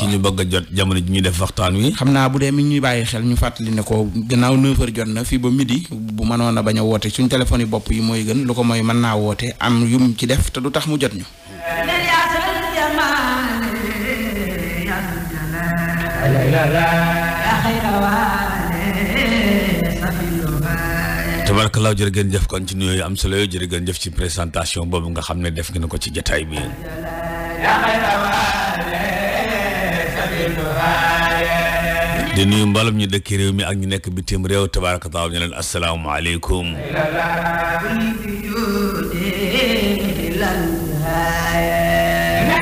ci ñu bëgg a jot jamono ji ñuy def waxtaan wi. xam naa bu dee mi ñuy bàyyi xel ñu fàttali ne ko gannaaw 9 jot na fii ba midi bu mënoon a bañ a woote suñ téléphone yi bopp yi mooy gën lu ko mooy mën naa woote am yum ci def te du tax mu jot ñu. tabarkalaaw jërë ngeen jëf kon ci nuyoo yu am solo yooyu jërë ngeen jëf ci présentation boobu nga xam ne def ngeen ko ci jotaay bi. di nuyu mbalam ñu dëkk réew mi ak ñu nekk bitim réew tabaaraka taala ñu leen asalaamaaleykum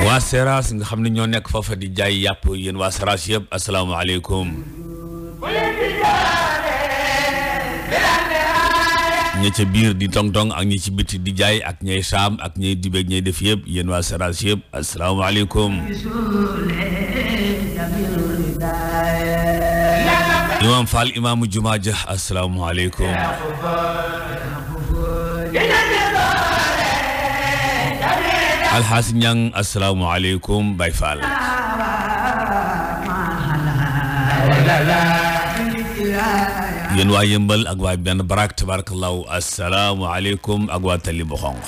waa Seras nga xam ne ñoo nekk foofa di jaay yàpp yéen waa Seras yëpp asalaamaaleykum ña ca biir di tong-tong ak ñi ci bitti di jaay ak ñay saam ak ñay dibeeg ñay def yëpp yéen waa Seras yëpp asalaamaaleykum imaam Fall imaamu jumaa ja asalaamaaleykum alxaas yéen waa yëmbal ak waa benn barak tabarakallahu asalaamualeykum ak waa tali bu xonq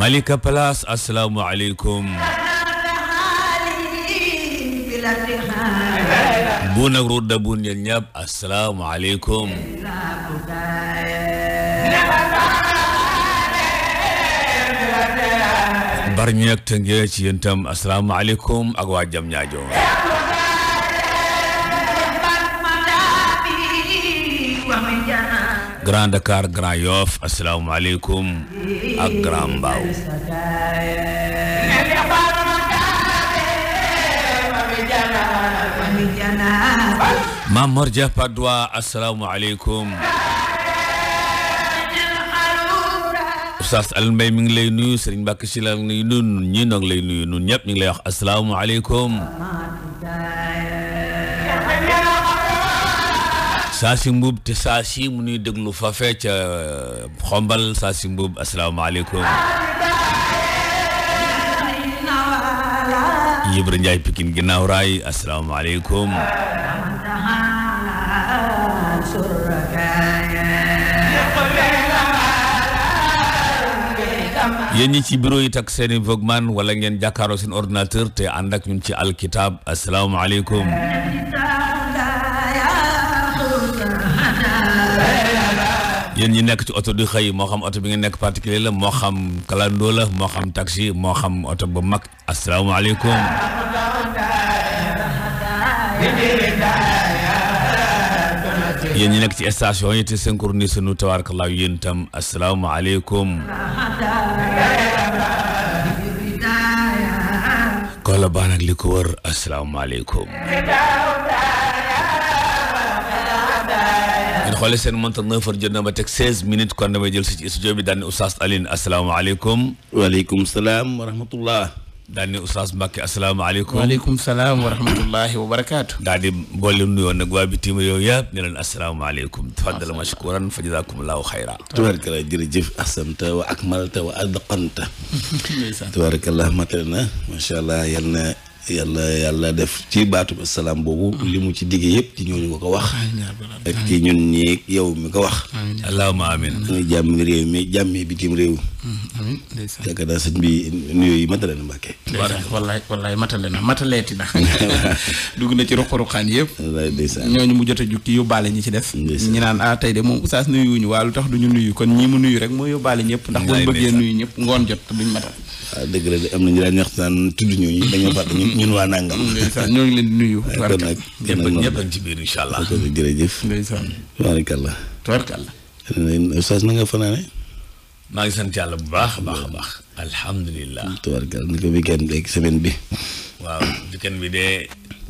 Malika Palace asalaamualeykum buun ak ruut da buun yéen ñëpp asalaamualeykum Bargny ak Tëngéej ci yéen itam asalaamaaleykum ak waa jam ñaajo Grand Dakar Grand Yoff asalaamaaleykum ak Grand Mbao Mamor Dia Padois asalaamaaleykum Oustaz Alioune Mbaye mi ngi lay nuyu Serigne Mbacke Sylla mi ngi nuyu nun ñi noo ngi lay nuyu nun ñëpp ñu ngi lay wax asalaamaaleykum saa si mbuub te saa si mu nuy euh, raay yéen ñi ci bureau yi takk seeni Walkman wala ngeen jàkkaaroo seen ordinateur te ànd ak ci alkitab asalaamaaleykum yéen ñi nekk ci oto du xëy moo xam oto bi ngeen nekk particulier la moo xam kalandoo la moo xam taxi moo xam oto bu mag asalaamaaleykum yéen ñi nekk ci station yi te synchronise nu tabaarkallaa yéen itam asalaamaaleykum kola baax nag li ko wër asalaamaaleykum ngeen xoole seen mënta neuf heures jot na ba teg seize minutes kon damay jël si ci studio bi daan ne oustaz Alioune asalaamaaleykum waaleykum salaam wa rahmatullah daal ni oustaz Mbacke asalaamaaleykum waaleykum salaam wa rahmatullahi wa barakaatu. daal di boole nuyoon nag waa bitim réew yëpp ne leen asalaamaaleykum. fa jazakumullahu wa akmalta wa na macha allah yal na yàlla def ci baatu ba boobu. li mu ci diggee yëpp ci ñooñu ko ko wax. yow mi ko wax. allahumma amiin. jàmm mi jàmmee bitim réew. yaakaar naa sëñ bi nuyoo yi matale na Mbàkke wallaay wallaay matale na mataleeti na dugg na ci ruq-ruqaan yëpp ñooñu mu jot a jukki yóbbaale ñi ci def ñi naan ah tey de moom oustaz nuyuwuñu waa lu tax duñu nuyu kon ñi mu nuyu rek moo yóbbaale ñëpp ndax buñ bëggee nuyu ñëpp ngoon jot duñ matal waaw ah, dëgg la de am na ñu daan ñax naan tudd ñooñu dañoo fàtte ñun waa ñoo ngi leen di nuyu ñëpp ak ci biir incha allah jërëjëf tubarkalla tubarkalla oustaz na nga fanaane maa ngi sant yàlla bu baax a baax a baax. alhamdulilah tubarkal ni ko weekend léegi semaine bi. waaw weekend bi de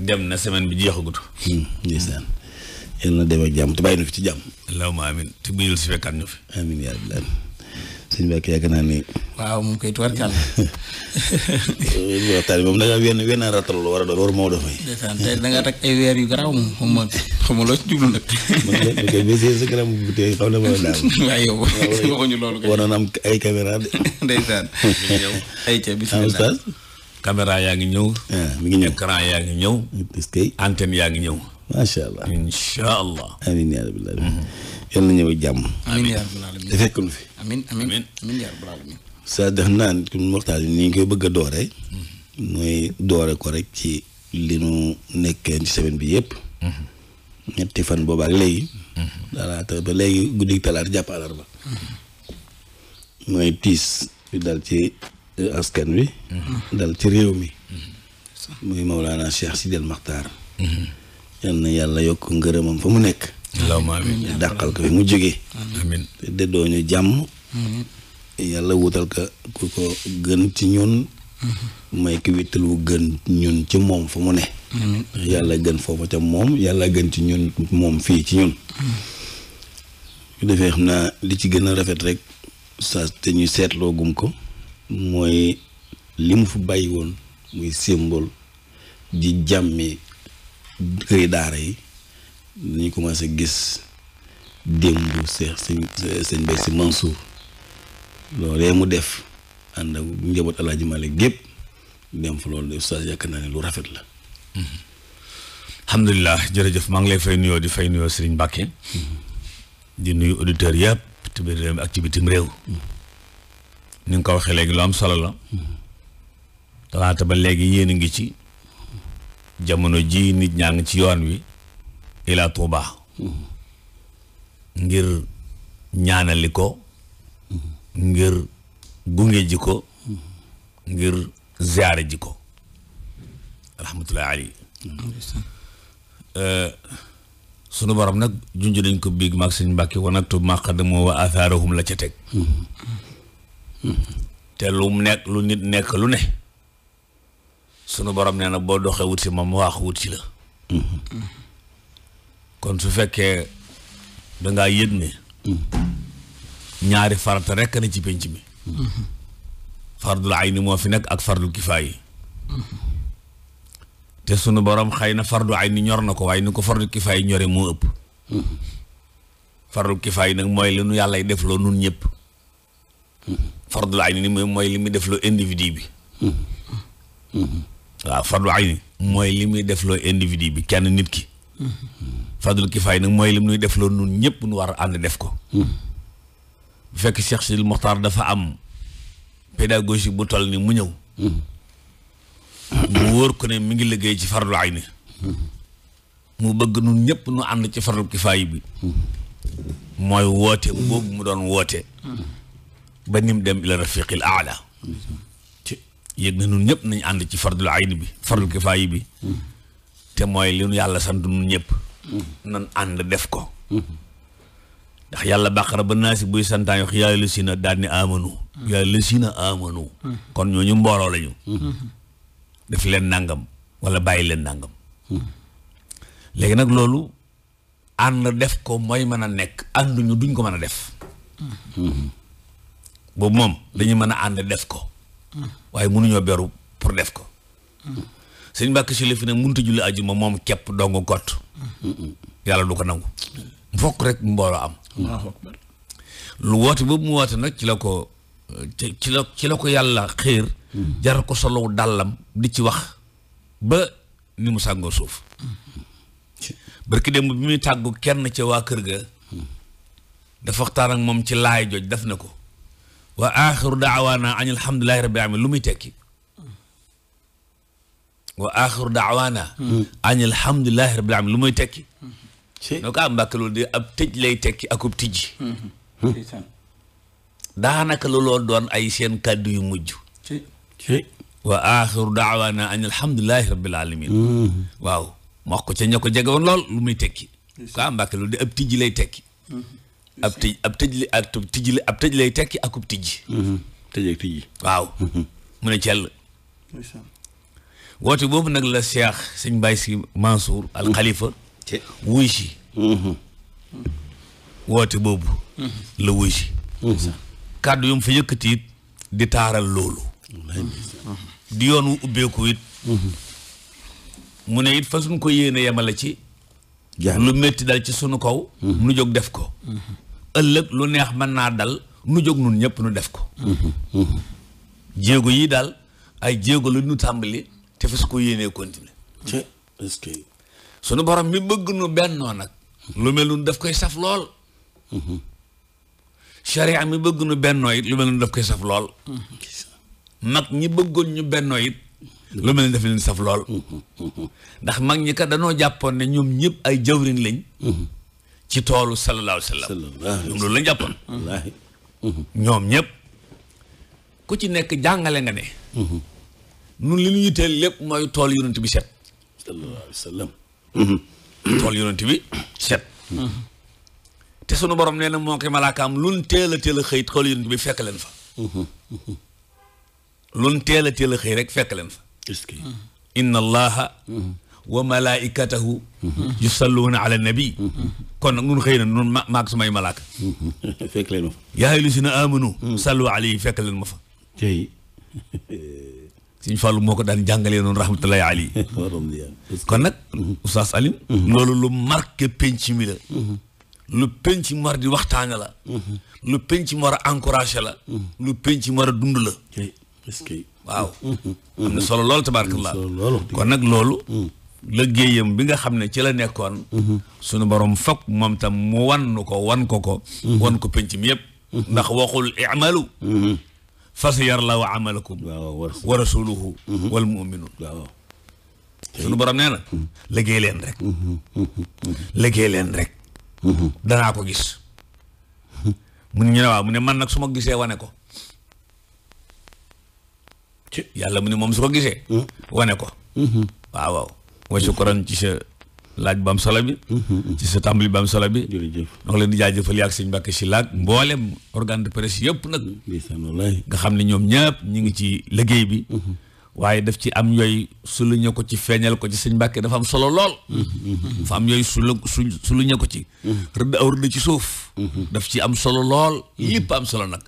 dem na semaine bi jeexagut. Hmm, ndeysaan yal na dem ak jàmm te nu fi ci jàmm. allahumma amin te buyul si fekkaat ñu fi. amiin yaa rabbal aalamiin sëñ Mbacke yàgg naa ni. waaw moom koy tubarkàlla. waxtaan bi moom da ngaa wenn wenn ratal la war a doon war Maodo Faye. ndeysaan tey da ngaa takk ay weer yu garaaw moom xam nga xam nga loo ci jublu nag. man de bu dee si sa garaam bu tey xaw na ma la daal. waaye yow waxuñu loolu kay. war na am ay caméra de. ndeysaan. yow ay ca bisimilah. Ah, caméra yaa ngi ñëw. Ah, mi ngi ñëw écran yaa ngi ñëw. est-ce que antenne yaa ngi ñëw. macha allah incha allah. amiin yaa rabbil aalamiin. Mhm. yal na ñëw jàmm. amiin yaa rabbil aalamiin. te fekk nu fi. amin amin amin yaa rabbal alamin bi ni ñu koy bëgg a doore mooy doore ko rek ci li nu nekkee ci semaine bi yëpp ñetti fan boobaak léegi daalaata ba léegi guddi talaata jàpp àllarba mooy tiis bi dal ci askan wi dal ci réew mi muy Mawlaana Cheikh Sidil Maxtaar yal na yàlla yokk ngërëmam fa mu nekk allahumma amiin dàqal ko fi mu jógee. amiin te déddoo ñu jàmm. yàlla wutal ko ku ko gën ci ñun. Mm-hmm. may ki wittal wu gën ñun ci moom fa mu ne. yàlla gën foofu ca moom yàlla gën ci ñun moom fii ci ñun. Mm-hmm. su defee xam naa li ci gën a rafet rek sa te ñu seetloo gum ko mooy li mu fi bàyyi woon muy symbole di jàmmi këri daara yi. dañuy commencé gis démb seex sëñ sëñ Bay si Mansour loolee mu def ànd ak njaboot Alaaji Malik gépp dem fa loolu de oustaz yaakaar naa ne lu rafet la. alhamdulilah jërëjëf maa ngi lay fay nuyoo di fay nuyoo Serigne Mbacke. di nuyu auditeurs yëpp ci biir réew mi réew. ni nga ko waxee léegi lu am solo la. talaata ba léegi yéen a ngi ci. jamono ji nit ñaa ngi ci yoon wi. ilaa Tuuba ngir ñaanali ko ngir gunge ji ko ngir ziyaare ji ko rahmatullahi alayhi euh, sunu borom nag junj nañ ko biig maag sëñ Mbàkke wa naktub athaarahum la ca teg te lu nekk lu nit nekk lu ne sunu borom nee na boo doxee wut si ma mu waax wut si la kon su fekkee dangaa yëg ne ñaari farata rekk na ci pénc mi fardul ayni moo fi nekk ak fardul kifaay te sunu borom xëy na fardu ñor na ko waaye ni ko fardul kifaay ñore moo ëpp fardul kifaay nag mooy li nu yàlla def loo nun ñëpp fardul ayni ni mooy li muy def loo individu bi waaw fardu ayni mooy li muy def loo individu bi kenn nit ki fadul kifaay nag mooy lim nuy def loolu nun ñëpp nu war a ànd def ko bu hmm. fekk Cheikh Sidil Mokhtar dafa am pédagogie bu toll ni mu ñëw hmm. mu wóor ko ne mi ngi liggéey ci fardu ayni hmm. mu bëgg nun ñëpp nu ànd ci fardu bi mooy woote doon woote ba dem ila rafiqil aala yëg na ñëpp nañ ànd ci fardul ayni bi fardul kifaay bi te mooy li nu yàlla sant nun ñëpp nan ànd def ko ndax yàlla bàqara ba naa si buy santaan yox yàlla la si na daal ni amanu na amanu kon ñooñu mbooloo lañu def leen nàngam wala bàyyi leen nàngam léegi nag loolu ànd def ko mooy mën a nekk ànduñu duñ ko mën a def boobu moom dañu mën a ànd def ko waaye mënuñoo beru pour def ko sëñ Mbàkke si la fi ne mënut a julli ajuma moom képp dong gott yàlla du ko nangu fokk rek mbooloo am lu woote boobu mu woote nag ci la ko ci la ci la ko yàlla xiir jaral ko solow dàllam di ci wax ba ni mu sàngoo suuf barki démb bi muy tàggu kenn ca waa kër ga dafa waxtaan ak moom ci laay jooj def na ko wa aaxiru daawaana añ alhamdulillahi rabbil alamin lu muy tekki wa axiru daawaana an alhamdulilahi rabbil alamin lu muy tekki noo ko am mbàkk loolu di ab tëj lay tekki akub tijji daanaka looloo doon ay seen kàddu yu mujj wa axiru daawaana an alhamdulilahi rabbil alamin waaw wax ko ca ña ko jege lool lu muy tekki ko am mbàkk loolu di ab tijji lay tekki ab tëj ab tëj li tijji ab tëj lay tekki akub tijji waaw mu cell woote boobu nag la Cheikh sëñ Baye si Mansour al Khalifa wuy si mhm. woote boobu la wuy si mhm. kàddu yu mu fa yëkkati di taaral loolu di yoon wu ubbeeku it mhm. mu ne it fa suñ ko yéene yemale ci lu metti dal ci suñu kaw nu jóg def ko ëllëg lu neex mën naa dal nu jóg nun ñëpp nu def ko jéego yi daal ay jéego lu ñu tàmbali te fas ko yéenee continuer. ci est-ce sunu borom mi bëgg nu bennoo nag. lu mel daf koy saf lool. Mhm. sharia mi bëgg nu bennoo lu mel noonu daf koy saf lool. mag ñi bëggoon ñu bennoo it. lu mel ni daf leen saf lool. ndax mag ñi ka danoo jàppoon ne ñoom ñëpp ay jawrin lañ. Mhm. ci toolu sallallahu alayhi wa sallam. lañ jàppoon. Mhm. ñoom ñëpp ku ci nekk jàngale nga ne. nun li ñu yitteel lépp mooy tool yonent bi set sallallahu alayhi wa mm-hmm. mm-hmm. sunu borom nee na moo koy malaakaam lun teel a teel a xëy tool yonent bi fekk leen fa mm-hmm. lun teel a teel a xëy fekk leen fa inna allaha wa malaikatahu yusalluuna ala nabi kon nag nun xëy na nun ma maag sumay malaaka fekk leen ma fa yaa fekk leen ma fa Sëñ Fallou moo ko daan jàngalee noonu rahmatullahi ali kon nag Oustaz Alioune mhm. loolu lu marqué penc mi la mhm. lu penc mar di waxtaane la mhm. lu penc war a encouragé la lu penc mar a dund la waaw am na solo loolu tabaarakallah kon nag loolu liggéeyam bi nga xam ne ci la nekkoon suñu borom fokk moom tam mu wan ko wan ko ko wan ko penc mi yëpp ndax waxul i'malu fa sayara llaahu amalakum wa rasuluhu wal mu'minuun sunu borom nee na liggéey leen rek liggéey leen rek danaa ko gis mu ne ñu mu ne man nag su ma gisee wane ko yàlla mu ne moom su ko gisee wane ko waaw waaw wa shukran ci sa laaj bu am solo bi. Mm-hmm. ci sa tàmbali bu am solo bi. jërëjëf ñoo leen di jëfal yi ak sëñ Mbàkke si laag mboolem organe de presse yëpp nag. nga xam ne ñoom ñëpp ñu ngi ci liggéey bi. Mm-hmm. waaye daf ci am yooyu suluñe ko ci feeñal ko ci sëñ Mbàkke dafa am solo lool. Mm-hmm. dafa am yooyu sulu su ko ci. rëdd aw rëdd ci suuf. daf ci am solo lool. yëpp am solo nag.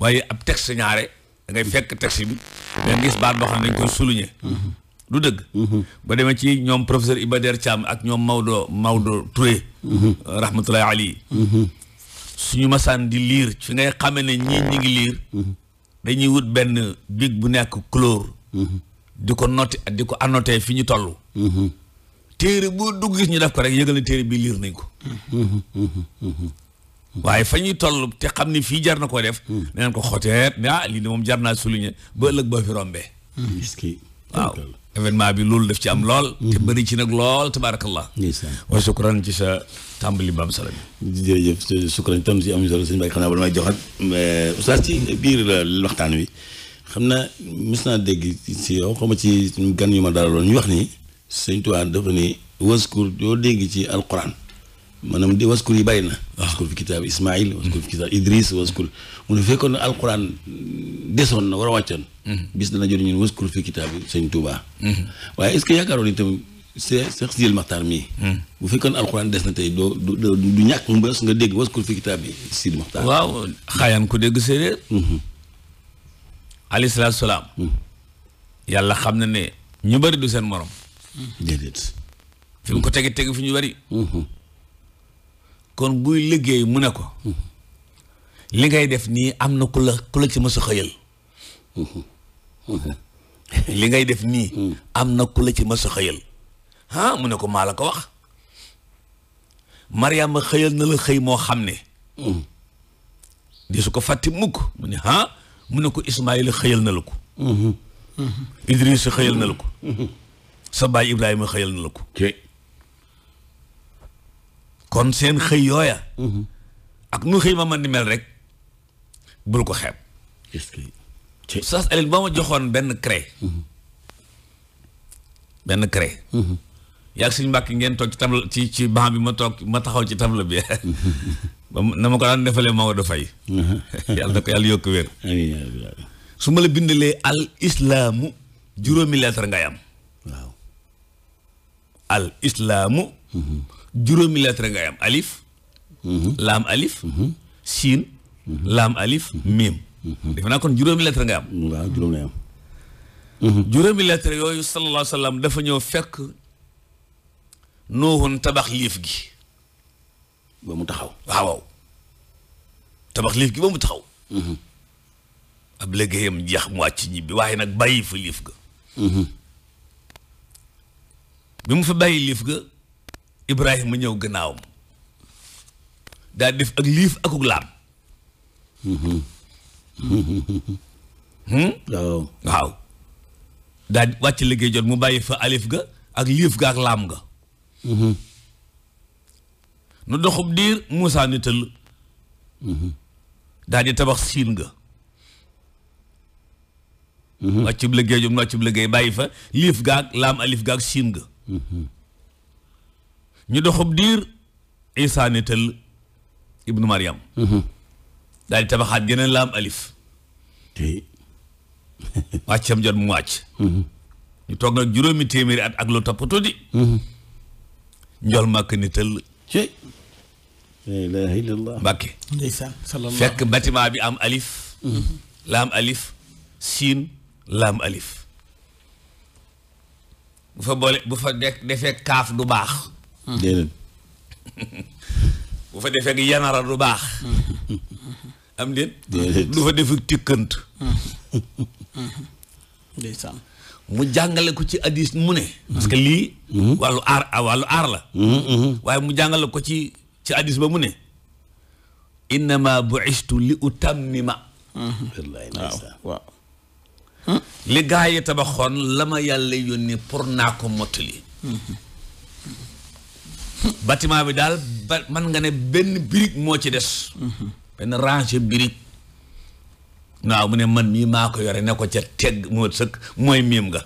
waaye ab texte ñaare da ngay fekk texte bi. nga gis baat boo xam ne dañ koy suluñe. du dëgg mhm. ba demee ci ñoom professeur Iba Der Thiam ak ñoom Maodo Maodo Touré mhm. rahmatullahi alayhi mhm. suñu masaan di liir fi ngay xamee na ñii ñi ngi liir dañuy wut benn big bu nekk couleur di ko noté di ko annoté fi ñu toll téere boo dugg gis ñu def ko rek yëgal na téere bi liir nañ ko waaye fa ñuy toll te xam ni fii jar na koo def danañ ko xoteet ah lii de moom jar naa souligner ba ëllëg boo fi rombee waaw événement bi loolu daf ci am lool. Mhm. te bëri ci nag lool tabaarakallah. wa sukran ci sa tàmbali ba am solo bi. jërëjëf sukran tam si am solo sëñ Ba xanaa bala may joxat eh, oustaz biir eh, waxtaan wi xam na mos naa dégg si yow xam ci gan yu ma dalaloon ñu wax ni sëñ Tuubaa dafa ni waskur yoo dégg ci alquran maanaam di waskur yi bàyyi na. waaw ah. waskur fi kitaab Ismaïl. waskur fi kitaab Idris waskur. mu ne fekkoon na alxuraan desoon na war a wàccoon. Mhm. bis dana jot ñun wëskul fi kitaab bi sëñ Touba. Mhm. waaye est-ce que yi itam see Seex Sidil Maxtaar mii. Mhm. bu fekkoon alxuraan des na tey doo du ñàkk mbës nga dégg wëskul fi kitaab bi Sidil Maxtaar. waaw xaayaan ko dégg séeréer. alayhi xam na ne bari du seen morom. fi mu ko tegi tegi fu ñu bari. kon buy liggéey mu ne ko. li ngay def nii am na ku la ku la ci mës a xëyal li ngay def nii am na ku la ci ma a xëyal ah mu ne ko maa la ko wax maryama xëyal na la xëy moo xam ne di ko fàtte mukk mu ne ah ne ko Ismaayil xëyal na la ko Idris xëyal na la sa baay Ibrahima xëyal na la ko kon seen xëy yooya ak nu xëy ma man di mel rek bul ko xeeb. est-ce que. Oustaz boo ma joxoon benn craie. Mhm. benn craie. Mhm. yaa ngi suñu ngeen toog ci table ci ci bi ma toog ma taxaw ci table bi. Mhm. na ma ko daan defalee Maodo Faye. yàlla ko yàlla yokk wér. su ma la bindalee al islaamu juróomi lettre ngay am. waaw al islaamu. ngay am alif. alif. siin. laam alif miim. defe naa kon juróomi lettre nga am. juróomi am. yooyu sallallahu alayhi wa sallam dafa ñëw fekk nuuhun tabax liif gi. ba mu taxaw waaw tabax liif gi mu taxaw. ab liggéeyam jeex mu wàcc ñibbi waaye nag bàyyi fa liif ga. bi mu fa bàyyi liif ga Ibrahima ñëw gannaawam daa def ak liif akuk laam. Hmm? waaw waaw wàcc liggéey mu bàyyi fa alif ga ak liif ga ak laam ga hmm. nu doxub diir Moussa ni tëll hmm. daal tabax siin ga wàccub liggéey jot mu wàccub liggéey bàyyi fa liif ga ak laam alif ga ak siin ga ñu doxub diir Isaa ni tëll ibnu Maryam daal di tabaxaat geneen laam alif. wàccam jot mu wàcc. Mm-hmm. ñu toog nag juróomi téeméeri at ak lu toppatoo di. Mm-hmm. njool màkk ni tëll. la ilaha fekk bâtiment bi am alif. Mm-hmm. laam alif. siin laam alif. bu fa boole bu fa defee kaaf du baax. bu fa defee yanara du baax. am leen lu fa def tikkant mu jàngale ko ci addis mu ne parce que lii mm-hmm. wàllu aar aar mm-hmm. waaye mu jàngale ko ci ci addis ba mu ne innama bu'istu li utammima mm-hmm. waaw waaw hmm? li gaa yi tabaxoon la ma yàlla yónni pour naa ko mottali bâtiment bi daal man nga ne benn brique moo ci des benn rangé birig waaw mu ne man mii maa ko yore ne ko ca teg moo sëkk mooy miim nga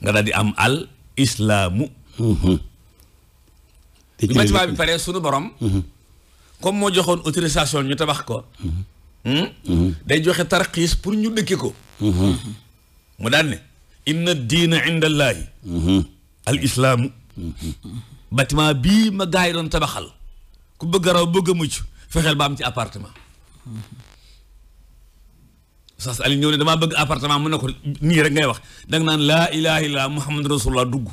nga daal di am al islaamu mhm. bi te bi pare sunu borom mhm. moo joxoon autorisation ñu tabax ko hmm? mhm. day joxe tarxiis pour ñu dëkki ko mu daan diina inda allaahi al islaamu bâtiment bii ma gars yi tabaxal ku bëgg a raw bëgg a mucc fexeel ba am ci appartement sas ali ñëw damaa bëgg appartement mun na ko nii rek ngay wax danga naan laa ilaha illallah muhammad rasulullah dugg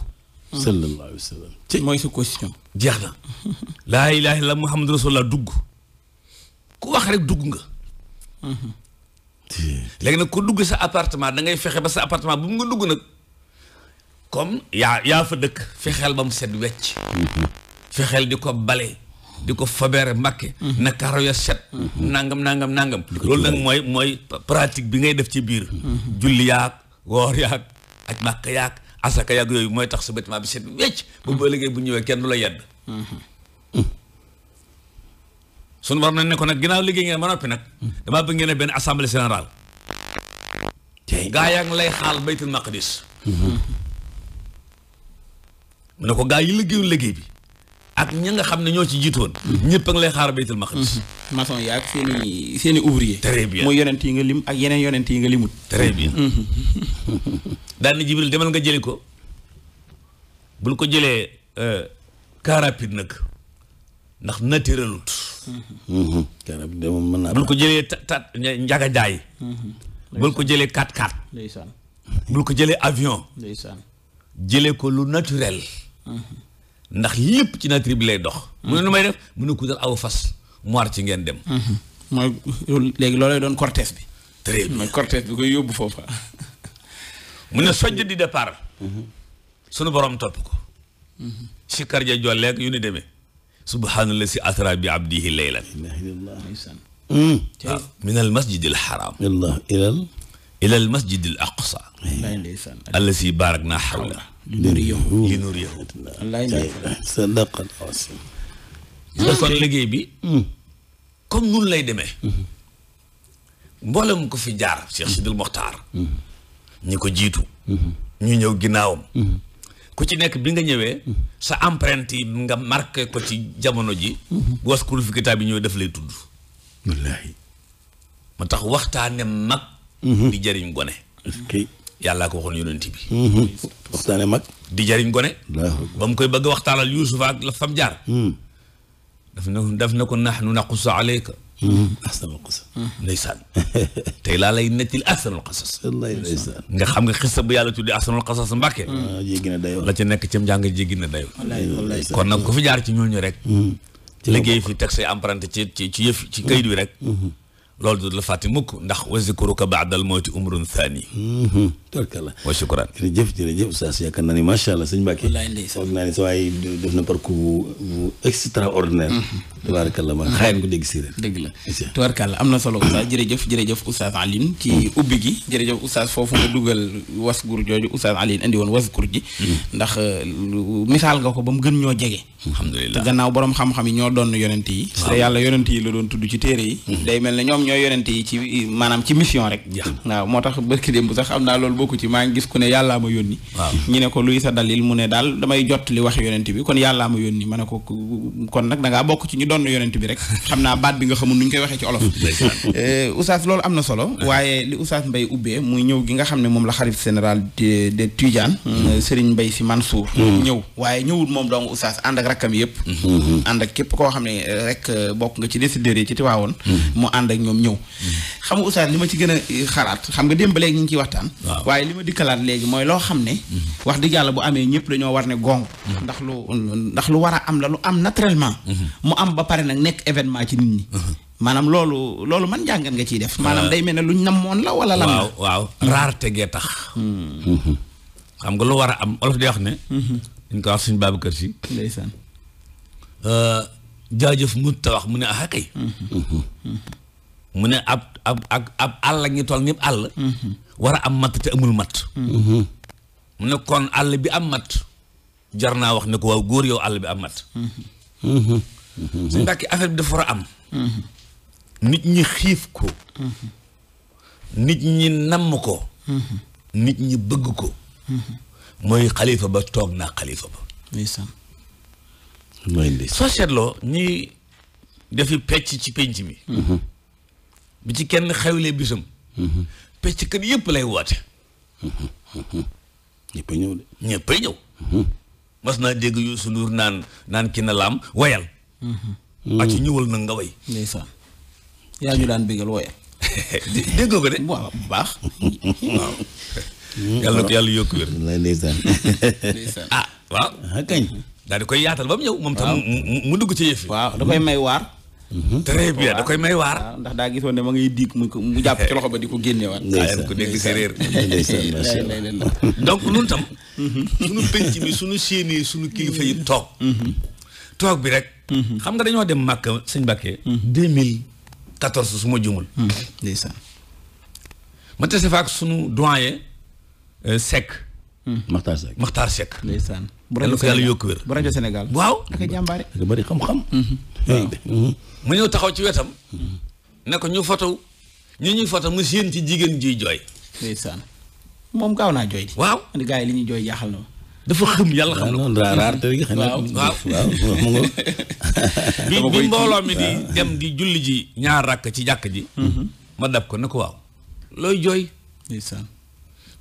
sallallahu alayhi wa sallam mooy sa jeex na laa ilaha illallah muhammad rasulullah dugg ku wax rek dugg nga léegi nag ku dugg sa appartement da ngay fexe ba sa appartement bu mu nga dugg nag comme yaa yaa fa dëkk fexeel ba mu set wecc mhm. fexeel di ko bale di ko fabeere mbàkke mhm. na karaw ya set mhm. nangam nangam nangam loolu nag mooy mooy pratique bi ngay def ci biir mhm. julli yaag woor yaag aj màkk yaag asaka yaag yooyu mooy tax sa bâtiment bi set wecc ba boo liggéey bu ñëwee kenn lu la yedd suñu war nañ ne ko nag ginnaaw liggéey ngeen ba noppi nag mm. damaa bëgg ngeen benn assemblée générale gaa yaa ngi lay xaal baytul maqdis mu ne ko gaa yi liggéeyul liggéey bi ak ña nga xam ne ñoo ci jiitoon ñëpp a ngi lay xaar baytul maqdis mhm. maçon yaag seen i seen i ouvrier très bien mooy yonent yi nga lim ak yeneen yonent yi nga limut très bien mhm. daal ni jibril demal nga jëli ko bul ko jëlee euh, car rapide nag ndax nattéralut mhm. mën naa bul ko jëlee tat njaga ko jëlee 4x4 ndeysaan bul ko jëlee avion ndeysaan ko lu naturel ndax lépp ci nature bi lay dox. mu ne lu may def mu ne ku aw fas mu war ci ngeen dem. Mhm. mooy léegi loolay doon cortège bi. très bien mooy cortège bi koy yóbbu foofa. mu ne sojj di départ. Mhm. sunu borom topp ko. Mhm. sikkar ja jolleeg yu ni demee. subhaanallah si asra bi abdihi laylan. Mm. waaw min al masjidil haram. yàlla ilal masjidil aqsa allasi baaraknaa hawla li nuriyahu kon liggéey bi hmm. comme nun lay demee hmm. mboolem ko fi jaar Cheikh Sidil Mokhtar hmm. ñi ko jiitu ñu ñëw ginnaawam ku ci nekk bi nga ñëwee sa empreinte yi nga marqué ko ci jamono ji waskuru fi kitaab bi ñëw def lay tudd wallaahi ma tax waxtaane mag Mhm. di jariñ gone yàllaa ko waxoon yonent bi mhm. waxtaane mag di jariñ gone ba mu koy bëgg waxtaanal yuusuf ak la fam jaar mhm. daf na daf na ko nahnu naqussu alayka ahsanal qasas ndeysaan tey laa lay nettil ahsanal qasas ndeysaan nga xam nga xissa bu yàlla tuddi ahsanal qasas mbàkke ah, jéggi na dayo la ci nekk cam njàng jéggi na dayo kon nag ko fi jaar ci ñooñu rek liggéey fi teg say empreinte ci ci ci yëf ci kayit wi rek loolu du la fàtte mukk ndax wa zikruka ba'dal mawti umrun thani mhm. tarkalla wa shukran jërëjëf jërëjëf oustaz yaakaar naa ni macha allah sëñ Mbacke foog naa ni sa waay def na parcours bu extraordinaire mhm. tabarakallah ma xayan ko dégg séeréer dëgg la tabarakallah am na solo oustaz jërëjëf jërëjëf oustaz Alioune ci ubbi gi jërëjëf oustaz foofu nga dugal wasgur jooju oustaz Alioune andi woon wasgur ji mhm. ndax euh, misaal nga ko ba mu gën ñoo jege alhamdulilah gannaaw borom xam-xam yi ñoo doon yonent yi te yàlla yonent yi la doon tudd ci téere yi day mel ne ñoom ñoom ñooy yonent yi ci maanaam ci mission rek waaw moo tax barki démb sax am naa loolu bokku ci maa ngi gis ku ne yàllaa ma yónni ñu ne ko luy sa dalil mu ne daal damay jot li wax yonent bi kon yàllaa ma yónni ma ne ko kon nag da bokk ci ñu doon yonent bi rek xam naa baat bi nga xamul nu ñu koy waxee ci olof eh, oustaz loolu am na solo waaye li oustaz Mbaye ubbee muy ñëw gi nga xam ne moom la xalif général de Tidiane mm. euh, Serigne si man Mansour mm. ñëw waaye ñëwul moom dong oustaz ànd ak rakkam yëpp mm-hmm. ànd képp koo xam ne euh, bokk nga ci décideurs yi ci Tiwaawoon ñoom ñëw xam nga oustaz li ma ci gën a eh, xalaat xam nga démb ba léegi ñu ngi ciy waxtaan waaye li ma dikkalaat léegi mooy loo xam ne mhm. wax dëgg yàlla bu amee ñëpp dañoo war ne gong mhm. ndax lu ndax lu war a am la lu am naturellement mhm. mu am ba pare nag nekk événement ci nit ñi maanaam loolu loolu man jàngat nga ciy def maanaam euh, day mel ne luñ namoon la wala lan waaw waaw rareté gee tax hmm. xam nga lu war a am olof di wax ne dañ ko wax suñ Babacar Si ndeysaan euh, jaajëf mu ta wax mu ne ah kay mu ne ab ab ab àll ngi toll ñëpp àll. war a am matt te amul matt. mu ne kon àll bi am matt jar naa wax ne ko waaw góor yow àll bi am matt. su ndàkki affaire bi dafa war a am. nit ñi xiif ko. nit ñi namm ko. nit ñi bëgg ko. mooy xalifa ba toog naa xalifa ba. soo seetloo ñi dafi pecc ci penc mi. bi ci kenn xewlee bisam. pecc kër yëpp lay woote. ñëpp ñëw de. Hmm. mas naa dégg Youssou Ndour naan naan ki na laam wayal. Hmm. ak ci ñëwal na nga way. ndeysaan ñu daan bégal ko de. waaw bu baax. waaw. Hmm. yàlla ko yàlla yokk wér. ndeysaan. Ah, waaw. Ah, kañ. koy yaatal ba mu ñëw. moom tam mu dugg ci yëf waaw da may waar. Mhm. très bien da koy may waar. ndax daa gisoon ne ma ngay diig mu mu jàpp ci loxo ba di ko génneewaat. ndeysaan ko dégg séeréer. donc nun tam. Mhm. suñu penc bi sunu séenee sunu kilifa yi toog. Mhm. toog bi rek. xam nga dañoo dem màkk sëñ Mbàkke. 2014 su ma jumul. ndeysaan. ma tase fa ak sunu doyen. Euh, Seck. Makhtar Seck Makhtar Seck. bu rajo Sénégal yàlla yokk wér bu rajo Sénégal. waaw daka jàmbaare. daka bëri xam-xam. Mm-hmm. Mm-hmm. mu ñëw taxaw ci wetam. Mm-hmm. ne ko ñu foto ñu ñuy foto mu séen ci jigéen jiy jooy. ndeysaan moom gaaw naa jooy. waaw andi gars yi li ñuy jooy jaaxal na dafa xam yàlla xam na ko raar te xëy na waaw waaw bi bi mbooloo mi di dem di julli ji ñaar rakk ci jàkk ji. ma dab ko ne ko waaw. looy jooy.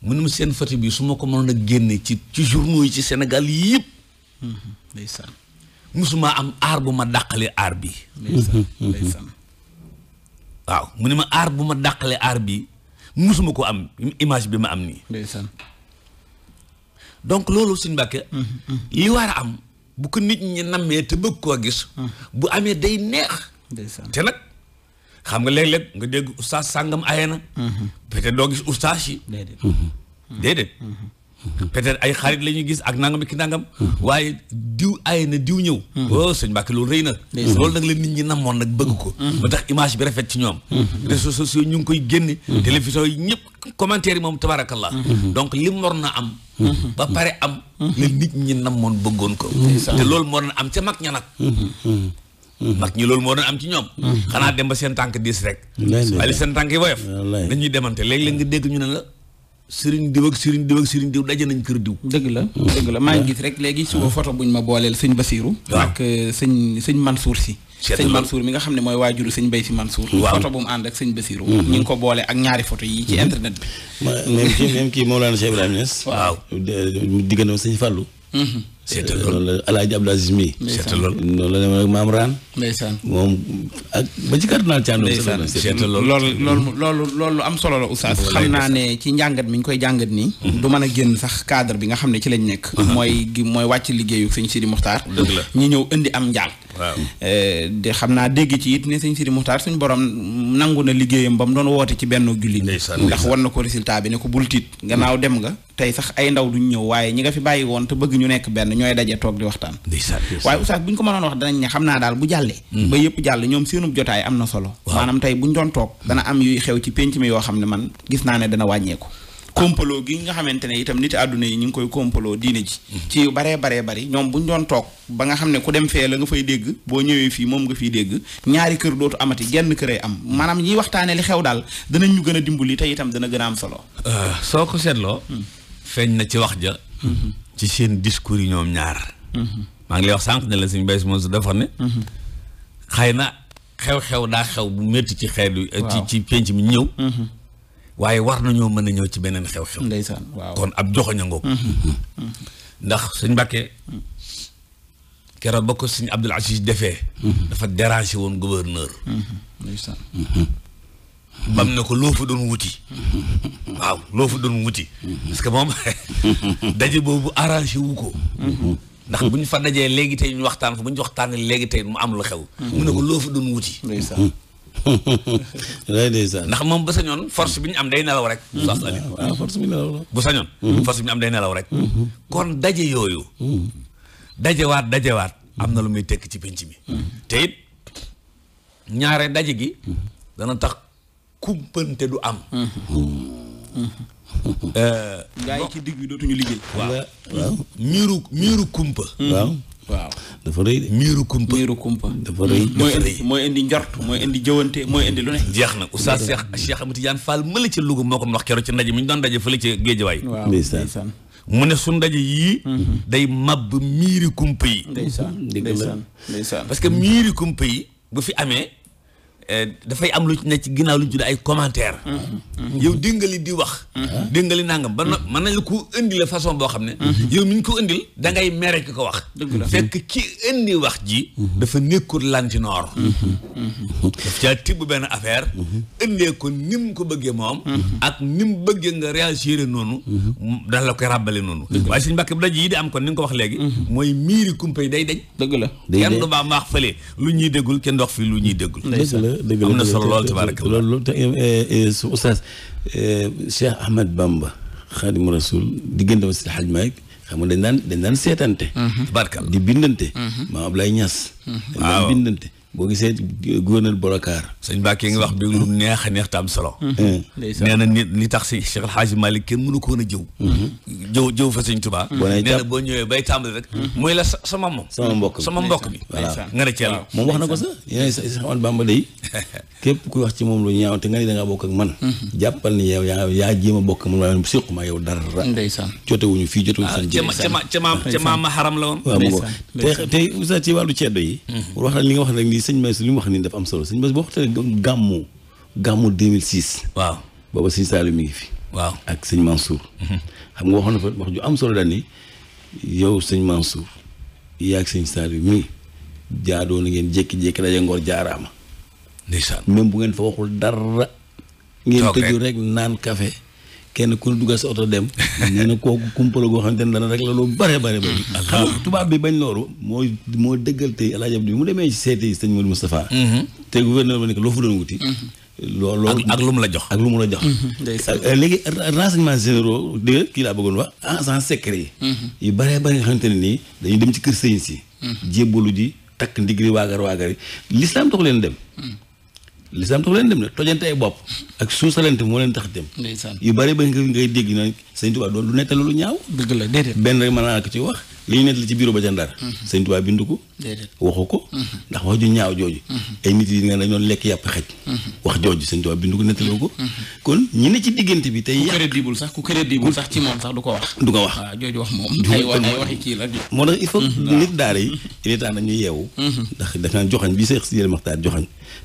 mu ne ma seen photo bi su ma ko mënoon a génne ci ci journaux yi ci Sénégal yëpp. Mm-hmm. ndeysaan musuma am aar bu ma dàqale aar bi. Mm-hmm. mu ne ma aar bu ma dàqale aar bi musuma ko am image bi ma am nii. ndeysaan donc loolu suñu mbàkke mm-hmm. li war a am bu ko nit ñi namee te bëgg koo gis. bu amee day neex. ndeysaan te nag. xam nga léeg-léeg nga dégg oustaz sàngam aye na peut-être doo gis oustaz yi déedéet peut-être ay xarit la ñuy gis ak nangam ki nangam waaye diw aye na diw ñëw oh sëñ Mbàkke loolu rëy na loolu nag la nit ñi namoon nag bëgg ko ba tax image bi rafet ci ñoom réseaux sociaux ñu ngi koy génne télévision yi ñëpp commentaire yi moom tabarakallah donc li mor na am ba pare am la nit ñi namoon bëggoon ko te loolu mor na am ca mag ña nag mag mm-hmm. ñi loolu moo doon am ci ñoom mm-hmm. xanaa dem ba seen tànk diis rek waaye li seen tànk yi woyof dañuy demante léeg-léeg nga dégg ñu ne la sëriñ diw ak sëriñ diw ak sëriñ diw daje nañ kër diw dëgg la mm-hmm. dëgg la maa ngi gis rek léegi suba photo buñ ma booleel sëñ Basiiru ak euh, sëñ sëñ Mansour si sëñ Mansour mi nga xam ne mooy waajuru sëñ Bay si Mansour photo bu mu ànd ak sëñ Basiiru ñu ngi ko boole ak ñaari photo yi ci internet bi kii même kii Mawlana Cheikh Ibrahima Niass waaw diggante sëñ Fallou seetal euh, lool noonu mii. seetal lool noonu la demoon ak maam Raan. ndeysaan moom ak ba ci cardinal Thiandoum. ndeysaan seetal lool loolu loolu am solo la oustaz. xam naa ne ci njàngat mi ñu koy jàngat nii. Mhm. du mën a génn sax cadre bi nga xam ne ci lañ nekk. Mhm. mooy mooy wàcc liggéeyu sëñ si Mokhtar. dëgg la ñu ñëw indi am njaal. Eh, de xam naa dégg ci it ne sëñ Sidi Muxtaar suñ borom nangu na liggéeyam ba mu doon woote ci benn julli ndax wan na ko résultat bi ne ko bul tiit gannaaw dem nga tey sax ay ndaw duñ ñëw waaye ñi nga fi bàyyi woon te bëgg ñu nekk benn ñooy daje toog di waxtaan waaye oustaz bu ñu ko mënoon wax danañ ne xam naa daal bu jàllee mm-hmm. ba yëpp jàll ñoom seenub jotaay am na solo maanaam tey buñ doon toog dana am yuy xew ci pénc mi yoo xam ne man gis naa ne dana wàññeeku kompaloo gi nga xamante ne itam nit àdduna yi ñu ngi koy kompaloo diine ji mhm. ci yu baree bari ñoom bu ñu doon toog ba nga xam ne ku dem fee la nga fay dégg boo ñëwee fii moom nga fiy dégg ñaari kër dootu amati genn kër am maanaam ñiy waxtaane li xew daal danañ ñu gën a dimbali te itam dana gën a am solo euh, soo ko seetloo hmm. feeñ na ci wax ja hmm. ci seen discours yi ñoom ñaar hmm. maa ngi lay wax sànq ne la suñu bay si mosu dafa ne xëy na xew-xew daa xew bu métti ci xeet ci ci mi ñëw waaye war nañoo mën a ñëw ci beneen xew-xew. ndeysaan waaw kon ab joxoñ a ngoog. Mm-hmm. Mm-hmm. ndax sëñ Mbàkke. keroog ba ko Abdul Aziz defee. Mm-hmm. dafa déranger woon gouverneur. ndeysaan. bam ne ko loo fu doon wuti. waaw loo fu doon wuti. parce que moom daje boobu arrangé wu ko. ndax bu ñu fa dajee léegi tey ñu waxtaan fa bu ñu waxtaanee léegi tey mu am la xew. mu ne ko loo fu doon wuti. ndax moom bu sañoon force bi ñu am day nelaw rek. waaw mm-hmm. ah, force bi nelaw la. bu sañoon. Mm-hmm. force bi ñu am day nelaw rek. Mm-hmm. kon daje yooyu. dajewaat dajewaat. am na lu muy tekk ci penc bi te ñaare daje gi. dana tax kumpante du am. Eh, gaa yi ci digg bi dootuñu liggéey. waaw waaw miiru miiru kumpa. waaw dafa rëy de. miiru kumpa miiru kumpa. dafa mm. rëy mooy indi njort mooy indi jëwante mooy indi lu ne. jeex na oustaz Cheikh Cheikh Amadou Tidiane Fall mële ca Louga moo ko wax keroog ci ndaje mi ñu doon ndaje fële ca Géejawaay. waaw ndeysaan mu ne su ndaje yii. Mm-hmm. day màbb miiri kumpa yi. ndeysaan ndeysaan parce que miiri kumpa yi bu fi amee. Eh, dafay am lu ne ci ginnaaw lu ñu ay commentaire mm-hmm. mm-hmm. yow dingali di wax mm-hmm. dingali nangam ba mën nañ la ko indi la façon boo xam ne yow mi ñu ko indil da ngay mere ki ko wax fekk ki indi wax ji dafa nekkul lantinoor daf caa tibb benn affaire indee ko ni mu ko bëggee moom ak ni mu bëggee nga réagir noonu mm, daal la koy ràbbale noonu waaye suñu mbàkk bu daj yi di am kon ni nga ko wax léegi mooy miiri kumpa day dañ dëgg la kenn du baax maax fële lu ñuy déggul kenn dox fi lu ñuy déggul dëgg la am na solo lool tabaarakallah loolu te eh, eh, su oustaz eh, Cheikh Ahmed Bamba Xaadimu Rasul diggante ma si Xaj Maalik xam nga dañ daan dañ daan seetante. Mhm. tabaarakallah di bindante. Mhm. maam Ablaye Niass. waaw mhm. dañ daan bindante. boo gisee gouverneur Borokaar. sëñ Mbacke ngi wax bi lu neex a neex te am solo. Mm-hmm. Mm-hmm. nee na nit li tax si Cheikh El Hadj Malick kenn mënu ko woon a jëw. Mm-hmm. jëw jëw fa sëñ Tuubaa. boo nee na boo ñëwee bay tàmbali rek. mooy la sama moom. sama mbokk mi sama mbokk mi. voilà nga ne ci moom wax na ko sax yéen a xamal Bamba wax ci moom lu ñaaw te nga da ngaa bokk ak man. jàppal ni yow yaa yaa jéem a bokk man waaye séquma yow dara. ndeysaan jotewuñu fii jotewuñu ah, seen jëmm. ca a ca ma ca ma ma xaram la woon. te te ci wàllu ceddo yi. wax na li nga wax rek sëñ Mees li mu wax nii dafa am solo sëñ Mees boo xoolee gàmmu gàmmu 2006. waaw booba sëñ Saalu mi ngi fi. waaw ak sëñ Mansour. Mhm. xam nga waxoon na fa wax ju am solo daal ni yow sëñ Mansour yaa ak sëñ Saalu mi jaadoo na ngeen jékki-jékki daje Ngor jaaraama. ndeysaan même bu ngeen fa waxul dara. ngeen tëju rek naan kafe kenn ku dugal sa oto dem nee na kooku kumpala goo xamante ne dana rek la lu bare bare bari xam tubaab bi bañ loolu moo moo dëggal tey alaajab bi mu demee ci seeti yi sëñ Modou Moustapha mm-hmm. te gouverneur ba ne ko loo fa doon wuti xamante ne nii dañuy dem ci kër sëñ si mm-hmm. jébbalu ji takk ndigri waagar waagar yi l'islam leen dem mm-hmm. lislaam tax leen dem ne tojante ay bopp ak suusalante moo leen tax dem yu bëri ba nga ngay dégg na sëñ Tuubaa doon lu nettali lu ñaaw dëgg la déedéet benn rek mën naa ko ci wax li ñu nettali ci bureau ba ca Ndar mhm. sëñ Tuubaa ko waxu ko mhm. ndax wax ju ñaaw jooju mhm. ay nit yi nga dañoo lekk yàpp xaj wax jooju sëñ Tuubaa bindu ko nettaliwu ko kon ñi ne ci diggante bi tey ku crédible sax ku crédible sax ci moom sax du ko wax du ko wax waaw jooju wax moom ay waxi kii la moo tax il faut nit daara yi il est temps nañu yeewu ndax daf naan joxañ bi Seex Sidi Maxtaar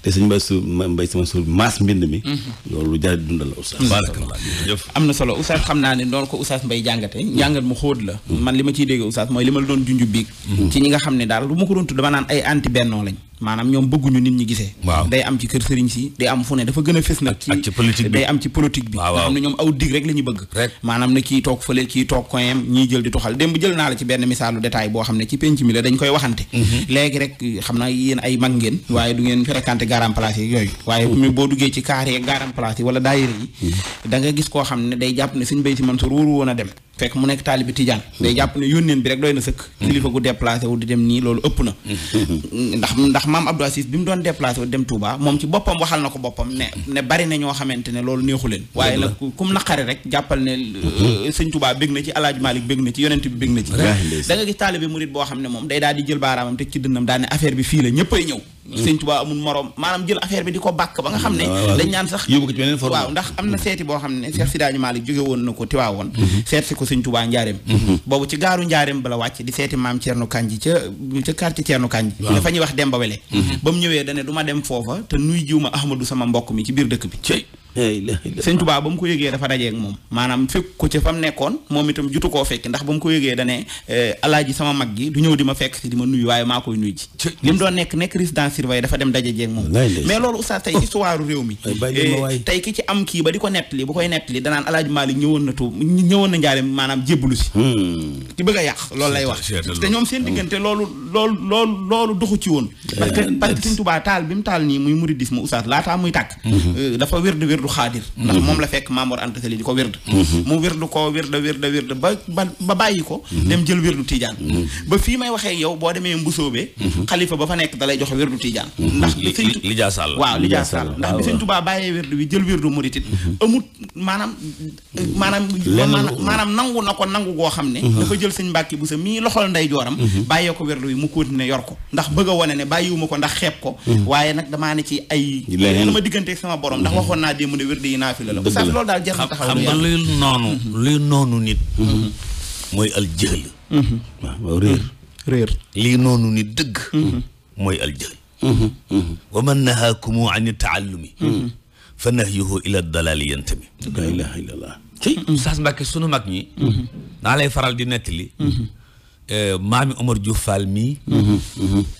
te sëñ Mbaye su mbay suma suur maas mbind mi. Mhm. loolu lu jar dundal la oustaz. barakallah jërëjëf am na solo oustaz xam naa ne doon ko oustaz Mbaye jàngate mhm. jàngat mu xóot la. Mhm. man li ma ciy dégg oustaz mooy li ma doon junj biig. ci ñi nga xam ne daal lu ma ko doon tudd dama naan ay anti bennoo lañ. maanaam ñoom bëgguñu nit ñi gisee. waaw day am ci kër sëriñ si day am fu ne dafa gën a fës nag. ci politique day am ci politique bi. waaw waaw ñoom aw dig rek la ñu bëgg. rek maanaam ne kii toog fële kii toog koyam ñiy jël di toxal démb jël naa la ci benn misaalu détail boo xam ne ci penc mi la dañ koy waxante. Mhm. léegi rek xam naa yéen ay mag ngeen. waaye du ngeen fréquenté garam place yi yooyu. waaye mi mhm. boo duggee ci carré garam place yi wala daayira yi. Mhm. da nga gis koo xam ne day jàpp ne suñ béy si man sa ruuru dem fekk mu nekk taalibi tijaan day mhm. jàpp ne yónneen bi rek doy na sëkk mhm. kilifa gu déplacé wu di dem nii loolu ëpp na mhm. ndax ndax maam Abdou Aziz bi mu doon déplacé wu dem Touba moom ci boppam waxal na ko boppam ne ne bari na ñoo xamante ne loolu neexu leen waaye nag kum naqari rek jàppal ne sëñ Touba bég na ci Alaaji Malik bég na ci yonent bi bég na ci da gis taalibi murit boo xam ne moom day daal di jël baaraamam teg ci dënnam daane ne bi fii la ñëppay ñëw sëñ Tuubaa amul morom maanaam jël affaire bi di ko bàkk ba nga xam ne ah, dañ ñaan sax yóbbu ko ci beneen forme waaw ndax am na seeti boo xam ne Seex mm-hmm. Sidaañu Maalik jóge woon na ko Tiwaawoon mm-hmm. seet si ko sëñ Tuubaa njaareem mm-hmm. boobu ci gaaru njaareem bala wàcc di seeti maam Ceerno Kanji ca ca quartier Ceerno Kanji dafa ñuy wax Demba Wele ba mu ñëwee dane du ma dem foofa te nuy jiw ma Ahmadu sama mbokk mi ci biir dëkk bi sëñ Tuubaa ba mu ko yëgee dafa dajeeg moom maanaam fekk ko ca fa mu nekkoon moom itam jutu koo fekk ndax ba mu ko yëgee dane eh, alaaji sama mag gi du ñëw di ma fekk si di ma nuyu mu doon eh, am kii ba di ko nettali bu hmm. lay wax te ñoom seen diggante loolu loolu loolu loolu doxu ci woon parce que parce que sëñ Tuubaa taal bi mu taal nii muy mouridisme oustaz laataa muy hmm. eh, wirdu xaadir ndax mhm. moom la fekk Maamoor Anta Sali di ko wird mhm. mu wirdu ko wird ba ba bàyyi ko mhm. dem jël wirdu Tijaan ba fii may waxee yow boo demee Mbusoobe ba fa nekk dalay jox wirdu Tijaan ndax li jaa sàll waaw li jaa sàll ndax bi Sëñ Tuubaa bàyyee wirdu bi jël wirdu murit it amut maanaam maanaam nangu na ko nangu goo xam ne dafa jël Sëñ Mbàkke Buso mii loxol nday jooram bàyyee ko wirdu bi mu continué yor ko ndax bëgg a wone ne bàyyiwuma ko ndax xeeb ko waaye nag damaa ne ci ay dama digganteeg sama borom ndax waxoon naa mu ne wird yi naafila la. dëgg loolu daal jeex na taxaw xam nga luy noonu. luy noonu nit. Mhm. mooy al jël. Mhm. waaw réer. Mhm. réer lii noonu nit dëgg. mooy al jël. wa man nahaakumu ani taallumi. fa nahyuhu ila dalali yantami. la ilaha illallah. ci Saas Mbàkke sunu mag ñi. naa lay faral di nettali. Eh, maami Omar Diouf Fall mii.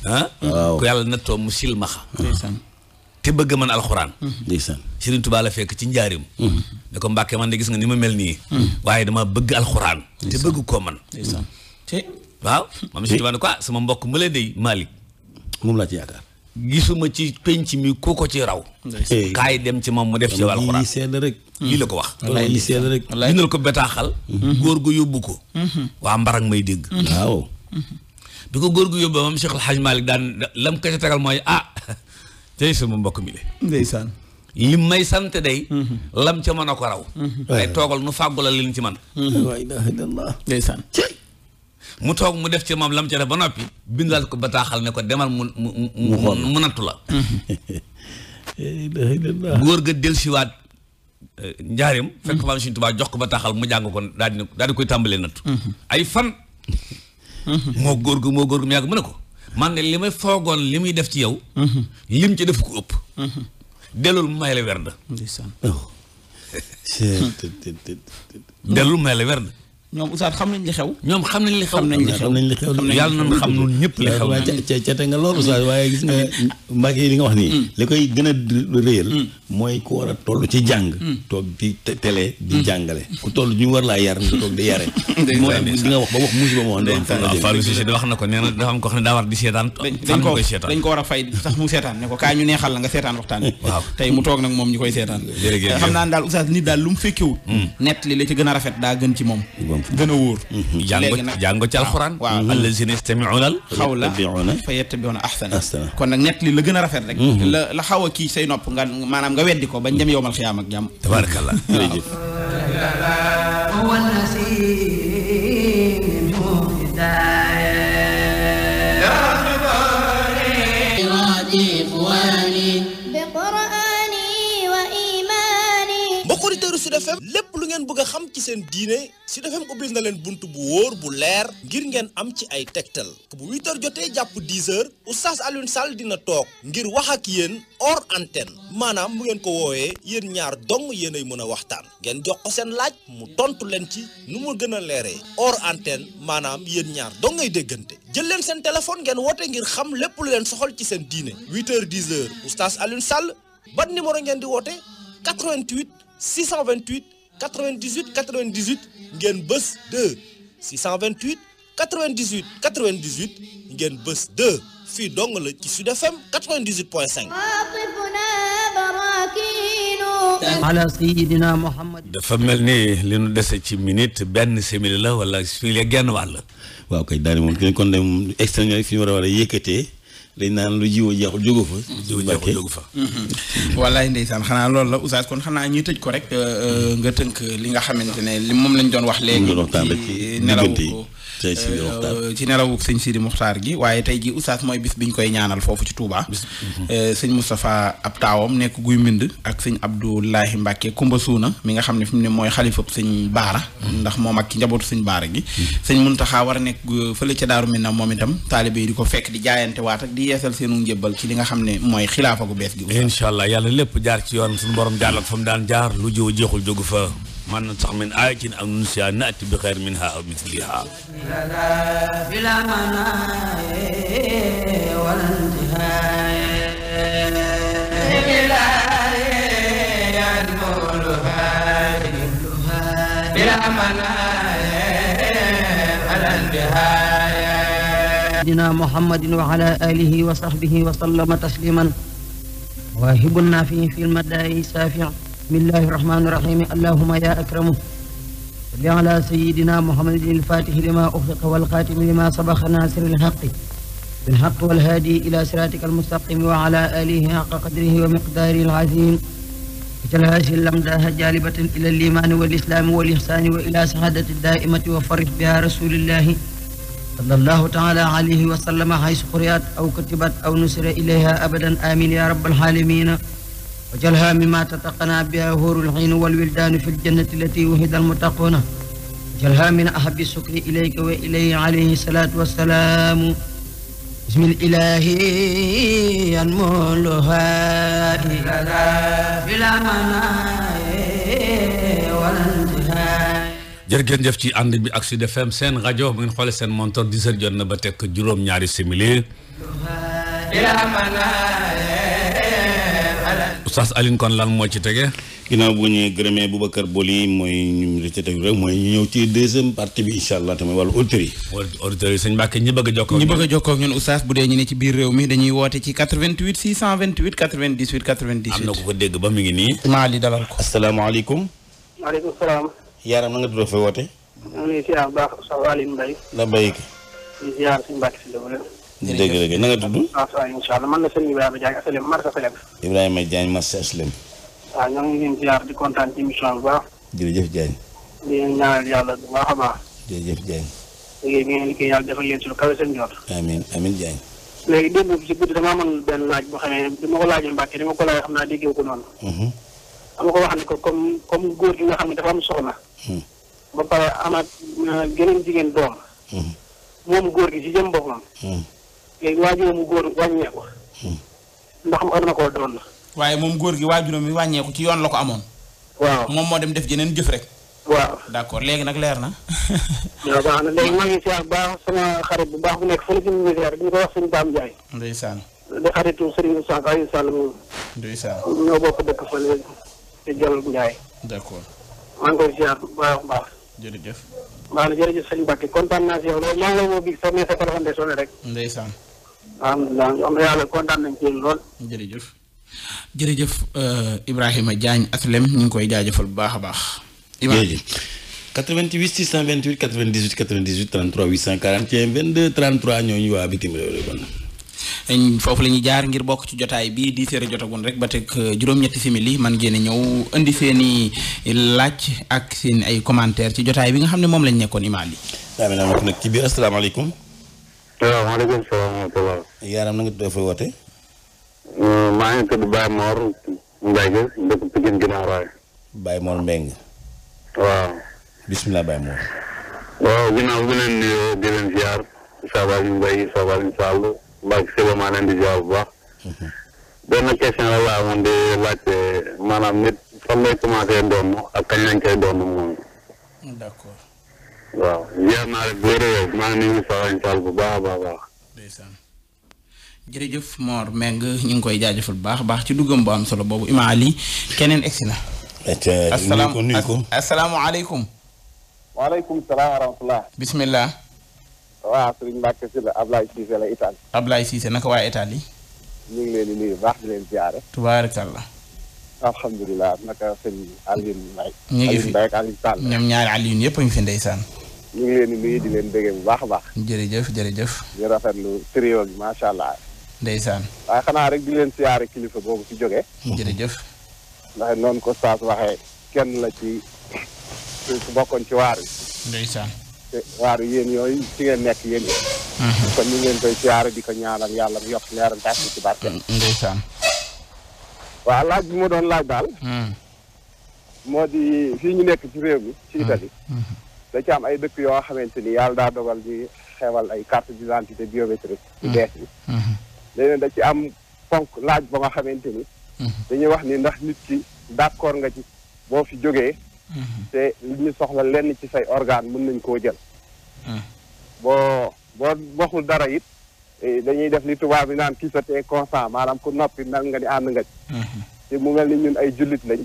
ah. waaw ku yàlla nattoo mu silmaxa. te bëgg man alxuraan. Mhm. ndeysaan Serigne Touba la fekk ci njaarim. Mhm. ne ko Mbàkke man de gis nga ni ma mel nii. Mhm. waaye dama bëgg alxuraan. te bëgg koo man. ndeysaan te. waaw maam Serigne Touba ne ko ah sama mbokk mu la dey Malick. moom laa ci yaakaar. gisuma ci penc mi ku ko ci raw. Eh. kaay dem ci moom mu def ci alxuraan. lii seen rek. lii la ko wax. wallaay la seen ko betaaxal. góor gu yóbbu ko. waa mbarag may dégg. waaw. bi ko góor gu yóbbu moom Cheikh El Hadj daan lam ko tegal mooy ah. tey sama mbokk mi le lim may sant day mhm. lam ca mën a ko raw day mhm. toogal nu fàggula leen ci man mhm. mu toog mu def ci moom lam ca def ba noppi bindal ko bataaxal ne ko demal mu mu mu nattu la góor ga del siwaat eh, njaarim fekk faam suñu tubaab jox ko bataaxal mu jàng ko daal di daal di koy tàmbalee nattu ay fan moo góor gu moo góor gu mu yàgg mu ne ko man ne li may foogoon li muy def ci yow. Mhm. lim ci def ko ëpp. Mhm. dellul mu may la werd. ndeysaan. dellul mu may la werd. ñoom Oustaz xam nañ li xew. ñoom xam nañ li xew xam nañ li xew xam nañ li xew yàlla nañ li xew. waaye ca ca te nga loolu Oustaz waaye gis nga Mbacke li nga wax mm. a réyal. Mm. a toll ci jàng. Mm. toog di télé di jàngale. ku toll ñu wax xam ne a fay sax koy seetaan. xam naa daal Oustaz nit daal lu mu fekkewut nett li la ci gën a rafet daa gën ci moom gën a wóor mhm. léegi nag jàng ci alxuraan waaw allazina yastami'una al xawla fa yattabi'una ahsana kon nag ñett li la gën a rafet rek mhm. la la xaw a kii say nopp nga maanaam nga weddi ko bañ dem yowmal xiyaam ak jàmm tabarakallah jërëjëf Sud FM lépp ngeen bëgg a xam ci seen diine Sud FM ubbil na leen bunt bu wóor bu leer ngir ngeen am ci ay tegtal bu 8h jotee jàpp 10h oustaz Alioune Sall dina toog ngir wax ak yéen or antenne maanaam mu ngeen ko woowee yéen ñaar dong yéen ay mën a waxtaan ngeen jox ko seen laaj mu tontu leen ci nu mu gën a leeree hors antenne maanaam yéen ñaar dong ngay déggante jël leen seen téléphone ngeen woote ngir xam lépp lu leen soxal ci seen diine 8h 10h oustaz Sall ban numéro ngeen di woote 88 628. 98 98 ngeen bës 2 628 98 ngeen bës 2 fii dong la ci Sud FM 98.5. ala sayidina Muhammad. dafa mel ni li nu dese ci minute benn simili la wala fii la genn wàll. waaw kay daane moom kon de moom externe war a war a yëkkatee. dañ naan lu jiw a jeexul jógu fa. jiw a jeexul fa. Mhm. wallaay ndeysaan xanaa loolu la oustaz kon xanaa ñuy tëj ko rek. Euh, euh, nga tënk li nga xamante ne li moom lañ doon wax taan léegi. nelaw ko tey euh, ci nelawu sëñ Sidi Muxtaar gi waaye tey ji oustaz mooy bis bi ñu koy ñaanal foofu ci Touba. Mhm. Euh, sëñ Moustapha ab taawam nekk guy mbind ak sëñ Abdoulahi Mbacke Kumba Suuna mi nga xam ne fi mu ne mooy xalifab sëñ Baara. ndax moom ak ki njabootu sëñ Baara gi. Mhm. sëñ Muntaxa war nekk euh, fële ca Daaru Minam moom itam taalibe yi di ko fekk di jaayante waat di yeesal seenu njébbal ci li nga xam ne mooy xilaafa gu bees gi. incha allah yàlla lépp jaar ci yoon suñu borom jaar ak fa mu daan jaar lu jiw jeexul jógu fa man sax min ayatin ak nunsiya naati bi xayr minha aw misliha bila manaaye wala intihaaye dina muhammadin wa ala alihi wa sahbihi wa sallama tasliman waahibun nafi fi lmadayi safi bismillahi irrahmani irrahimi allahuma ya akramu salli ala sayidina muhammadin ilfatixi lima uxliqa walxaatimi lima sabaxa nasir ilxaqi bilxaq walhaadi ila siratika almustaqimi wa ala alihi xaqa qadrihi wa miqdaarihi alazim وجلهاته الأمداها جالبة إلى الإيمان والإسلام والإحسان وإلى سعادة الدائمة وفرح بها رسول الله صلى الله تعالى عليه وسلم حيث قرئت أو كتبت أو نسر إليها أبدا آمين يا رب العالمين wajalha mimma tataqana biha huurul xiin wal wildaanu fi ljannati allati wuxida almutaquuna wajalha min ahabi sukri ilayka wa ilayhi alayhi salaatu wassalaamu بسم الإله ينملها بلا مناهي ولا انتهاء jërëgéen jëf ci ànd bi ak Sud FM seen rajo bu ngeen xoolee seen montor 10 heures jot na ba tekk juróom-ñaari simili oustaz Alioune kon lan moo ci tege. ginnaaw bu ñu gërëmee Boubacar Boli mooy ñu li ci teg rek ñu ñëw ci deuxième partie bi incha allah tamit wàllu auditeurs yi. auditeurs yi ñi bëgg a ñun oustaz bu dee ñu ne ci biir réew mi dañuy woote ci 88 628 98 98. am na ku ko dégg ba mu ngi nii. maa li dalal ko. asalaamaaleykum. maaleykum salaam. yaaram na nga tudd fa woote. maa ngi ziar bu baax oustaz Alioune Mbaye. la Mbaye. di ziar sëñ Mbacke si dëgg dëgg na nga tudd. incha allah man la sëñ Ibrahima Diagne asalem Marsa Salem. Ibrahima Diagne Marsa Salem. waaw ñoo ngi leen ziar di kontaan ci émission bu baax. jërëjëf Diagne. di leen ñaanal yàlla bu baax a baax. jërëjëf Diagne. liggéey bi ngeen liggéey yàlla defal leen ci lu kawe seen jot. amiin amiin Diagne. léegi démb ci guddi damaa amoon benn laaj boo xam ne dama ko laajoon Mbàkke dama ko laaj xam naa déggee ko noonu. Mhm. dama ko wax ne ko comme comme góor gi nga xam ne dafa am soxna. Mhm. ba pare amaat geneen jigéen doom. Mhm. moom góor gi ci jëm boppam léegi waajuram mu góor wàññeeku. Hmm. ndax war na koo doon. waaye moom góor gi waajuram mi wàññeeku ci yoon la ko amoon. waaw moom moo dem def jeneen jëf rek. waaw d'accord léegi nag leer na. waaw baax na léegi maa ngi baax sama xarit bu baax bu nekk fële ci ministère bi ñu ko wax sëñ Baam Ndiaye. ndeysaan. di xaritu Serigne Sall Aliou Sall moom. ndeysaan ñoo bokk dëkk fële ci Diallo Ndiaye. d'accord. maa ngi koy ziar bu baax a baax. jërëjëf. baax na jërëjëf sëñ Mbacke kontaan naa si yow loolu maa ngi lay woo bii sax sa téléphone de sonné rek. saan alhamdulilah ñu am yàlla kontaan nañ ci lool. jërëjëf jërëjëf euh, Ibrahima Diagne Aslem ñu ngi koy jaajëfal bu baax a baax. jërëjëf 88 628 98 98 33 841 22 33 ñooñu waa bitim réew foofu la ñuy jaar ngir bokk ci jotaay bi di séeré jotagoon rek ba teg euh, juróom-ñetti simili man ngeen a ñëw indi seen i laaj ak seen ay commentaire ci jotaay bi nga xam ne moom lañ nekkoon imaam yi. daa mel nag ci biir asalaamaaleykum. waaw maaleykum salaam wa rahmatulah. yaaram na nga tudd fooy woote. Euh, maa ngi tudd Baye Mor Mbengue dëkk Pikine ginnaaw raay. Baye Mor Mbengue. waaw. bisimilah Baye Mor. waaw ginnaaw bi leen nuyoo di leen ziar Sabaal ñu Mbaye Sabaal ñu Sall Mbacke Seba maa leen di ziar bu baax. Mhm. benn question la laa amoon di laajte maanaam nit fan lay commencé doon ak kañ lañ koy doon moom. d'accord. waaw ziar naa bu baax a baax a baax. ndeysaan Meng ñu ngi koy jaajëfal bu baax baax ci duggam bu am solo boobu Ima keneen egsi na. asalaamaaleykum asalaamaaleykum. waaleykum salaam wa bisimilah. waaw sëriñ Mbacke si la Ablaye Cissé la Italie. Ablaye naka waa Italie. ñu ngi leen di nuyu baax di leen ziare. tubaarakallah. alhamdulilah ñu ngi fi Alioune ñoom ñaari Alioune yëpp ñu fi ndeysaan. ñu ngi leen di nuyu di leen déggee bu baax a baax. jërëjëf jërëjëf. ñu rafetlu trio bi macha allah. ndeysaan. waaye xanaa rek di leen siyaare kilifa boobu ci jógee. jërëjëf. ndax noonu ko Saas waxee kenn la ci ku bokkoon ci waar yi. ndeysaan. te yéen yooyu ci ngeen nekk yéen mhm. kon ñu ngi leen koy siyaare di ko ñaanal yàlla mu yokk leeram tas ci barke. Mm, ndeysaan. waaw laaj bi ma doon laaj daal. Mm. moo di fii ñu nekk ci réew mi ci Italie. Mm, da ci am ay dëkk xamante ni yàlla daa dogal di xewal ay carte d'identité biométrique mm-hmm. mm-hmm. da ci am ponk laaj ba xamante ni mm-hmm. dañuy wax ni ndax nit ki d'accord nga ci boo fi jógee ñu soxla lenn ci say organe mën nañ koo jël mm. boo boo waxul dara it eh, dañuy def li tubaab bi naan kii sa tee constant maanaam ku noppi nal nga ni ànd nga ci mu mel ni ñun ay jullit lañ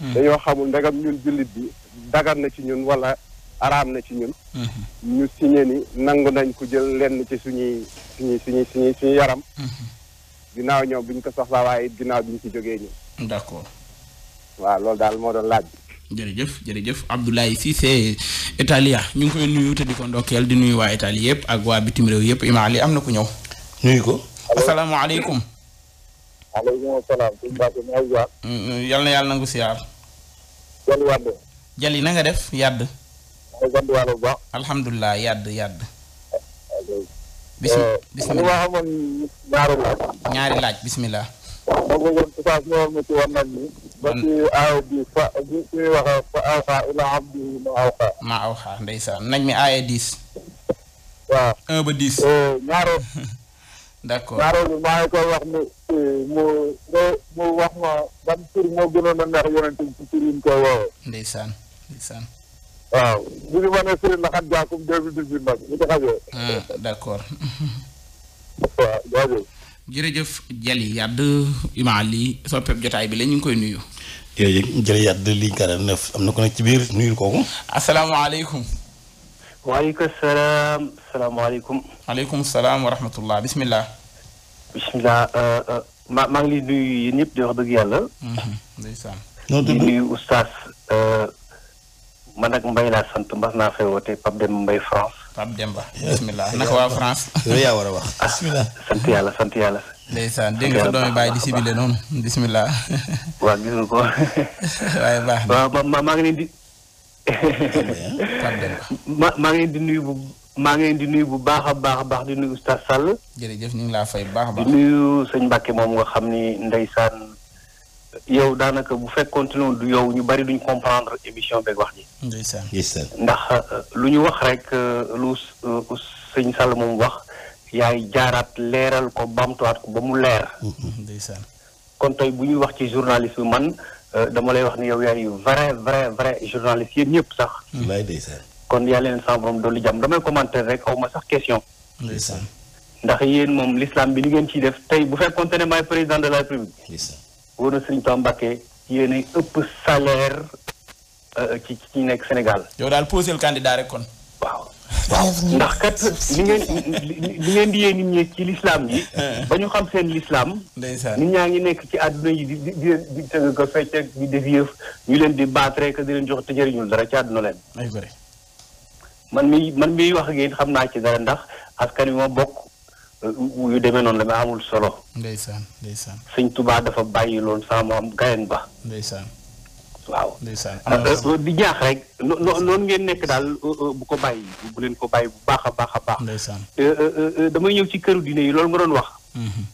mm. dañoo xamul ndegam ñun jullit bi dagan na ci ñun walla araam na ci ñun. Mhm. ñu signé ni nangu nañ ko jël lenn ci suñuy suñuy suñuy suñuy suñu yaram. Mhm. ginnaaw ñoom bi ko soxlaa waaye it ginnaaw ci jógee ñu. waaw loolu daal moo doon laaj. jërëjëf jërëjëf Abdoulaye Cissé Italia ñu ngi koy nuyu te di ko ndokkeel di nuyu waa Italie yëpp ak waa bitim réew yëpp Imam Ali am na ku ñëw. nuyu ko. asalaamaaleykum. maaleykum salaam. Mm, mm, yal na yàlla nangu siyaar. Jali Wade. Jali na def yàdd. sant yàlla bu baax. alhamdulilah yàdd yàdd. bisimilah eh, bisimilah eh, li amoon ñaari laaj. ñaari laaj bisimilah. ma ci wan nag bi ma awxaa. ma ndeysaan nañ mi aaya dix. ba dix. Eh, ñaareel. maa ngi koy wax ni mu mu wax ma ban tur moo gënoon a neex yonent ci tur yi ñu koy woowee. ndeysaan ndeysaan. waaw bu ñu mënee Serigne Laxat Dia comme deux mille dix huit nag bu ñu xajee. Ah, d' accord. waaw jaajëf. jërëjëf Jali Yàdd Imaam lii soppeeku jotaay bi la ñu ngi koy nuyu. jërëjëf Jali Yàdd lii 49 am na ko nekk ci biir nuyu kooku. asalaamaaleykum. waaleykum salaam. salaamaaleykum. waaleykum salaam wa rahmatullah bismillah. bismillah euh, euh, maa maa ngi lay nuyu yéen ñëpp di wax dëgg yàlla. Mhm, ndeysaan. di nuyu oustaz. Euh, man nag Mbaye laa sant mbas naa fay woote Pape Demba Mbaye France. Pape Demba bisimilah naka waa France. yooyu yaa war a wax. Ah, bisimilah sant yàlla sant yàlla. ndeysaan dégg nga sa doomi bàyyi di sibile noonu bisimilah. waaw gis nga ko. waaye baax na waaw ma maa ngi di. maa ngi di nuyu bu maa ngi di nuyu bu baax a baax a baax di nuyu Oustaz Sall. jërëjëf ñu laa fay bu baax a baax. di nuyu sëñ Mbacke moom nga xam ni ndeysaan. yow daanaka bu fekk continué du yow ñu bari duñ comprendre émission beeg wax ji. ndax euh, lu ñu wax rek euh, lu euh, sëñ Sall moom wax yaay jaaraat leeral ko bamtuwaat ko ba mu leer. Mm-hmm. kon tey bu ñuy wax ci journaliste bi man dama lay wax ni yow yaay vrai vrai vrai journaliste yéen ñëpp sax. Mm-hmm. kon yaa leen sàmm borom dolli jàmm damay commenter rek aw ma sax question. ndax yéen moom l'islam bi ni ngeen ciy def tey bu fekkoon ne maay président de la République. wóor na Serigne Touba Mbacké yéen a ëpp salaire euh, ci nekk Sénégal. yow daal posé le candidat rek kon. waaw ndax kat li ngeen li ngeen di yee nit ñi ci lislaam yi. Eh. ba ñu xam seen lislaam. ndeysaan nit ñaa ngi nekk ci àdduna yi di di di di tëgg ko fecc ak di def yëf ñu leen di baat rek di leen jox te jëriñul dara ci àdduna leen. ay man mi man mi wax ak xam naa ci dara ndax askan wi ma bokk. yu demee noonu la mais amul solo. ndeysaan ndeysaan. sëñ Tuubaa dafa bàyyi loon sama am gayen ba. ndeysaan. waaw ndeysaan ah, euh, di jaax rek noonu ngeen nekk daal euh, euh, bu ko bàyyi bu leen ko bàyyi bu baax a baax a baax. ndeysaan. damay ñëw ci këru diine yi loolu nga doon wax. Mm-hmm.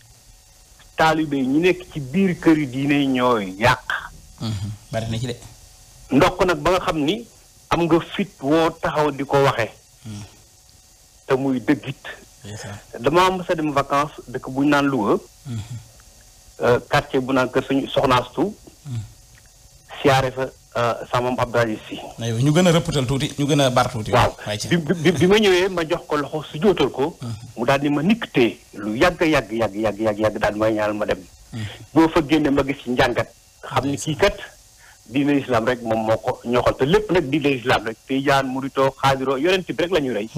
taalibe ñu nekk ci biir këru diine yi ñooy yàq. Mm-hmm. bari na ci de. ndox nag ba nga xam ni am nga fit woo taxaw di ko waxee. Mm. te muy dëggit dama mos a dem vacances dëkk bu ñu naan Louga. Mhm. Euh, quartier bu naan kër suñu soxnaastu. Mhm. siyaare fa euh, sama maam Abdou Aziz ñu gën a rëppatal tuuti ñu gën a baar waaw bi bi bi ma ñëwee ma jox ko loxo su jootal ko. Mhm. mu daal di ma nikkatee lu yàgg yàgg yàgg yàgg yàgg yàgg daal may ñaanal ma dem. boo fa génne ma gis ci njàngat. xam ni kii kat diine rek moom moo ko ñoxal te lépp nag di islam rek te yaan murito xaadiroo yonent bi rek la ñu rey.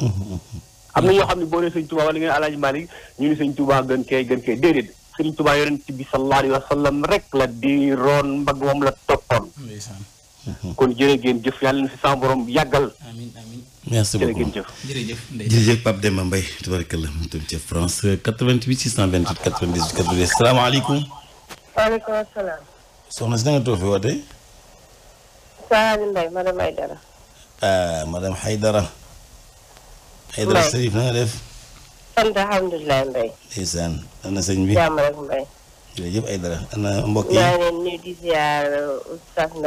am na ñoo xam ne boo nee sëñ Touba li ngeen Alaaji Maalik ñu ni sëñ Touba gën kee gën kee déedéet sëñ Touba yonent bi sallallahu alayhi wa sallam rek la di roon mbagg moom la toppoon. kon jërë ngeen jëf yàlla na fi sama borom yàggal. amiin amiin merci beaucoup jërë ngeen jëf. jërëjëf jërëjëf Pape Demba Mbaye tubaarkalla mu tudd ca France 88 628 98 98 salaamaaleykum. waaleykum salaam. soxna si na nga too fi wootee. Saalum Mbaye madame Aydara. ah madame Aïdara Serif na nga def. sant alhamdulilah Mbaye. ndeysaan sëñ bi jàmm rek Mbaye. jërëjëf Aïdara ana mbokk yi. maa di ziar Oustaz mhm.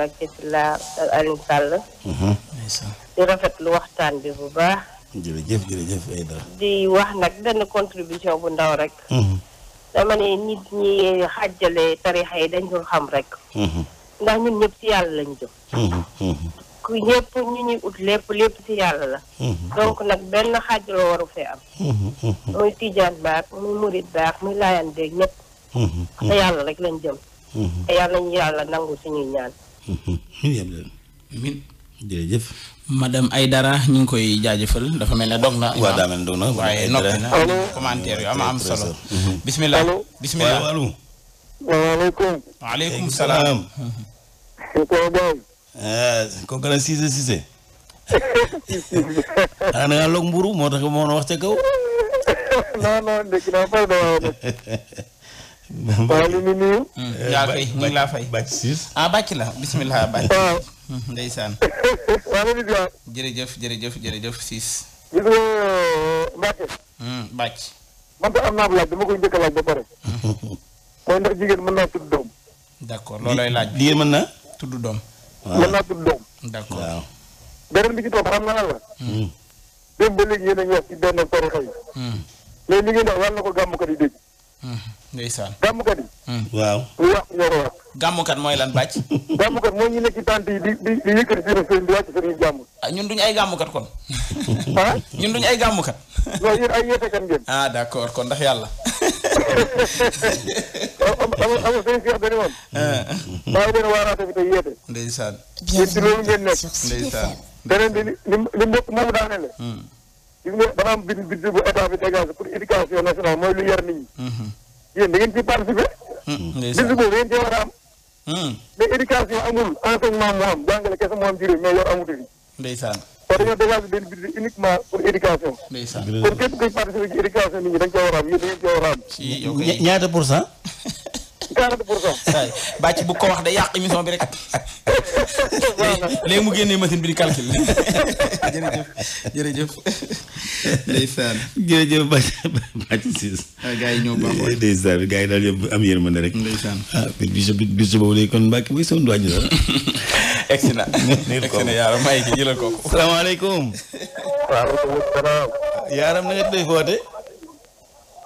rafetlu waxtaan bi bu baax. jërëjëf jërëjëf Aïdara. di wax nag benn contribution bu ndaw rek. Mhm. dama ne nit ñi xàjjale tarixa yi dañ ko xam rek. Mhm. ndax ñun ñëpp ci yàlla lañ jóg. yëpp ñu ñuy ut lépp lépp ci yàlla la mhm. donc nag benn xaajaloo waru fee am mhm, mhm. muy tijaan baax muy murit baax muy laayaan beeg ñëpp yàlla rek lañ jëm te yàlla ñu yàlla nangu suñuy ñaan min jërëjëf madame ñu ngi koy jaajëfal dafa mel ne dog na. waaw daa mel ne dog na waaye noppi na am am solo. bisimilah bisimilah. waaleykum. waaleykum salaam. Eh, kooku la Cissé Cissé xanaa da ngaa log mburu moo tax moo wax ca kaw. non non dégg naa fay waaw li mu nuyu. yaa koy ñu laa fay. bàcc ah, la bisimilah bàcc. waaw. Hmm, ndeysaan. waaw loolu di waaw. jërëjëf jërëjëf jërëjëf siis. gis nga euh, Mbacke. Hmm, bàcc. man de am naa laaj dama koy njëkk laaj ba pare. Hmm. mooy ndax jigéen mën naa tudd doom. d' accord laaj. jigéen mën na tudd doom. mën naa tudd doom. d'accord waaw. beneen bi ci topp xam nga lan la. Hmm. démb ba léegi yéen a ngi wax ci benn tarixa yi. Hmm. mais li ngeen di wax ko gàmmkat yi dégg. Hmm. ndeysaan gàmmkat yi. waaw lu yàq mooy lan bàcc. gàmmkat mooy ñu nekk ci yi di di di ah, ñun duñu ay gàmmkat kon. ah ñun ay gàmmkat. non yéen ay ngeen. ah kon ndax yàlla. amul amul sëñ Cheikh dañu woon. bàyyi leen waaraate bi te yeete. ndeysaan. bien sûr loolu ngeen nekk. ndeysaan beneen bi li li mbokk moomu bu état bi dégage pour éducation nationale mooy lu yar nit ñi. yéen da ngeen ciy participer. ndeysaan a am. mais éducation amul enseignement moo am jàngale kese moo am ci réew mais yor kon a am yéen da ngeen a am. bàcc bu ko wax day yàq émission bi rek. léegi mu génnee machine bi di calcul. jërëjëf jërëjëf. ndeysaan. jërëjëf bàcc bàcc siis. gars yi ñoo baaxoo. yëpp am yërmande rek. ndeysaan. ah bis bis boobu léegi kon Mbacke mooy sama doyen la. egsi na. egsi na yaaram maa ngi jëlal kooku. salaamaaleykum. waaleykum salaam. yaaram na nga tudd foote.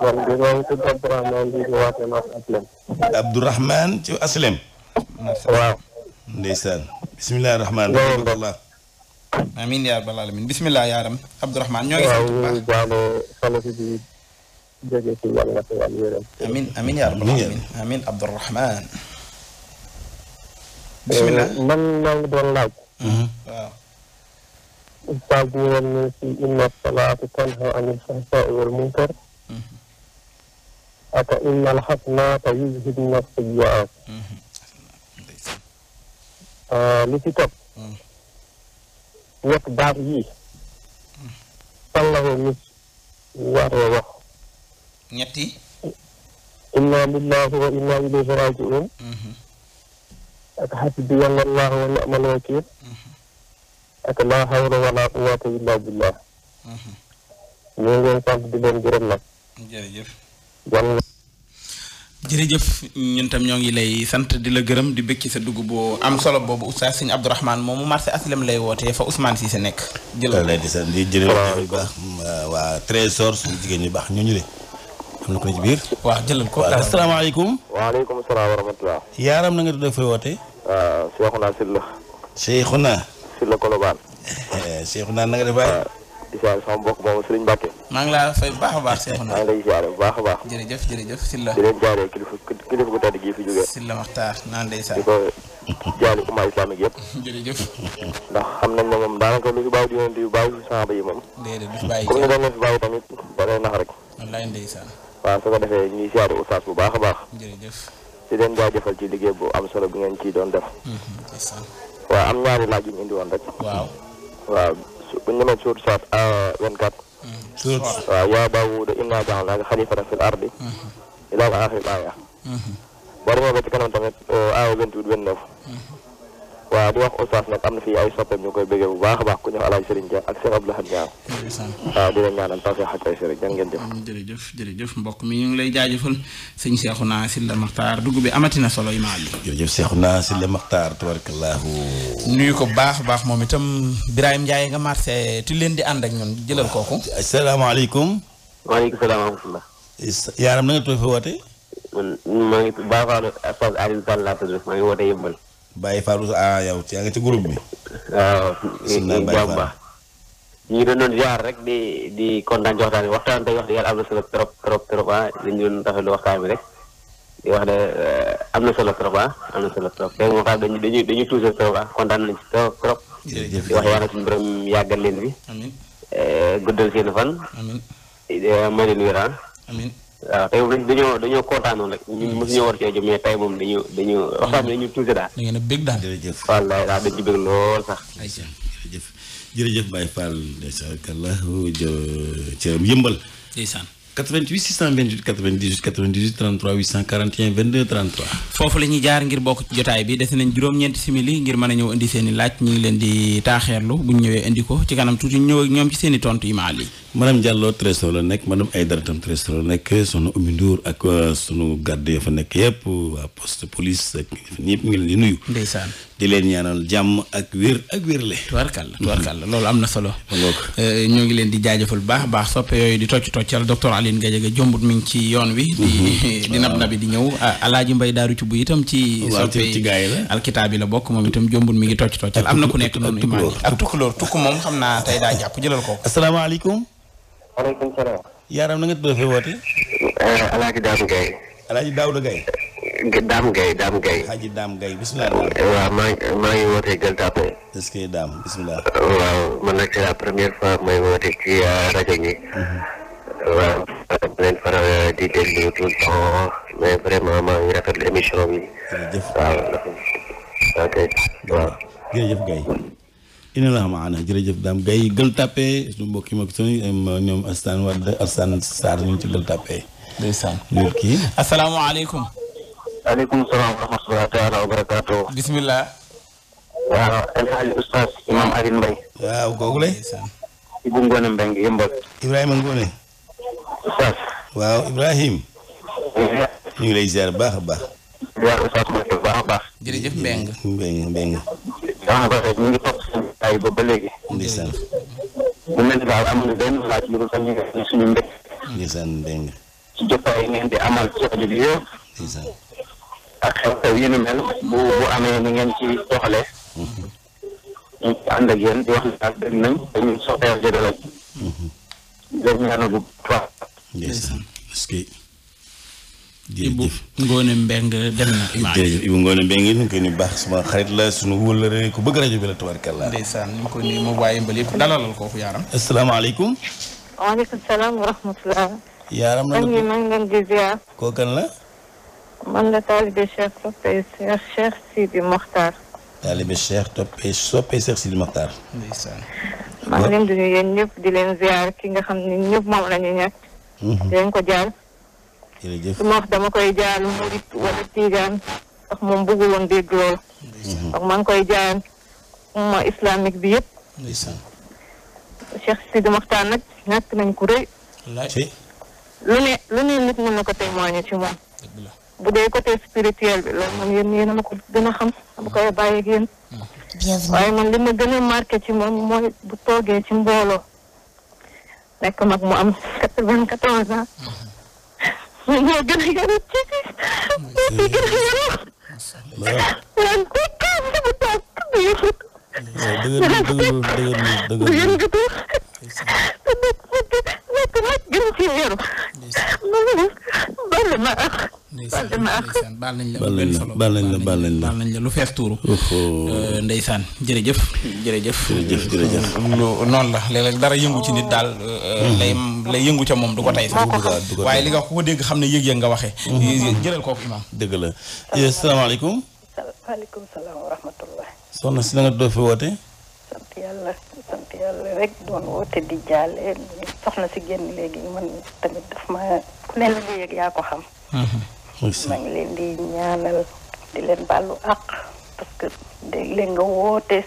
man di ma tudd Abdourahmane di waatee Mas Aslem. Abdourahmane ci Aslem. waaw. ndeysaan. bisimilah rahmaani rahiim. amiin yaa rabbal aalamiin bisimilah yaaram Abdourahmane ñoo ngi sant bu baax. waaw ñu jóge ci yàlla te wàllu yërëm. amiin amiin yaa rabbal aalamiin amiin Abdourahmane bisimilah eh, man maa ngi doon laaj. Mhm. waaw. ustaaz bi woon ñu si inna salaata tanhaa anil fahshaa'i wal munkar. Mhm. aka inna alxasanaata yuzhibna sayyi'aat. Mhm. Ah, li ci topp. ñett baat yii. fan la ko nit war a inna lillahi wa inna ilayhi raaji'uun. ak xasbiyallah wa ni'mal wakiil mm-hmm. ak laa hawla wala quwwata illa billah mm-hmm. tam ñoo ngi lay sant di la gërëm di bëgg ci sa dugub boo am solo boobu oustaz Sëñ Abdourahmane moomu marché aslam lay wootee fa Ousmane si sa nekk. jërëjëf lay di sant di jërëjëf waa trésor suñu jigéen ñi baax ñu ñu de. am na ko ci biir. waaw jëlal ko waaw asalaamaaleykum. waaleykum salaam wa rahmatulah. yaaram na nga tudd fooy wootee. waaw ah, Cheikhouna Sylla. Cheikhouna. Sylla Colobane. Cheikhouna eh, na nga def waaye. Ah, waaw sama mbokk moomu Serigne laa fay bu baax a baax Cheikhouna. maa ngi lay ziare bu baax a baax. si jërëjëf Sylla. di leen jaaree kilifa kilifa gu tedd gii fi jógee. Sylla Makhtar naan day saa. di ko jaali umma islamique yëpp. ndax xam nañ ne moom daanaka lu fi bàyyi di yonent yu bàyyi saaba yi moom. déedéet du fi bàyyi ni ko leen fi bàyyi tamit ba lay nax rek. wallaay ndeysaan. waa su ko defee ñuy siyaare oustaz bu baax a baax. jërëjëf. di leen jaajëfal ci liggéey bu am solo bu ngeen ciy doon def. Mhm, waaw am ñaari laaj yu ñu indi woon rek. waaw. waaw su bu ñu demee suur saat 24. suur waaw yaa Daawuda innaa ja'alnaaka xalifatan fil ardi. Mhm. ilaa aaxiri aaya. Mhm. boo demee ba ci kanam tamit aaya 28 29. waaw di wax oustaz nag am na fi ay soppam ñu koy bëggee bu baax a baax ku ñu wax alaaj Serigne Dia ak Cheikh Abdou Lahad Niang waaw di leen ñaanal tawfiq ak ay Serigne jërë ngeen jëf jërëjëf jërëjëf mbokk mi ñu ngi lay jaajëfal sëñ Cheikhouna Sylla Makhtar dugg bi amatina solo imaam bi jërëjëf Cheikhouna Sylla Makhtar tabarakallahu nuyu ko baax a baax moom itam Birahim Ndiaye nga marché tu leen di ànd ak ñun jëlal kooku asalaamaaleykum waaleykum salaam wa rahmatullah yaaram na nga tooy fi woote maa ngi baaxaalo Aliou Sall laa tudd maa ngi woote yëmbal Baye Fallou ah yow yaa ngi ci groupe bi. waaw. jàmba ñu ngi doon doon ziar rek di di kontaan ci waxtaan bi waxtaan tey wax dëgg yàlla am na solo trop trop trop ah dañu waxtaan bi rek wax ne eh, am na solo trop ah na solo trop tey moom dañuy dañuy dañuy toujours trop ah kontaan nañu ci trop trop. jërëjëf di wax yàlla suñu borom yàggal leen fi. amiin eh, guddal seen fan. amiin eh, ah. ma waaw tey moom dañoo dañoo kontaanoon rek ñun mosu ñu war cee jëm mais tey moom dañu dañu waxtaan bi dañu tuuse daal. da ngeen a bég daal jërëjëf. wallaay daal dañ ci bég lool sax. ayca jërëjëf jërëjëf Baye ci ndeysaan kàllaahu ca yëmbal 88 628 98 98 33 841 22 33. foofu la ñuy jaar ngir bokk ci jotaay bi dese nañ juróom-ñeenti simili ngir mën a ñëw indi seen i laaj ñu ngi leen di taaxeerlu bu ñëwee indi ko ci kanam tuuti ñëw ñoom ci seen tontu yi maal yi. madame Diallo trésor la nekk madame Aïdara tam trésor la nekk sunu Oumy Ndour ak euh, sunu garde ya fa nekk yëpp waa poste police ak ñu ngi leen di nuyu. ndeysaan di leen ñaanal jàmm ak wér ak wérle. tubarkalla tubarkalla loolu am na solo. Euh, ñoo ngi leen di jaajëfal bu baax a baax soppe Aline Gadiaga jombut mi ngi ci yoon wi. di mhm. di nab nabi di ñëw ah, alaaji mbay daaru ci bu itam ci. waaw ci gaa yi la alkitaab bi la bokk moom itam jombut mi ngi tocc toccal am na ku nekk noonu imaam ak tukkuloor tukku moom ko. asalaamaaleykum. waaleykum salaam. yaaram na nga tudd fi woote. Eh, alaaji Daam Gaye. alaaji Daawda Gaye. Daam Gaye Daam Gaye. Haji Daam Gaye bisimilah. Eh, waaw maa ngi maa ngi wootee Gueule Tapée. est-ce que Daam bisimilah. Eh, waaw man nag c'est la première fois may woote ci euh, rajo waaw leen faral di déglu tout le temps mais vraiment maa ngi rafetlu émission bi. waaw ok waaw. jërëjëf Gaye. daam Gaye Gueule Tapée suñu mbokk yi mag suñu ñoom Assane Wade Assane Sarr ñu ngi ci Gueule Tapée. ndeysaan ñu kii. asalaamaaleykum. aleykum salaam wa barakaatu. bisimilah. waaw El Hadj Oustaz Imam Alioune Mbaye. waaw Ibrahim ñu ngi lay ziar baax a baax. ziar Oustaz Mbacke baax a baax. jërëjëf Mbengue. Mbengue Mbengue. daanaka ñu ngi topp ay ba ba léegi. ndeysaan. mu mel ni daal amul benn laaj yu dul sax ñu ngi suñu mbéy. ndeysaan Mbengue. ci ngeen di amal ci rajo bi yëpp. ndeysaan. ak yi nu mel bu bu amee ni ngeen ci doxalee. Mhm. ñu ànd ak yéen wax ne daal dégg nañ dañuy soxla jënd lañ. léegi ñu bu baax. ndeysaan parce que Ibu Ngoone Mbeng dem na. jërëjëf Ibu baax suma xarit la sunu wëllëre ku bëgg rajo bi la tabarkalla. ndeysaan ñu ngi koy nuyu moom waaye mbali yëpp dalalal kooku yaaram. di ziar. man la taalibe Cheikh ñëpp di leen ziar ki nga xam ne ñëpp moom la ñu Mm-hmm. dinañ ko jaal. su ma wax dama koy jaal murit wala tiijaan ndax moom bëggul woon dégg ndax maa ngi koy jaayaan umma islamique bi yëpp. ndeysaan. Cheikh Sidi Mokhtar nag ñàkk nañ ko rëy. lu ne lu ne nit mën na ko témoigner ci moom. bu dee côté spirituel bi loolu man yéen yéen ma ko gën a xam dama koy bàyyi ak mm. waaye man li ma gën a marqué ci moom mooy bu toogee ci mbooloo. nekk mag mu am quatre-vingt-quatorze ans. mu ngi gën a yaru ci ci gën a yaru. waaw kooku kàddu gi mu taw kàddu gi. waaw dëgg la dëgg la dëgg la dëgg la ndeysaan baal nañ la baal nañ la baal nañ la baal nañ la lu fees tuuru euh, ndeysaan jërëjëf jërëjëf jërëjëf jërëjëf euh, noonu la léeg dara yëngu ci nit daal euh, mm-hmm. lay lay yëngu ca moom du ko tey waaye li nga ko dégg xam ne yëg-yëg nga waxee mm-hmm. jëlal kooku imaam eh, soxna si na doo fi woote sant yàlla sant yàlla rek doon woote di jaale soxna si génn léegi man tamit daf ma ku ne la nga yëg yaa ko xam mm-hmm. maa ngi leen di ñaanal di leen bàllu àq parce que leen nga woote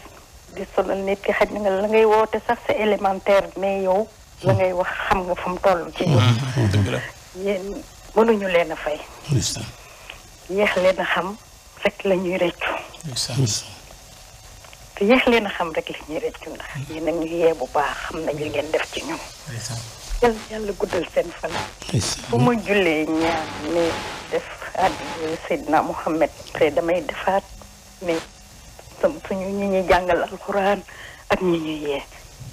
di sonal nit ki xaj na nga la ngay woote sax c'est élémentaire mais yow la ngay wax xam nga fu mu toll ci ñun mm-hmm. Mm-hmm. yéen mënuñu leen a fay yeex leen a xam rek la ñuy rëccu te leen a xam rek la ñuy rëccu ndax yéen a yee bu baax xam nañ li ngeen def ci ñun yal na guddal seen fan. bu ma jullee ñaar ne def addi Seydina Mohamed après damay defaat mais sama suñu ñi ñuy jàngal alxuraan ak ñi ñuy yee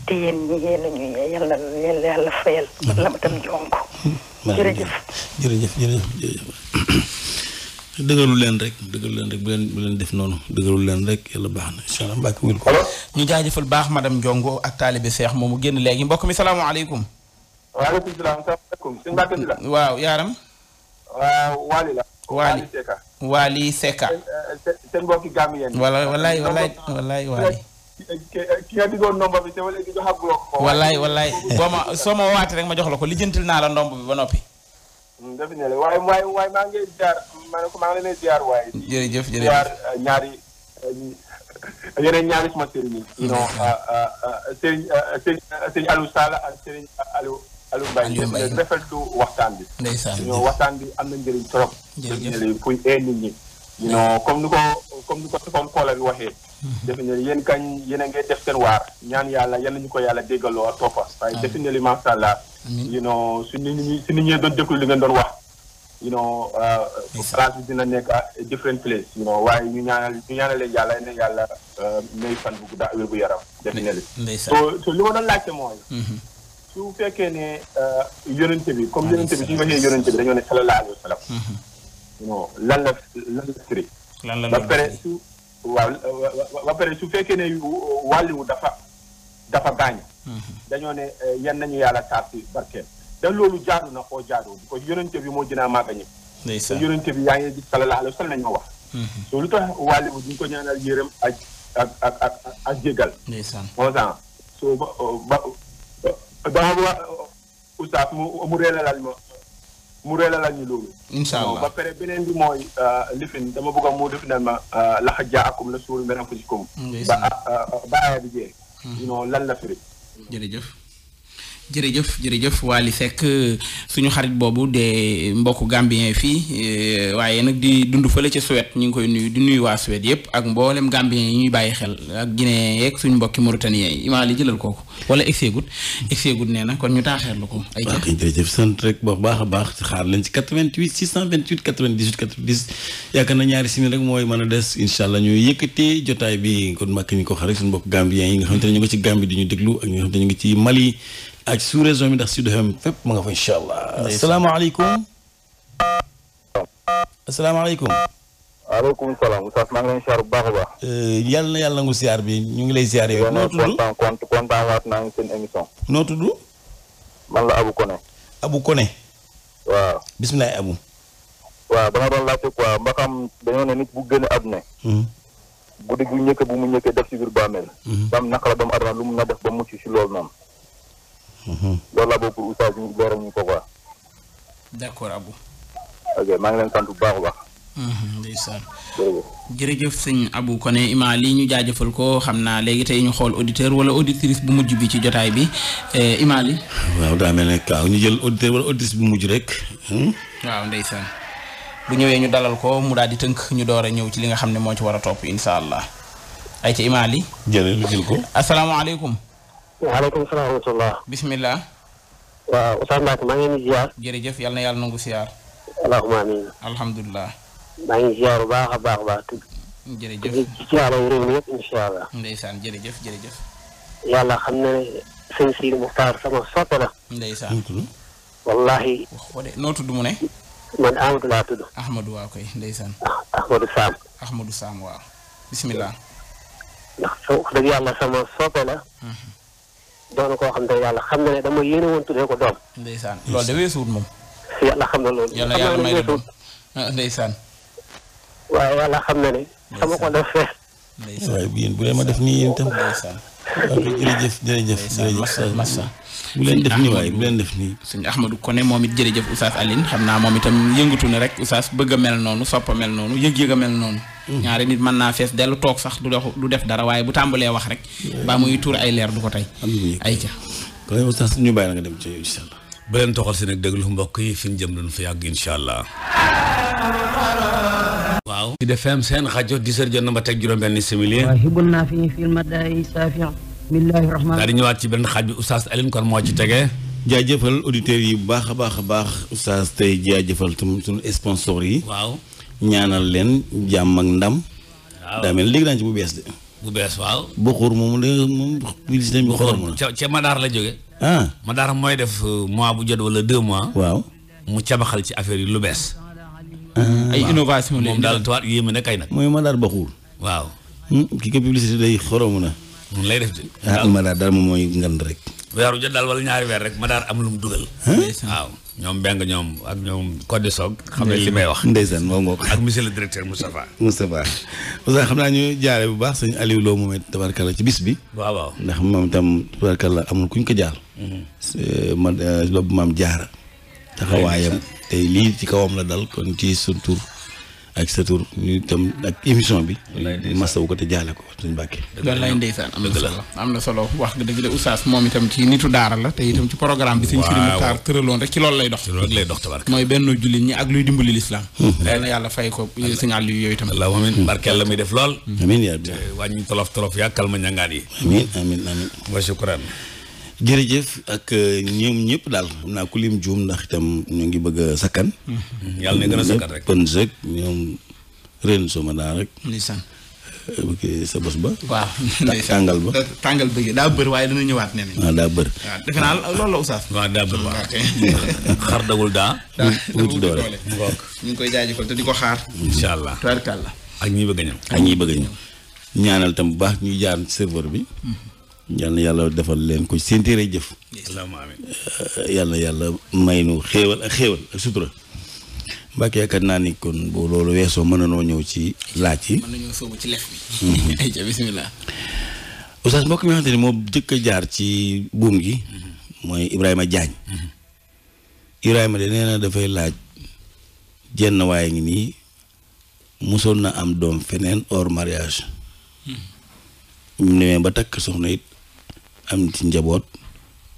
te yéen ñi yee la yee yàlla fayal. Mm-hmm. ma tam jonko. Mm-hmm. jërëjëf jërëjëf jërëjëf jërëjëf. dëgëru leen rek dëgëru leen rek bu leen def noonu dëgëru leen rek yàlla baax na incha ko ñu jaajëfal baax ma madame Jongo ak taalibe Seex mu génn léegi mbokk mi salaamaaleykum waaleykum salaam salaamaaleykum sëñ Mbacke si la. waaw yaaram. waaw Waly la. Waly Seka. Waly Seka. seen eh, mbokki gàmm yéen. wala walaay walaay walaay Waly. Eh, ki nga diggoon ndomba bi te wala léegi joxaguloo ko. walaay walaay boo ma soo ma waatee rek ma jox la ko lijjantil naa la ndomb bi ba noppi. defi ne la waaye waaye ñaari suma sëriñ yi. non sëriñ Aliou Mbaye ñu rafetlu waxtaan bi. ndeysaan waxtaan bi am na njëriñ trop. jërëjëf dañu fuy ee nit ñi. you know comme ni ko comme ni ko comme koola bi waxee. Mm-hmm. defe naa yéen kañ yéen a ngay def seen waar ñaan yàlla yal nañu ko yàlla déggaloo ak toppa. waaye defe naa li macha allah. you know su nit ñi su doon déglu li ngeen doon wax. you know uh, place bi dina nekk à different place. you know waaye ñu ñaanal ñaanalee yàlla ne yàlla uh, may fan bu gudda wér gu yaram. defe naa li li ma doon laajte mooy. Mm-hmm. su fekkee ne euh, yonente bi comme yonente bi suñu waxee yonente bi dañoo ne sallallahu alayhi wa sallam mhm. la la firi lan la ba pare su waaw ba su fekkee ne wàlliwu dafa dafa baañ mhm. dañoo ne euh, yan nañu yàlla saar si barkeel da loolu jaadu na koo jaadu bi ko yonente moo gënaa màgg ñëpp te yonente bi yaa ngi gis sallallahu alayhi wa sallam nañu wax mhm. so lu tax wàlliwu duñ ko ñaanal yërëm ak ak ak ak ak jégal moo tax so ba oustaz mu mu reelalal ma mu reelalal ñu loolu. incha allah ba pare beneen bi mooy euh, lifin dama bëgg a mu definal ma euh, laxa jaa akum la suur nga ko si ba ba aaya bi jeex. non lan la firi. jërëjëf. jërëjëf jërëjëf Wally Seck euh, suñu xarit boobu de mbokku gambien fii euh, waaye nag di dund fële ca Suède ñu ngi koy nuyu di nuyu waa Suède yëpp ak mboolem gambien yi ñuy bàyyi xel ak Guinée yeeg suñu mbokki mauritanien yi maa li jëlal kooku wala exegut exegut nee na kon ñu taaxeerlu ko. ay ca baax a baax xaar leen ci 88 628 98 90 yaakaar na ñaari simili rek mooy mën a des incha allah ñu yëkkatee jotaay bi kon màkk ñu ko xarit suñu mbokk gambien yi nga xamante ne ñu ngi ci Gambie di ñu déglu ak ñi nga ne ñu ngi ci Mali ak su région bi ndax si FM fépp mu nga fa incha allah. asalaamaaleykum. asalaamaaleykum. waaleykum salaam Oustaz maa ngi leen siyaar bu baax a baax. Eh, yàlla na yàlla nangu siyaar bi ñu ngi lay siyaar yow. noo tudd kontaan naa ngi seen émission. noo tudd. man la Abu Kone. Abu Kone. waaw bisimilah Abu. waaw dama doon laajte quoi mba xam dañoo ne nit bu gën a àdduna. Hmm. guddi gu njëkk bu mu njëkkee def si biir bàmmeel. Hmm. ba am naka la doomu adama lu mun na def ba mucc si loolu noonu. Mm-hmm. loolu laa bëgg pour oustaz ñu leeral ñu ko quoi. d'accord Abou. maa ngi leen sant bu baax a baax. Mm-hmm, ndeysaan jërëjëf sëñ Abou Koné Ima lii ñu jaajëfal ko xam naa léegi tey ñu xool auditeur wala auditrice bu mujj bi ci jotaay bi eh, Ima li waaw daa mel ne kaaw ñu jël auditeur wala auditrice bu mujj rek. Hmm? waaw ndeysaan bu ñëwee ñu dalal ko mu daal di tënk ñu door ñëw ci li nga xam ne moo ci war a topp incha allah ay ci Ima li jël ko asalaamaaleykum. waaleykum salaam wa rahmatulah. bisimilah. waaw Oustaz Mbacke maa ngi leen di ziar. jërëjëf yal na yàlla nangu ziar. allahumma amiin. alhamdulilah. maa ngi ziar bu baax a baax a baax. jërëjëf ci ci yàlla réew mi yëpp incha allah. ndeysaan jërëjëf xam na ne Muxtaar sama soppe la. ndeysaan. wallaahi. wax ko de noo tudd mu ne. man Amadou tudd. Ahmadou koy ndeysaan. Ah, Ahmadou Sam. Ahmadou Sam waaw. bisimilah. ndax sa wax dëgg sama soppe la. Mhm. doon ko xam te yàlla xam na ne dama yéene woon tuddee ko doom. ndeysaan loolu de weesuut moom. yàlla xam na loolu. yàlla yàlla may la doon ndeysaan. waaw yàlla xam na ne. sama ko def fees. ndeysaan waaye bu yéen bu dee ma def nii yéen itam. ndeysaan jërëjëf jërëjëf jërëjëf massa bu leen def nii waaye bu leen def nii sëñ Ahmadou Koné moom it jërëjëf Oustaz Aline xam naa moom itam yëngatu na rek Oustaz bëgg a mel noonu sopp a mel noonu yëg-yëg a mel noonu hmm. ñaari nit mën naa fees dellu toog sax du dox def dara waaye bu tàmbalee wax rek hmm. baa muy tuur ay leer du ko tey ay ca kon ñu bàyyi la dem ci incha allah ba leen toxal si nag déglu mbokk yi fi jëm doon fa yàgg incha allah waaw ci defem seen rajo 10 heures jot na ma teg juróom benn simili waaw naa fi ñu filma day saafiyan bismillahi rahmaan daal di ñëwaat ci benn xaaj bi oustaz Alioune kon moo ci tege. jaajëfal auditeurs yi bu baax a baax a baax oustaz tey jaajëfal tam suñu sponsor yi. waaw ñaanal leen jàmm ak ndam. waaw léegi daan ci bu bees de. bu bees waaw. Bokhor moom de moom publicité bi Bokhor moom ca ca Madaar la jóge ah Madaar mooy def euh, mois bu jot wala deux mois. waaw mu cabaxal ci affaire yi lu bees. Ah. ay innovation moom daal tuwaat yéeme na kay nag. mooy Madaar Bokhor. waaw. Hmm, ki ko publicité day xoromu na. noonu lay def de. ah ma daal daal moom mooy ngand rek. weeru jot daal wala ñaari weer rek ma daal am lu mu dugal. ñoom beng ñoom ak ñoom Codé Sock. xam ne li may wax ndeysaan moo ngoog. ak monsieur le directeur Moustapha. Moustapha Moustapha xam naa ñu jaare bu baax sëñ Aliou Lo moom it tabarkalla ci bis bi. waaw waaw ndax moom itam la amul kuñ ko jaar. Mhm. Euh, man euh, loolu maam jaara. taxawaayam tey lii ci kawam la dal kon ci suñ ak sa tur ñu ak émission bi. masawu ko te jaale ko suñu bàkkee. wallaay ndeysaan am na solo am na solo wax dëgg la oustaz moom itam ci nitu daara la te itam ci programme bi. si suñu sëriñ Muxtaar tëraloon rek ci loolu lay dox. loolu lay dox tabarka mooy benn jullit ñi ak luy dimbali lislaam. Hmm. na yàlla fay ko signal yu yooyu itam. wallaahu amiin la muy def lool. amiin yaa bi wàññi tolof tolof yaa kalma ñangaan yi. amiin amiin amiin. wa shukran. jërëjëf ak euh, ñoom ñëpp daal xam naa ku lim juum ndax itam ñu ngi bëgg sakkan. Mm-hmm. yàlla na gën a sakkan rek pën sëg ñoom ren suma daa rek. Euh, sa bos ba. waaw tàngal ba tàngal bëgg daa bër waaye dana ñëwaat nee ah, ah, nañ. Ah. waaw daa bër. waaw defe naa daa bër waaw xar dagul daa. ñu ngi koy jaajëfal te di ko xaar. incha allah tubaarkàlla ak bëgg a ñëw. ak ñi bëgg ñëw ñaanal tam bu baax ñuy jaar serveur bi. Mm-hmm. yal yàlla defal leen ko seen téere jëf. yàlla eh, yàlla may nu xéewal ak xéewal ak sutura. Mbacke yaakaar naa ni kon bu loolu weesoo mën nañoo ñëw ci laaj yi. mën nañoo ci lef bi. Mhm. ayca mbokk mi nga ni moo jëkk a jaar ci buum gi. Mhm. mooy Ibrahima Diagne. Mhm. Ibrahima de nee na dafay laaj jenn waaye ngi nii mosoon na am doom feneen or mariage. mu ba takk soxna it am ci njaboot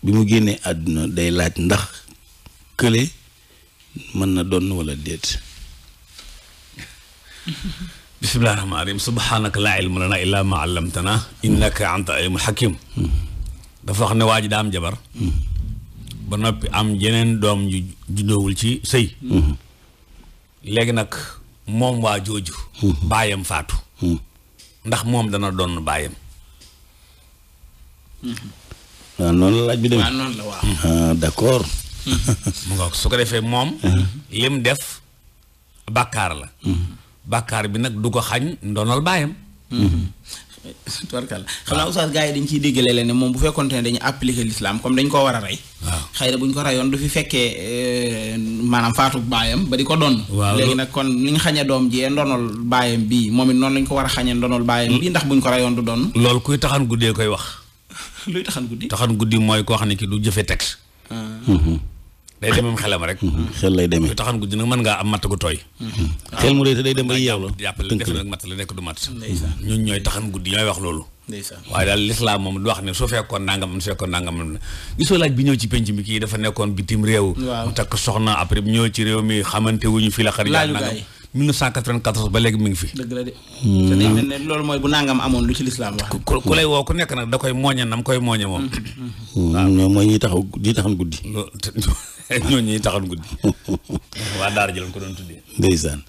bi mu génnee àdduna day laaj ndax kële mën na doon wala déet bismillahi rahmaani rahim subhaanaka laa ilma lanaa illaa maa allamtanaa innaka anta alimul hakim dafa wax ne waa ji daa am jabar ba noppi am jeneen doom ju juddoowul ci sëy léegi nag moom waa jooju hmm. baayam faatu hmm. ndax moom dana doon baayam waaw ah, noonu la laaj bi demee. waaw ah, noonu la waaw. Ah, d' accord. su ko defee moom. lim def bàkkaar la. bàkkaar bi nag du ko xañ ndoonal baayam. tubarkalla xam naa oustaz gars yi dañ ciy déggale leen ne moom bu fekkoonte ne dañu appliqué l'islam comme dañ ko war a rey waaw xëy na ko reyoon du fi fekkee euh, maanaam faatu baayam ba di ko doon léegi nag kon ni ñu xañe doom jee ndonol baayam bii moom it noonu lañ ko war a xañee ndonol baayam bii ndax bu ko reyoon du doon loolu kuy taxan guddee koy wax luy taxan guddi. taxan guddi mooy koo xam ne ki du jëfe texte. Ah. Mm-hmm. day demam xelam rek. Mm-hmm. xel lay demee luy taxan guddi nag mën ngaa am matt gu tooy. Mm-hmm. Ah. xel mu rëy te day dem ba yeewlu. jàppale def nag matt la nekk du matt. ñun ñooy taxan guddi ñooy wax loolu. waaye daal lislaam moom du wax ne su fekkoon nangam am su fekkoon nangam am na gisoo laaj bi ñëw ci penc mi kii dafa nekkoon bitim réew. mu takk soxna après ñëw ci réew mi xamante wuñu fi la xar. laaj 1994 ba léegi mi ngi fi. dëgg la de. loolu mooy bu nangam amoon lu ci lislaam wax. ku ku woo ku nekk nag da koy mooñe nam koy mooñe moom. waaw mm-hmm. mm-hmm. mooy ñiy taxaw ñiy taxaw guddi. ñoo ñuy taxaw guddi. waa Daara ji lañ ko doon tuddee. ndeysaan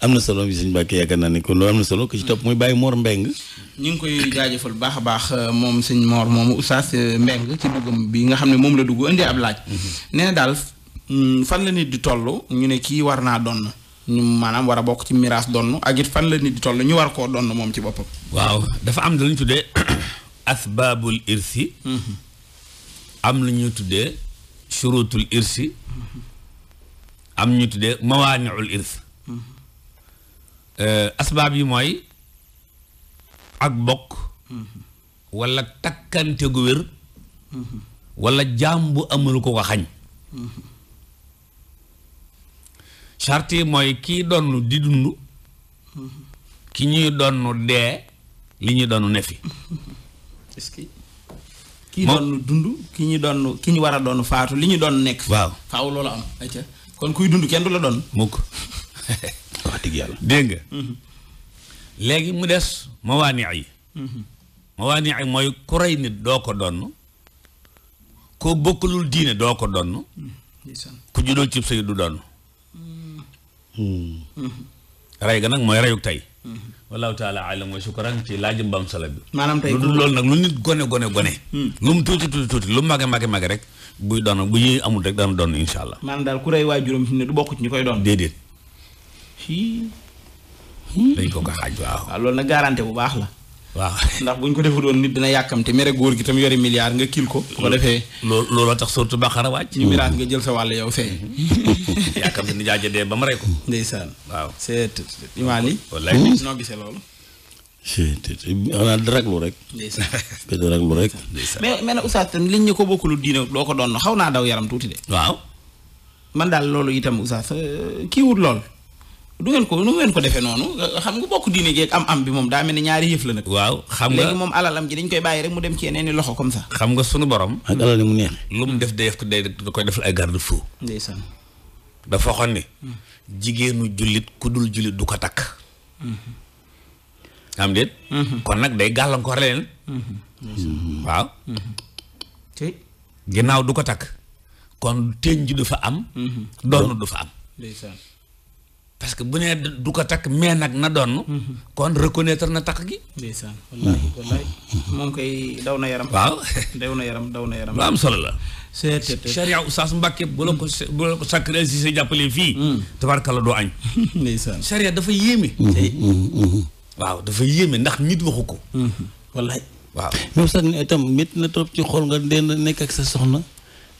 am na solo bi suñu bàkkee yaakaar naa ne kon loolu am na solo ku ci topp muy Baye Mor Mbeng ñu ngi koy jaajëfal baax a baax euh, moom sëñ Mor moomu Oustaz euh, Mbeng ci duggam bi nga xam ne moom la dugg indi ab laaj. Mm-hmm. nee na daal mm, fan la nit di toll ñu ne kii war naa doon. ñu maanaam war a bokk ci miraas donn ak it fan la nit di toll ñu war koo donn moom ci boppam. waaw dafa am lu ñu tuddee asbaabul mhm. irsi. am lu ñu tuddee shurutul irsi. am ñu tuddee mawaaniul irs mhm. euh, asbaab yi mooy ak bokk. Mhm. wala takkante gu wér. wala jaam bu amul ko ko xañ. charte mooy kii donnu di dund ki ñuy donnu dee li ñuy doon ne fi est-ce que dund ki ñu doon ki ñu war a donnu faatu li ñu donnu nekk waaw faaw loolu kuy dund kenn du la doon mukk wax dëgg yàlla dégg nga mhm. léegi mu des mawaani yi mhm. mawaani yi mooy ku nit doo ko donn koo bokkalul diine doo ko donn mhm. ku juddoo cib sëy du donn Hmm. rey ga nag mooy reyuk tey wallahu taala alam wa shukran ci laajum bam sala bi maanaam tey lool nag lu nit gone gone gone hmm. Hmm. lu mu tuuti tuuti lu mu màgge màgge rek buy doon bu yi amul rek dana doon insha allah maanaam daal ku rey waa juróom fi ne du bokk ci ñu koy doon déedéet dañ ko ko xaaj waaw waaw loolu nag garanté bu baax la waaw ndax bu ñu ko deful woon nit dina yàkkamte mere góor gi tam yori milliard nga kil ko. bu ko defee looloo tax surtout Baqara wàcc. ñu miraas nga jël sa wàll yow fee. yàkkamte ni jaaje dee ba ma rey ko. ndeysaan waaw c'est imaam yi. wallaay noo gisee loolu. si te xanaa raglu rek. ndeysaan te raglu rek. mais mais nag oustaz tam liñ ñu ko bokkulu diine doo ko doon xaw naa daw yaram tuuti de. waaw. man daal loolu itam oustaz euh, kii wut lool. du ngeen ko nu ngeen ko defee noonu xam nga bokk diine geeg am am bi moom daa mel ni ñaari yëf la nag waaw xam nga léegi moom alalam ji dañ koy bàyyi rek mu dem ci yeneen i loxo comme ça xam sunu borom ak alal ni mu neex lu mu def day def day da koy defal ay garde fou ndeysaan dafa waxoon ne hmm. jigéenu jullit ku dul jullit du ko takk hmm. am déet hmm. kon nag day gàllankoor leen waaw te du ko takk kon teñ ji du fa am doonu du fa am parce que bu nee du ko takk mais nag na doon. Mhm. kon reconnaître na takk gi. koy daw na yaram. waaw daw na yaram daw na yaram. lu am solo la. c'est charia Oustaz Mbacke jàppale fii. Mm. tabarkalla doo añ. ndeysaan charia mm-hmm, mm-hmm, mm-hmm. dafa yéeme. ndax nit waxu ko. wallaahi. waaw même itam métti na trop ci xool nga dend nekk ak sa soxna.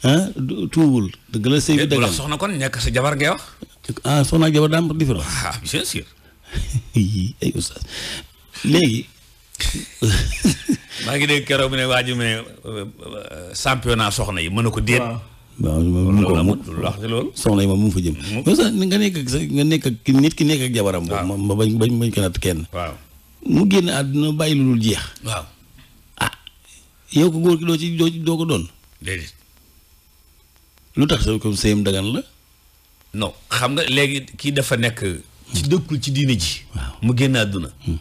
ah tuubul dëgg la sëy bi dagan soxna kon nekk sa jabar ngay wax. ah soxna ak jabar daa am différence. Ah, maa ngi dégg keroog mu ne waa ji euh, soxna yi mën na ko déet. waaw mu ko wax loolu. soxna yi moom mu fa jëm. mais sax nga nekk ak nga nekk ak nit ki nekk jabaram. waaw ma bañ bañ bañ ko kenn. waaw mu génn àdduna bàyyi lu dul jeex. waaw ah yow ko góor ki doo ci doo ko doon. lu tax sa comme sëyam dagan la. non xam nga léegi kii dafa nekk. ci dëkkul ci diine ji. mu génn àdduna. Hmm.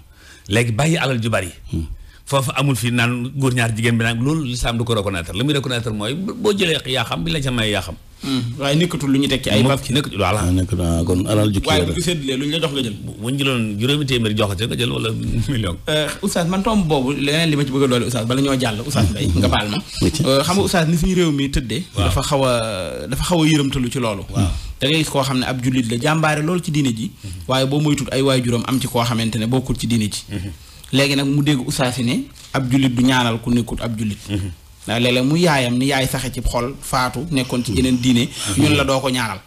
léegi bàyyi alal ju bari. Hmm. foofu amul fi naan góor ñaar jigéen bi naan loolu lislaam du ko reconnaître li muy reconnaître mooy boo jëlee yaa xam bi la ca may yaa xam. Mm-hmm. waaye nekkatul lu ñu tekki ay bàq. nekk voilà ah, nekk ah, kon alal jukki waaye bu ñu séddalee lu ñu la jox nga jël. bu ñu jëloon juróomi téeméer jox nga jël wala million. Euh, oustaz man tomb boobu leneen li ma ci bëgg a doole oustaz bala ñoo jàll oustaz Mbaye nga baal ma. Euh, xam nga oustaz ni suñu réew mi tëddee. dafa xaw a dafa xaw a yërëmtalu ci loolu. da ngay gis koo xam ne ab jullit la jàmbaare lool ci diine ji mm-hmm. waaye boo moytut ay waajuram am ci koo xamante ne boo bokkut ci diine ji mm-hmm. léegi nag mu dégg oustaz yi ne ab jullit du ñaanal ku nekkut ab jullit ndax léeg-léeg mu yaayam ni yaay saxe ci xol faatu nekkoon ci yeneen diine ñun la doo ko ñaanal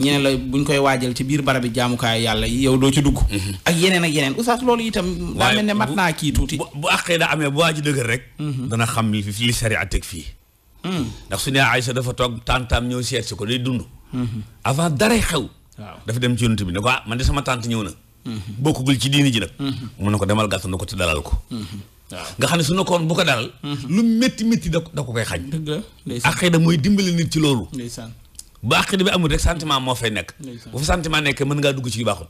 ñeneen la buñ koy waajal ci biir barabi jaamukaay yàlla yow doo ci dugg ak yeneen ak yeneen oustaz loolu itam daa mel ne mat naa kii tuuti bu àqee daa amee bu waa ji dëgër rek mhm. dana xam li li sariya teg fii hmm. ndax su ne Aïssa dafa toog tantam ñëw seet si ko day dund mhm. avant dara xew waaw dem ci yonent bi ne ko ah, man de sama tante ñëw na mhm. bokkugul ci diini ji nag mun na ko demal gàttandu ko te dalal ko nga xam ne su nekkoon bu ko dal lu métti métti da da ko koy xañ ak xëy da mooy dimbali nit ci loolu bu àqida bi amul rek sentiment moo fay nekk bu fa sentiment nekk mën ngaa dugg ci yu baaxul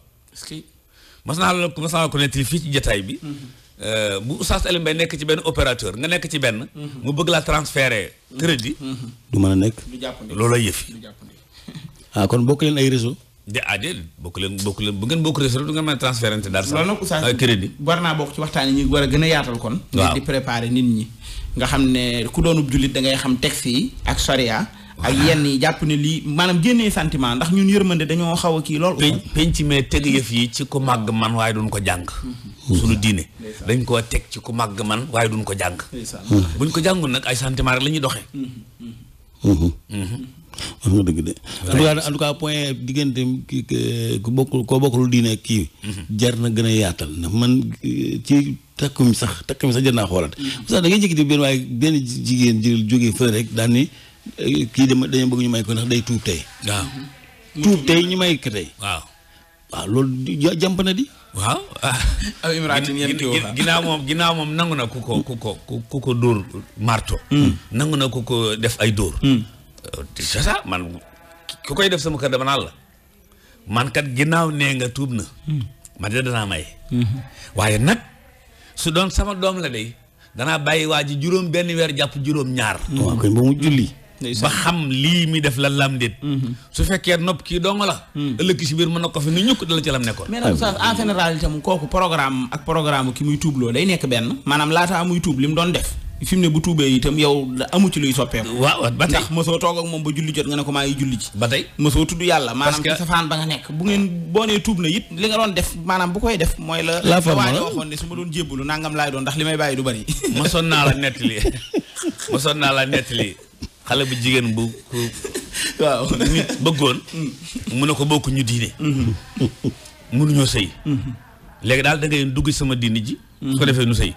mas naa la mas naa la ko nettali fii ci jataay bi mhm. euh, bu Oustaz Alioune nekk ci benn opérateur nga nekk ci benn mhm. mu bëgg laa transféré mhm. crédit du mën a nekk loolu ay yëfi ah kon bokk leen ay réseau de ah bokk leen bu ngeen bokk réseau du nga mën a transférante daal sax. loolu nag oustaz crédit war naa bokk ci waxtaan yi ñu war a gën a yaatal kon. waaw di préparer nit ñi. nga xam ne ku doonub jullit da ngay xam texte yi ak sharia ak yenn yi jàpp ne lii maanaam génnee sentiment ndax ñun yërmande dañoo xaw kii lool. peñ peñ ci mais teg yëf yi ci ku màgg man waaye duñ ko jàng. Mm-hmm. suñu diine dañ koo teg ci ku màgg man waaye duñ ko jàng. Mm-hmm. buñ ko jàngul nag ay sentiment rek la ñuy doxee. Mm-hmm. wax nga dëgg de. en tout cas en tout point diggante bokkul koo bokkul diine kii. Mhm. jar na gën a yaatal ndax man ci takkum sax takkum sax jar naa xoolaat. Mhm. sax da ngay jékki di benn waaye jigéen jël jógee rek daan eh, kii dama dañoo bëgg ñu may ko ndax day tuub tey. waaw tuub tey ñu may ko tey. waaw loolu jàmp na di. waaw aw imraatin ginnaaw moom ginnaaw moom nangu na ku ko ku ko ku ko dóor marto hmm. nangu na ku ko def ay dóor hmm. Euh, c'est ça man ku koy def sama kër dama naan la man kat ginnaaw nee nga tuub na. man de danaa may. waaye nag su doon sama doom la day danaa bàyyi waa ji juróom benn weer jàpp juróom ñaar. waaw kay ba mu julli. ba xam lii mi def la lam déet. Mhm. su fekkee nopp kii dong la. Mhm. ëllëg si biir mën na ko fi nu ñukk dala ci lam nekkoon. mais nag oustaz en général itam kooku programme ak programme ki muy tuubloo day nekk benn. maanaam laataa muy tuub li mu doon def. fi ne bu tuubee itam yow amu ci luy soppeeku. waaw ba tey ndax mosoo toog moom ba julli jot nga ne ko maa ngi julli ci. ba tey mosoo tudd yàlla. maanaam ci safaan ba nekk bu ngeen boo nee tuub li nga doon def maanaam bu koy def mooy la. la forme la waxoon ne su ma doon jébb jébbalu nangam laay doon ndax li may bàyyi du bari. mosoon naa la nettali mosoon naa la nettali xale bu jigéen bu waaw nit bëggoon. Mm. mu ne ko bokk ñu diine. mënuñoo mm-hmm. sëy. Mm-hmm. léegi daal da dugg sama diine ji. su ko mm-hmm. defee nu sëy.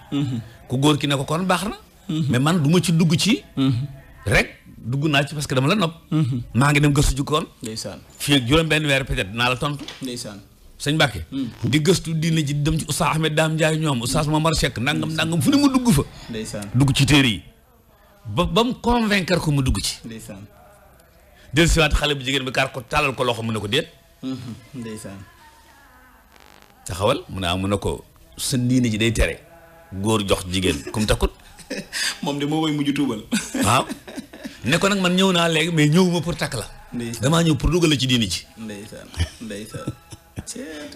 ku góor ki ne ko kon baax na. mais man du ma ci dugg ci. Mm-hmm. rek dugg naa ci parce que dama la nopp. Mm-hmm. maa ngi dem gëstu jukkoon. ndeysaan fii ak juróom-benn weer peut-être naa la tontu. ndeysaan sëñ Mbacke. Mm. di gëstu diine ji dem ci Oustaz Ahmed Dame Ndiaye ñoom Oustaz mar sekk nangam nangam fu ne mu dugg fa. dugg ci téere yi. ba ba mu convaincre ko mu dugg ci. ndeysaan. del siwaat xale bu jigéen bi kaar ko tàllal ko loxo mu ne ko déet. Mm-hmm. ndeysaan. taxawal mu ne ah mu ne ko sa diine ji day tere góor jox jigéen kum takkut. moom de moo koy mujj tuubal. waaw ne ko nag man ñëw naa léegi mais ñëwuma pour takk la. damaa ñëw pour dugal la ci diini ci ndeysaan ndeysaan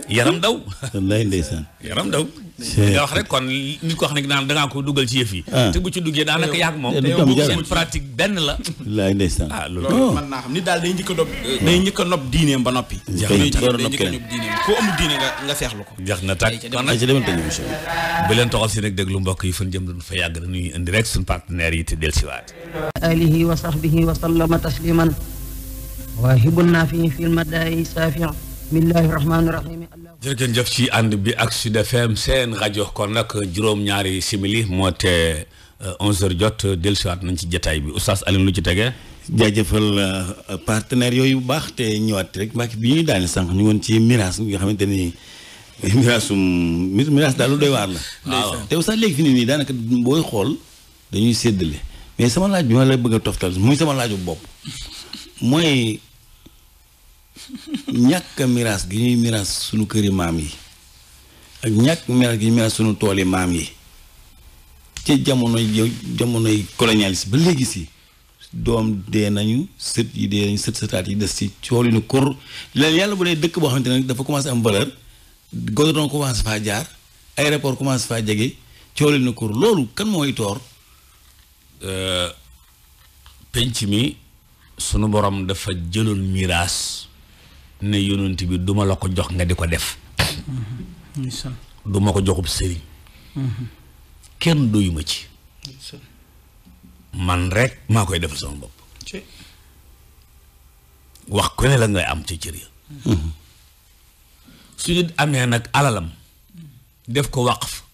yaram daw. wallaay ndeysaan. yaram daw. nga wax rek kon ko wax ne naan da ngaa dugal ci yëf ah. bu ci duggee daanaka yàgg moom. la. wallaay ndeysaan. ah loolu xam nit daal day njëkk a nopp. day njëkk a nopp diineem ba noppi. a nopp keneen ku amul diine nga nga seexlu ko. jax na tàkk kon nag bu leen toxal si nag déglu mbokk yi fan jëm doon fa yàgg dañuy indi rek suñu partenaires yi te dellusiwaat. alihi wa sahbihi wa sallama tasliman waahibun naa fi fi lmadayi saafiyan bismillahi rahmaani rahim jërëjëf ci ànd bi ak Sud FM seen rajo kon nag juróom-ñaari simili moo te euh, onze heures jot dellusiwaat nañ ci jataay bi oustaz Alioune lu ci tege jaajëfal euh, partenaires yooyu bu baax te ñëwaat rek mbaa bi ñuy daane sànq ñu woon ci miraas bi nga xamante ni miraasum miraas daal lu doy waar la. waaw te oustaz léegi fi ne nii daanaka booy xool dañuy séddale mais sama laaj bi ma la bëgg a toftal muy sama laaju bopp mooy. ñàkk miraas gi ñuy miraas sunu këri maam yi ak ñàkk miraas gi ñuy miraas sunu tooli maam yi ci jamonoy jamonoy colonialiste ba léegi si doom dee nañu sët yi dee nañu sët sëtaat yi des ci cooli nu kor yàlla bu dee dëkk boo xamante ne dafa commencé am valeur goudron commencé faa jaar aéroport commencé faa jege cooli nu kor loolu kan mooy toor euh, penc mi sunu borom dafa jëloon miraas ne yonent bi duma la ko jox nga di ko def duma ko joxub sëriñ kenn duyuma ci man rek maa koy defal sama bopp wax ku la ngay am ca cër ya su nit amee nag alalam def ko waqf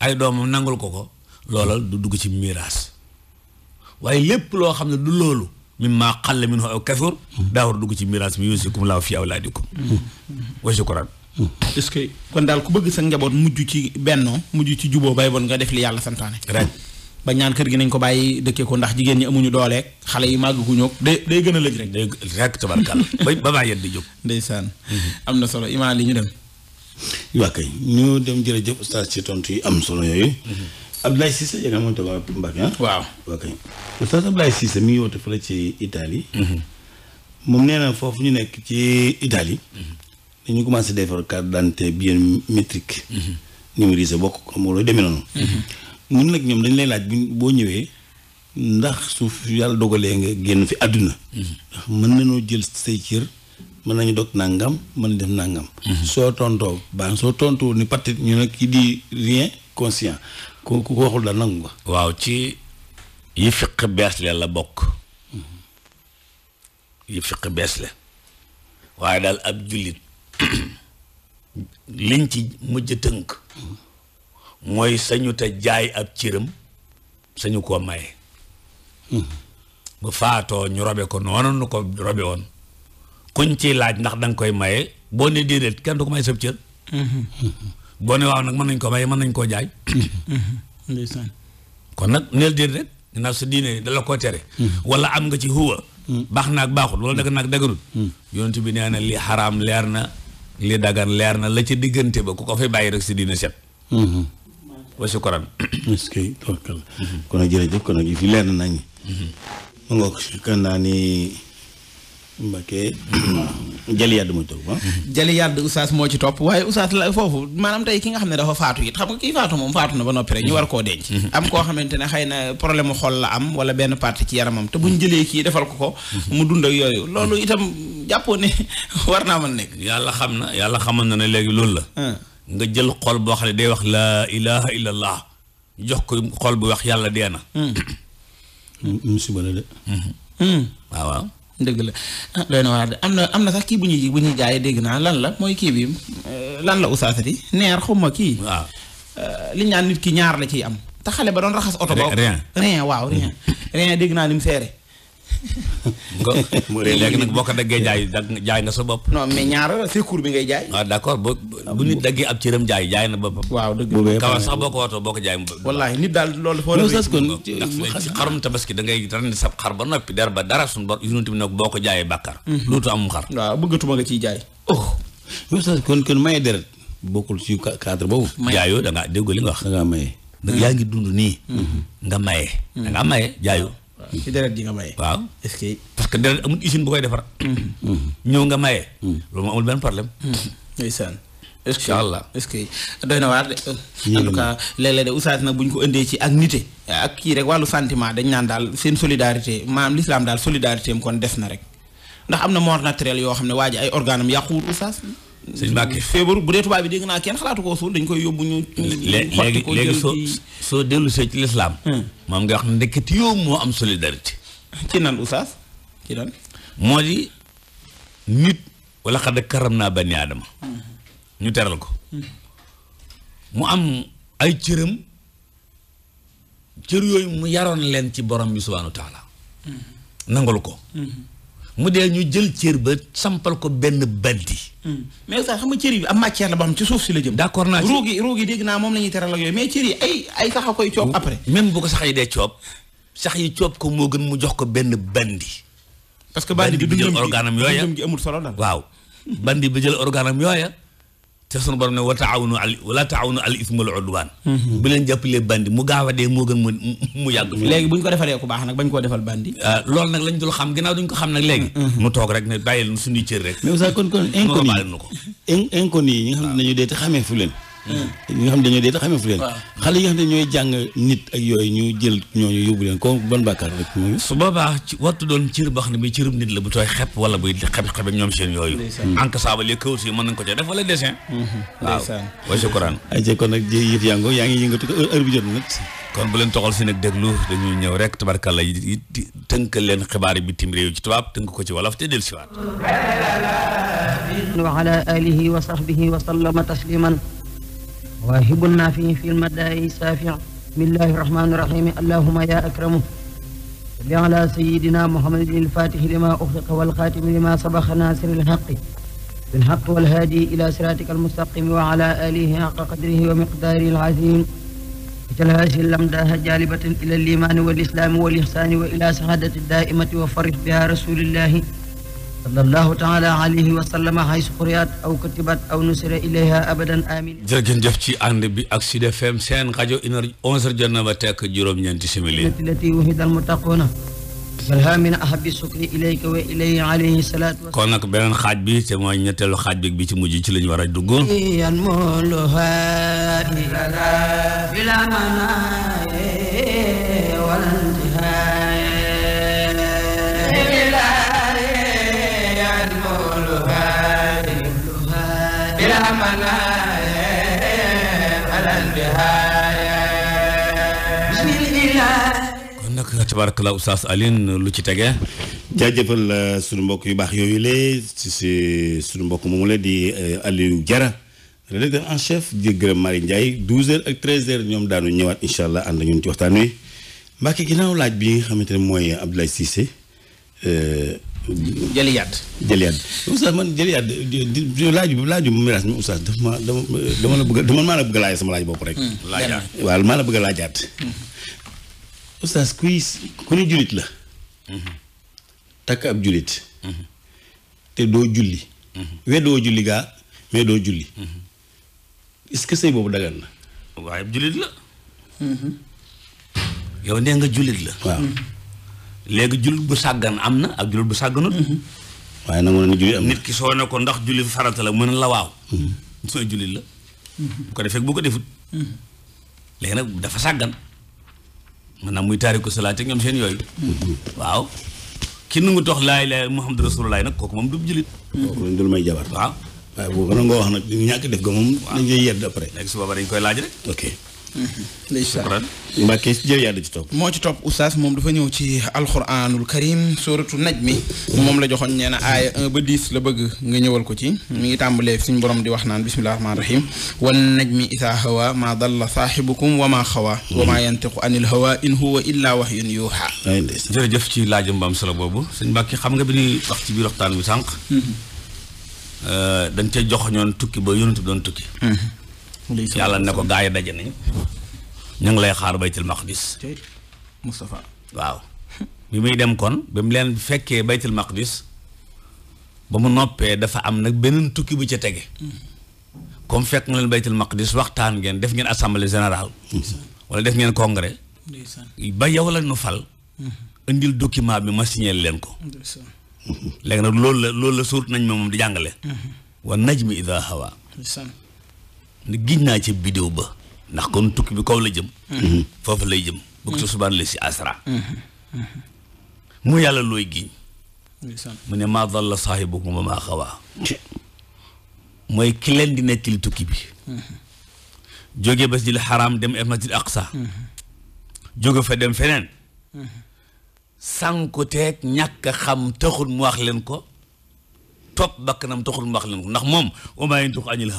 ay doom nangul ko ko loolal du dugg ci miraas waaye lépp loo xam ne du loolu ma mimma qalla minhu aw kathur daa war dugg ci miraas mi yusikum laahu fi ko wa shukran est-ce que kon daal ku bëgg sa njaboot mujj ci bennoo mujj ci juboo bay bon nga def li yàlla santaane rek ba ñaan kër gi nañ ko bàyyi dëkkee ko ndax jigéen ñi amuñu dooleeg xale yi màgguñu day day gën a lëj rek day rek tabarkàlla ba ba baa yet di jóg saan am na solo imaam yi ñu dem waa kay ñu dem jërëjëf oustaz ci tontu yi am solo yooyu Abdoulaye Cissé yéen a moom itam waa Mbacké ah. waaw ok oustaz Abdoulaye Cissé mi ngi woote ci Italie. moom nee na foofu ñu nekk ci Italie. dañu commencé defar carte d'identité biométrique. numérisé bokk xam nga loolu demee noonu. ñun nag ñoom dañ lay laaj buñ boo ñëwee ndax suuf yàlla dogalee nga génn fi àdduna. ndax mën nañoo jël say cër mën nañu dog nangam mën nañu def nangam. Mhm. soo tontoo baax soo tontoo ni parti ñu ne kii di rien conscient ku ku waxul daal nangu nga waaw ci yi fiq bees la bokk mm-hmm. yi fiq bees waaye daal ab jullit liñ ci mujj tënk mm-hmm. mooy sañu te jaay ab cëram sañu koo maye mm-hmm. bu faatoo ñu robe ko noonu nu ko robe woon kuñ ciy laaj ndax danga koy maye boo ne déedéet kenn du ko may sab cër boo ne waaw nag mën nañ ko may mën nañ koo jaay. ndeysaan. kon nag neel déet rek ginnaaw sa diine da koo tere. wala am nga ci huwa. baax naag baaxul wala daga naag dagarul. yonent bi nee na li xaraam leer na li dagar leer na la ca diggante ba ku ko fay bàyyi rek sa diine set. wa shukran. est-ce que kon nag jërëjëf kon nag yi naa ni. Mbacké jëli yàdd mooy topp ah? jëli yàdd oustaz moo ci topp waaye oustaz la foofu maanaam tey ki nga xam ne dafa faatu it xam nga kii faatu moom faatu na ba noppi rek ñu war koo denc am koo xamante ne xëy na problème mu xol la am wala benn partie ci yaramam te buñ jëlee kii defal ko ko mu dund ak yooyu loolu itam jàppoo ne war naa man nekk yàlla xam na yàlla xamal na ne léegi loolu la ah. nga jël xol boo xam ne day wax laa ilaha illallah jox ko xol bu wax yàlla dee na hmm. Hmm. musiba la dëgg la ah doy na waar de am na am na sax kii bu ñuy bu ñuy jaayee dégg naa lan la mooy kii bi eh, lan la di neer xuma kii. waaw eh, li ñu naan nit ki ñaar la ciy am. te xale ba doon raxas oto. ba rien rien waaw rien rien dégg naa ni mu seere nga léegi nag boo ko daggee jaay jaay nga sa bopp. non mais ñaar secours bi ngay jaay. waaw ah, d'accord bu bu nit daggee ab cëram jaay jaay na boppam. waaw dëgg la sax boo ko wootoo boo ko jaay. wallaahi nit daal loolu. foo leen kon ndax eh, xarum tabaski da ngay rendi sab xar ba noppi der ba dara suñu bor yonent bi nag boo ko jaayee bàkkar. Mhm. dootu amum xar. waaw bëggatuma nga ciy jaay. oh kon kon maye deret bokkul ci cadre boobu. maye jaayoo da ngaa dégg li nga wax. da ngaa maye. yaa ngi dund nii. Mhm. nga maye. Mhm. da ngaa maye jaayoo ci deret ji nga maye. waaw est-ce que. deret amul usine bu koy defar. ñëw nga maye. Hmm. loolu moom amul benn problème. ce que doy na waar de. en tout cas léeg de oustaz nag bu ñu ko indee ci ak nite. ak kii rek wàllu sentiment dañ naan daal seen solidarité maanaam l'islam daal solidarité am kon def na rek ndax am na mort naturelle yoo xam ne waa ji ay organes am yàquwul oustaz. sëñ Mbacke feebaru bu dee tubaab bi dégg naa kenn xalaatu koo suul dañ koy yóbbu ñu. léegi léegi soo soo dellu see ci lislaam hmm. moom nga wax ne ndeketi yow moo am solidarité. ci nan oustaz ci nan. moo di nit wala xad karam naa bani aadama. Hmm. ñu teral ko. Hmm. mu am ay cëram cër yooyu mu yaroon leen ci borom bi subhaanahu wa taala. nangalu ko. mu dee ñu jël cër ba sampal ko benn bandi. Hmm. mais sax xam nga yi am matière la boo xam ci suuf si la jëm. d' accord naa ci ruug yi ruug yi dégg naa moom la ñuy teral ak yooyu mais cër yi ay ay sax a koy coob après. même bu ko sax yi dee coob sax yi coob ko moo gën mu jox ko benn bandi. parce que baa bi jël organam yooya bandi bi jël organam yooya. waaw bandi bi jël organam yooya. te sunu borom ne wa taawunu al wala al ismu wal bu leen jàppalee bandi mu gaaw a dee moo gën mu yàgg léegi bu ñu ko defalee ku baax nag bañ koo defal bandi ah, lool nag lañ dul xam ginnaaw duñ ko xam nag léegi mm-hmm. nu toog rek ne bàyyil suñuy cër rek mais sax kon kon inconnu yi ñi xam ne dañu dee te xamee fu leen Mm. ñi nga xam ne dañoo dee tax xamee fu leen xale yi nga xam ne ñooy jàng nit ak yooyu ñu jël ñooñu yóbbu leen ko ban bàkkaar rek mooy su boobaa wartu doon cër boo nit la bu tooy xepp wala buy xepp-xepp ñoom seen yooyu encasable yi kawas yi mën nañ ko cee def wala dessin mm-hmm. waaw yaa ngi yëngatu ko heure bi jot nag kon bu leen toxal si nag déglu dañuy ñëw rek tabarkàlla yi tënkal leen xibaar yi bitim réew ci tubaab tënk ko te del siwaat wa ala alihi wa sahbihi wa sallama واهب النافع في المداء السافع بسم الله الرحمن الرحيم اللهم يا أكرم صل على سيدنا محمد الفاتح لما أخلق والخاتم لما سبق ناصر الحق بالحق والهادي إلى صراطك المستقيم وعلى آله حق قدره ومقداره العظيم بتلهاج اللمدة جالبة إلى الإيمان والإسلام والإحسان وإلى سعادة الدائمة وفرح بها رسول الله sallallahu taala alayhi wa sallama haysu xuriyaat aw kutibat aw nusira ilayha abadan amin jërëjëf jëf ci ànd bi ak Sud FM seen rajo une heure onze heures jot na ba tekk juróom-ñeenti simili lati wahidal muttaquuna balha min ahabi sukri ilayka wa ilayhi alayhi salaatu kon nag beneen xaaj bi te mooy ñetteelu xaaj bi bi ci mujj ci lañu war a dugg yan mooloha ilala bila mana wala kon nag tabarakallah oustaz Alioune lu ci tege jaajëfal euh, suñu mbokk yu baax yooyu lee ci si suñu mbokk moomu la di euh, Aliou Diarra rédacteur en chef di gërëm Marie Ndiaye 12h ak 13h ñoom daanu ñëwaat incha allah ànd ñun ci waxtaan wi Mbacke ginnaaw laaj bi nga xamante ne mooy Abdoulaye Cissé euh, jëliyaat jëliyaat oustaz man jëliyaat laaju laaju miraas mi oustaz daf ma dama dama la bëgg dama la bëgg laaj sama laaj bopp rek hmm, laajaat waaw maa la bëgg laajaat hmm. oustaz kuy ku ne jullit la hmm. takk ab jullit te doo julli weddoo julli gaa mais doo julli est que sëy boobu dagan na waaye jullit la yow nee nga jullit la waaw léegi jullit bu sàggan am na ak jul bu sàgganul mhm. waaye nangu na julli am nit ki soo ne ko ndax julli farata la mën la waaw mhm. sooy jullit la mhm. bu ko defee bu ko defut léegi nag dafa sàggan maanaam muy taariku salaat ak ñoom seen yooyu waaw ki nangu tox laa ilaaha illallaah muhammadu rasulullaah nag kooku moom du jullit kooku moom dul may jabar waaw waaye boobu nag nga wax nag ñàkk def ko moom dañ lay yedd après léegi su booba dañ koy laaj rek Mm-hmm. ndeysaan Mbacke jëw yàlla ci topp moo ci topp oustaz moom dafa ñëw ci alquranul karim suratu naj mi moom la joxoon nee na aaya ba 10 la bëgg nga ñëwal ko ci mu ngi tàmbalee suñ borom di wax naan bismillahi rahmaani rahim wan mi isaa hawa maa dalla saaxibukum wa maa xawa wa maa yantiqu anil hawa in huwa illaa wahyun yuuxa jërëjëf ci laajam ba solo boobu sëñ Mbacke xam nga bi ni wax ci biir waxtaan bi sànq mm-hmm. euh, dañ ca joxoñoon tukki ba yonent doon tukki mm-hmm. yàlla ne ko gaa yi daje nañu ñu ngi lay xaar baytul maqdis Moustapha waaw bi muy dem kon ba mu leen fekkee baytul maqdis ba mu noppee dafa am nag beneen tukki bu ca tege comme fekk nga leen baytul maqdis waxtaan ngeen def ngeen assemblée général wala def ngeen congrès ba yow la ñu fal indil document bi ma signé leen ko léegi nag loolu la loolu la suurt nañ moom di jàngale mhm. wa najmi ida hawa ni giñ naa ci vidéo ba ndax kon tukki bi kaw la jëm mhm. foofu lay jëm bu ko mhm. su si asra mhm. mu yàlla looy giñ mu ne maa dalla saahibukum wa maa xawaa mooy ki leen di nettali tukki bi jóge ba masjidil xaraam dem masjid aqsa jóge fa dem feneen sànkuteeg ñàkk xam taxul mu wax leen ko topp bakkanam taxul mu wax leen ko ndax moom wa maa yantiqu anil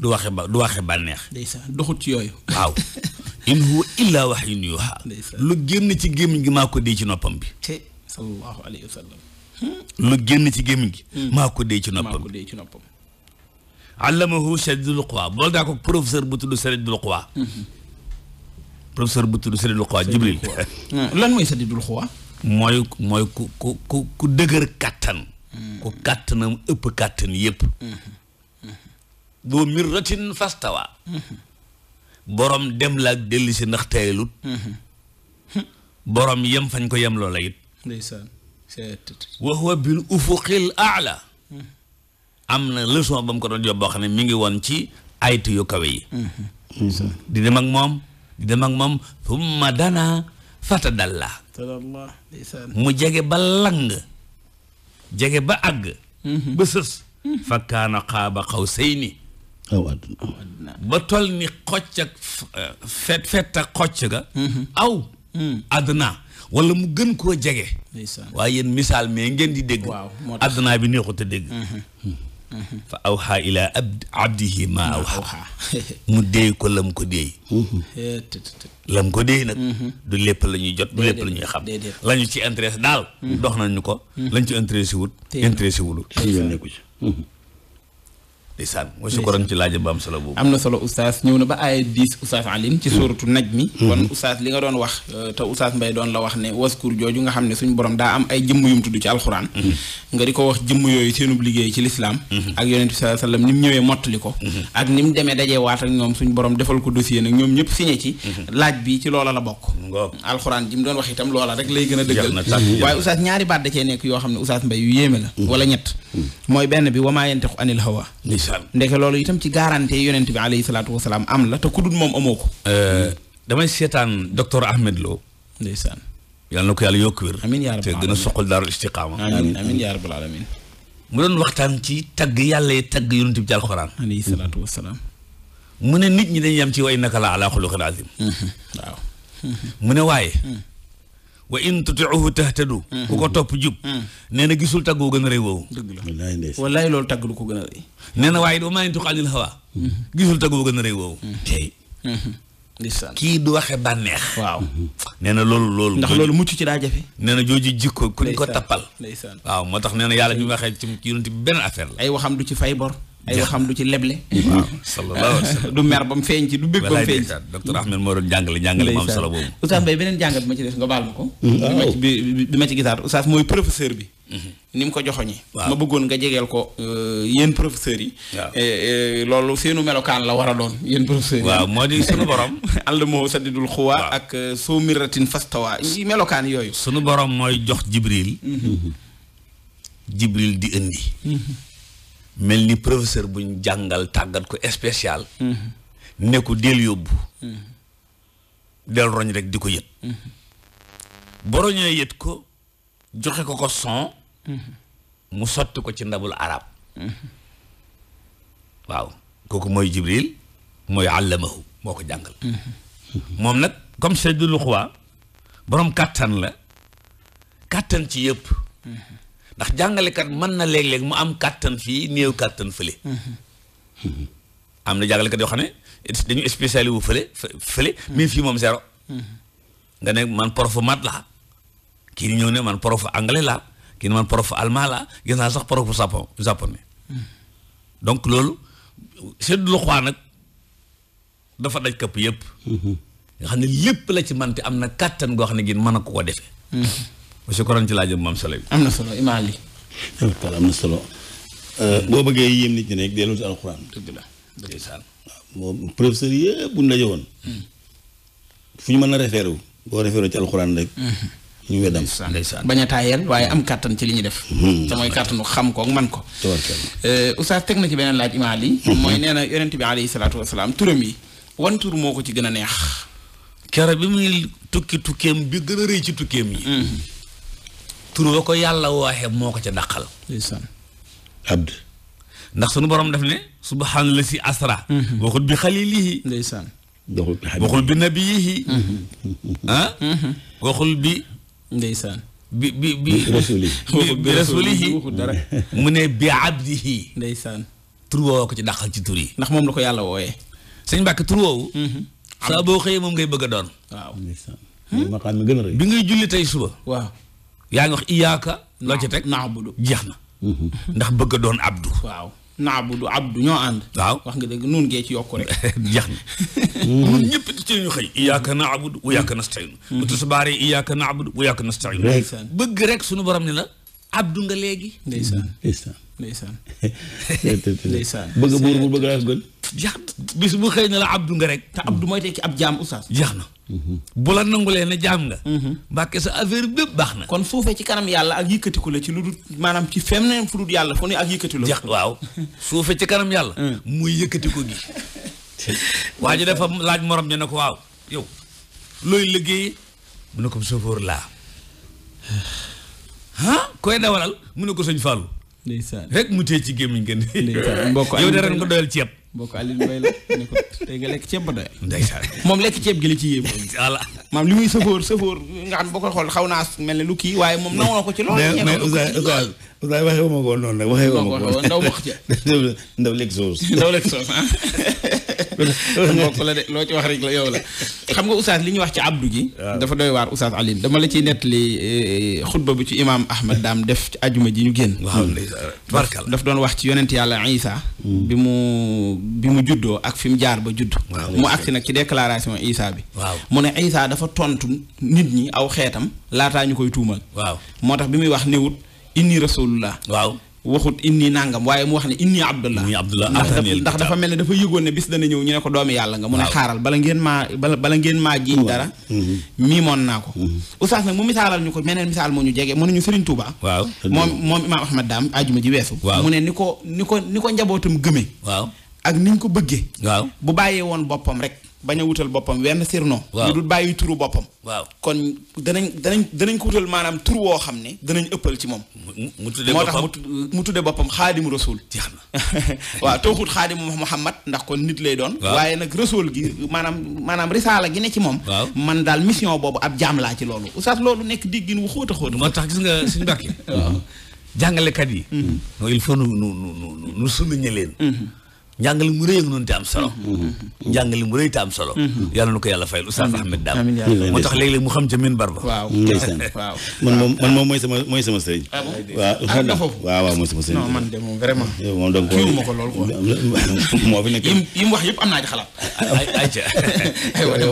du waxe ba du waxe bànneex. ndeysaan ci yooyu. waaw in huwa illaa wahyun yuuhaa lu génn ci gémmiñ gi maa ko dee ci noppam bi. te sallallahu hmm? lu génn ci gémmiñ gi. Hmm. maa ko dee ci noppam maa ci noppam. allamahu shadidul quwa bool daa ko professeur bu tudd shadidul quwa. Hmm. professeur bu tudd lan mooy shadidul quwa. mooy mooy ku ku ku ku dëgër kàttan. ku kàttanam ëpp kàttan yëpp. du mirratin dem la ak dellu si fañ ko yem am na leçon ba ko doon ne mi ngi woon ci aytu yu kawe yi di dem ak moom di dem moom thumma dana fatadalla mu jege ba lang jege ba àgg ba sës mm-hmm. fa kaana xaaba xaw aw ba tol ni xocc ak fet fet ak xocc ga aw àdduna wala mu gën koo jege waaye yéen misaal mais ngeen di dégg àdduna bi neexut a dégg fa awxaa ilaa abdihi ma awxaa mu déey ko lam ko déey lam ko déey nag du lépp la ñuy jot du lépp la ñuy xam la ñu ci intéressé daal dox nañu ko lañ ci intéressé wut intéressé wulut suñ yoon nekku ci ndeysaan mooy su laaj ba solo boobu. am na na ba aaya 10 oustaz hmm. hmm. wax euh, te oustaz Mbaye la wax ne waskur jooju nga xam ne suñu borom daa am ay jëmm yum tudd ci alxuraan. Hmm. nga di ko wax jëmm yooyu liggéey ci lislaam ak yonent bi sallallahu alayhi wasallam ni mu ñëwee mottali ko. ak ni mu demee dajee waat ak ñoom suñu borom defal ko dossier nag ñoom ñëpp signé ci. laaj bi ci loola la bokk. alxuraan ji mu doon wax itam loola rek lay gën a dëggal. waaye oustaz ñaari baat da cee nekk yoo xam ne oustaz Mbaye yu yéeme la. wala ñett mooy benn bi wama yantiqu anil hawa ndeke loolu itam ci garantie yonent bi alayhi salaatu wa salaam am la te ku dul moom amoo ko. Euh, damay seetaan docteur Ahmed Lo. ndeysaan. yàlla na ko yàlla yokk wér. amiin yaa rabbal aalamiin te gën a soqal daarul istiqaama. amiin amiin yaa mu doon waxtaan ci tagg yàlla yi tagg yonent bi ci alxuraan. alayhi salaatu wa salaam. mu ne nit ñi dañ yam ci way naka laa ala xuluqin azim. Mhm, mhm. mu ne waaye. Mhm. wa in tutiuhu tahtadu ku ko topp jub nee na gisul tagg wu gën a rëy woowu wallaay loolu tagg lu ko gën a rëy nee waaye it wa maa yantiqu anil hawa gisul tagg wu gën a rëy woowu mm-hmm. tey mm-hmm. kii du waxe bànneex waaw mm-hmm. nee na loolu loolu ndax loolu mucc ci daa jafe nee na jooju jikko kuñ ko tappal waaw moo tax nee na yàlla bi mu waxee ci yonent bi benn affaire la ay waxam du ci fay bor ay xam du ci leble. waaw du mer ba mu feeñ ci du bëgg ba mu feeñ ci. docteur Ahmed moo doon jàngale jàngale ma am solo boobu. oustaz Mbaye beneen jàngat bi ma ci def nga baal ma ko. Mm-hmm. bi ma ci gisaat oustaz mooy professeur bi. Mm-hmm. ni mu ko joxoñi ma bëggoon nga jegeel ko euh, yéen professeurs yi. Eh, eh, loolu seenu melokaan la war a doon yéen professeurs yi. moo di sunu borom. àll moo sadidul xuwa ak euh, soo miratin fastawa si melokaan yooyu. sunu borom mooy jox Jibril. Mm-hmm. Jibril di indi. mel ni professeur buñ jàngal tàggat ko spécial. ne ko del yóbbu. del roñ rek di ko yët. boroñee yët ko joxe ko ko son. mu sotti ko ci ndabul arab. waaw kooku mooy Jibril mooy àllamahu moo ko jàngal. moom nag comme Seydou Louxwa borom kàttan la kàttan ci yëpp. ndax jàngalekat man na léeg-léeg mu am kàttan fii néew kàttan fële am na jàngalekat yoo xam ne dañu spécialisé wu fële fële mais fii moom zéro nga ne man prof mat laa kii ñëw ne man prof anglais laa kii man prof allemand laa gis naa sax prof japon japonais donc loolu seddul xwaa nag dafa daj këpp yëpp nga xam ne lépp la ci man te am na kàttan goo xam ne gin mën a ko ko defee monsieur Koran ci laajam maam solo bi. am na solo imaam am na solo. Euh, boo bëggee yéem nit ñi nekk delloo ci alxuraan. dëgg la dëgg bu ñu hmm. fu ñu mën a référé wu. boo référé ci alxuraan rek. Hmm. ñu weddam ndeysaan bañ a taayal waaye am kàttan ci li ñuy def. Hmm. te kàttanu xam ko man ko. Euh, oustaz teg na ci beneen laaj imaam li. mooy nee na yonent bi alayhi salaatu wa salaam turam yi wan tur moo ko ci gën a neex. keroog bi muy tukki tukkeem bi gën a rëy ci tukkeem yi. tur wa ko yàlla waaxe moo ko ca dàqal abd ndax sunu boroom def ne subhaanala si asra mhm. waxul bi xalilihi ndeysaan waxul bi nabiyihi mhm. ah mhm. bi ndeysaan bi bi bi bi rasulihi mu ne bi abdihi ndeysaan tur woo ko ci dàqal ci tur yi ndax moom la ko yàlla wooyee sëñ Mbàkke tur woowu saa boo xëyee moom ngay bëgg a doon hmm? bi ngay julli suba yaa ngi wax iyaaka. loo ci teg naabudu jeex na. Mhm. ndax bëgg a doon abdu. waaw naabudu abdu ñoo ànd. wax nga dëgg nun gee ci yokku rek. jeex na. nun mhm. ñëpp ci ñu xëy. iyaaka naabudu wa iyaaka nasta'iin. Mhm. bu tisbaare iyaaka naabudu wa iyaaka bëgg rek suñu borom ne la. abdu nga léegi. ndeysaan ndeysaan ndeysaan. ndeysaan bëgg buur bu bëgg laa gën. jeex bis bu xëy na la abdu nga rek. te abdu mooy tekki ab jaam oustaz. jeex na. bu la nangulee ne jaam nga. Mhm. mbàkke sa affaire bépp baax na. kon suufee ci kanam yàlla ak yëkkatiku la ci lu dul maanaam ci feneen fu dul yàlla fu ne ak yëkkati la. waaw suufee ci kanam yàlla. Mm. muy yëkkatiku gi. waa ji dafa laaj morom ñu ne ko waaw yow liggéey mu ko chauffeur laa ah koy dawalal mu ne ko sëñ Fallou. ndeysaan rek mu téye ci gémmiñ gën. ndeysaan mbokk yow de ren ko doyal ceeb. boo ko Alioune Mbaye la ne ko tey nga lekk ceeb ba doy. moom lekk ceeb gi la ci yéem. voilà maam li muy sëfoor sëfoor nga xam lu kii waaye moom namoo ko ci loolu. mais mais Oustaz Oustaz Oustaz waxee wu ma ko woon noonu nag waxee wu ma ko woon ndaw wax ca. ndaw lekk soos. ndaw ah. la de loo ci wax rek la yow la xam nga Oustaz li ñu wax ci abdu gi. dafa doy waar Oustaz Alioune dama la ciy nettali eh, eh, xutba bu ci imaam Ahmad daam def ci ajuma ji ñu génn. waaw daf doon wax ci yonent yàlla Isa mm. bi mu bi mu juddoo ak fi mu jaar ba judd mu agsi nag ci déclaration Isa bi waaw mu ne Isa dafa tontu nit ñi aw xeetam laataa ñu koy tuumal waaw moo tax bi muy wax niwut inni rasulullah waaw waxut inni nangam waaye mu wax ne inni abdullah ndax dafa mel ne dafa yëgoon ne bis dana ñëw ñu ne ko doomi yàlla nga mu ne xaaral bala ngeen maa bala bala ngeen maa jiiñ dara mhm. miimoon naa ko mhm. oustaz nag mu misaalal ñu ko meneen misaal moo ñu jege mu ne ñu Serigne Touba waaw moom moom imaam Ahmad Dam ajuma ji weesu mu ne ni ko ni ko ni ko njabootam gëme waaw ak niñ ko bëggee. waaw bu bàyyee woon boppam rek. bañ a wutal boppam wenn sirno waaw ñu bàyyi turu boppam. waaw kon danañ danañ danañ ko wutal maanaam tur woo xam ne. danañ ëppal ci moom. mu tuddee boppam moo tax mu tudde boppam xaadimu rasul. jeex na waaw tooxut xaadimu Muhammad ndax kon nit lay doon. waaye nag rasul gi maanaam maanaam risaala gi ne ci man daal mission boobu ab jaam laa ci loolu. oustaz loolu nekk di diggin wu xóot a xóot. moo tax gis nga suñu mbàkk yi. jàngalekat yi. Mm-hmm. il faut nu nu nu nu nu souligner leen. Mm-hmm. njàngale mu rëy ak noonu te am solo mm-hmm. mm-hmm. njàngale mu rëy te am solo mm-hmm. yàlla na ko yàlla fayal oustaz Ahmed Dame tax léeg-léeg mu xam ca min waaw ndeysaan moom moom mooy sama mooy sama sëriñ ah waaw ah, waaw waaw mooy sama sëriñ non man de moom vraiment yow moom donc ma ko lool quoi moo fi nekk yi mu wax yëpp am naa ci xalaat ayca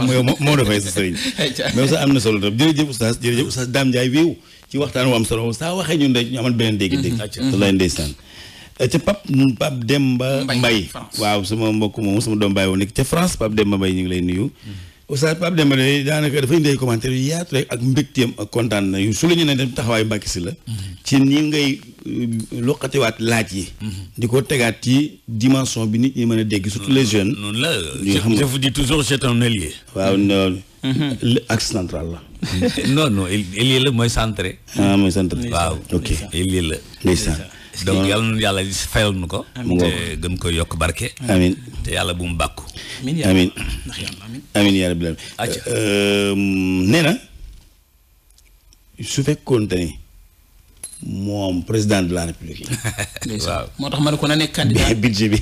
moom dafay sa sëriñ même sax am na solo tam jërëjëf oustaz jërëjëf oustaz Dame Ndiaye wiiw ci waxtaan saa waxee ñun de ñu amal beneen dégg-dégg wallaay ndeysaan ca pap Pape Pape Demba Mbaye waaw sama mbokk moom sama doom bàyyi woon nekk ca France dem Demba Mbaye ñu ngi lay nuyu Oustaz Pape Demba de daanaka dafa indi ay commentaires yu yaatu rek ak mbégteem ak kontaan na yu su la ñu ne dem taxawaayu Mbàkke si la ci ni ngay euh, loqatiwaat laaj yi mhm. di ko tegaat ci dimension bi nit ñi mën a dégg surtout les jeunes noonu la je vous dis toujours c'est un ailier waaw noonu mhm. axe central la mooy centré ah mooy centré waaw ok ailier la ndeysaan donc yal na yàlla fayal nu ko. te gën koy yokk barke. amiin te yàlla bu mu bàkku. amiin amiin yaa rabbi ehm, nee na su fekkoon te ni moom président de la république waaw moo tax ma ne ko na nekk candidat budget bi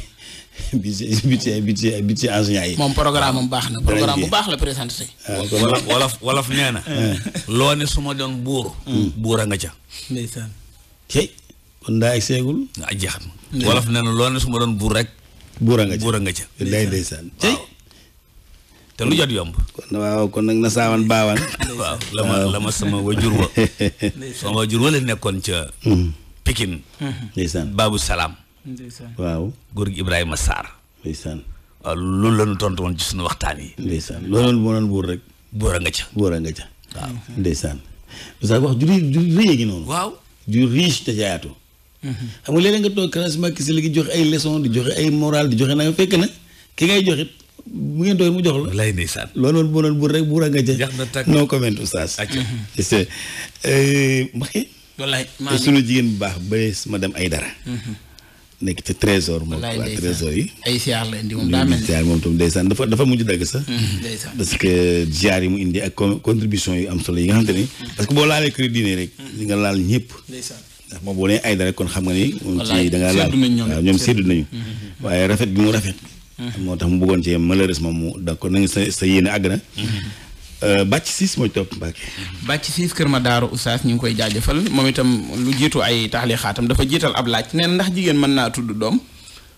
budget budget budget budget enseignant yi. moom programme am baax na programme bu baax la présenté. Ah, wolof wolof nee na. Ah. loo ne su ma doon buur. Hmm. buur a nga ca. ndeysaan. kon daa egg seegul. ah jeex na. wolof nee na loo ne su ma doon buur rek. buura nga ca buura nga ca. day ndeysaan tey te lu jot yomb. kon waaw kon nag na saawan baawaan. waaw la ma la ma sama wajur wa. sama wajur wa la nekkoon ca. Mm-hmm. Pikine. ndeysaan Babou Salaam. ndeysaan waaw góor gi Ibrahima Sarr. ndeysaan waaw loolu la ñu tontu woon ci suñu waxtaan yi. ndeysaan loolu moo doon buur rek. buura nga ca buura nga ca. waaw ndeysaan. parce que wax ju rëy ju rëy gi noonu. waaw ju riche te jaayatu. xam nga léeg-léeg nga toog classe Macky Sall gi joxe ay leçon di joxe ay moral di joxe nanga fekk na ki ngay joxit bu ngeen doon mu jox la. lay ndeysaan loolu noonu bu rek buura nga ca. jax na tàkk non comment oustaz. c'est euh, Mbacké. wallaay maa sunu jigéen bu baax ba madame Aïdara. Mhm. nekk ci trésor moom waa trésor yi. ay siyaar la indi moom daa mel siyaar dafa dafa mujj dagg sax. Mhm, ndeysaan parce que ziar yi mu indi ak contribution yu am solo yi nga xamante ni. Mhm. parce que boo laalee crédit ne rek. li nga laal ñëpp. ndeysaan. moom boo nee ay dara kon xam nga ni. da ngaa laal waaw ñoom séddu nañu. Mm-hmm. waaye rafet bi mu rafet. Mm-hmm. moo tax mu bëggoon cee malheureusement mu d'accord na nga sa sa yéene àgg na. Mm-hmm. Euh, bàcc siis mooy topp Mbacke. bàcc siis kër ma daaru Oustaz ñu ngi koy jaajëfal moom itam lu jiitu ay taxali xaatam dafa jiital ab laaj neen ndax jigéen mën naa tudd doom.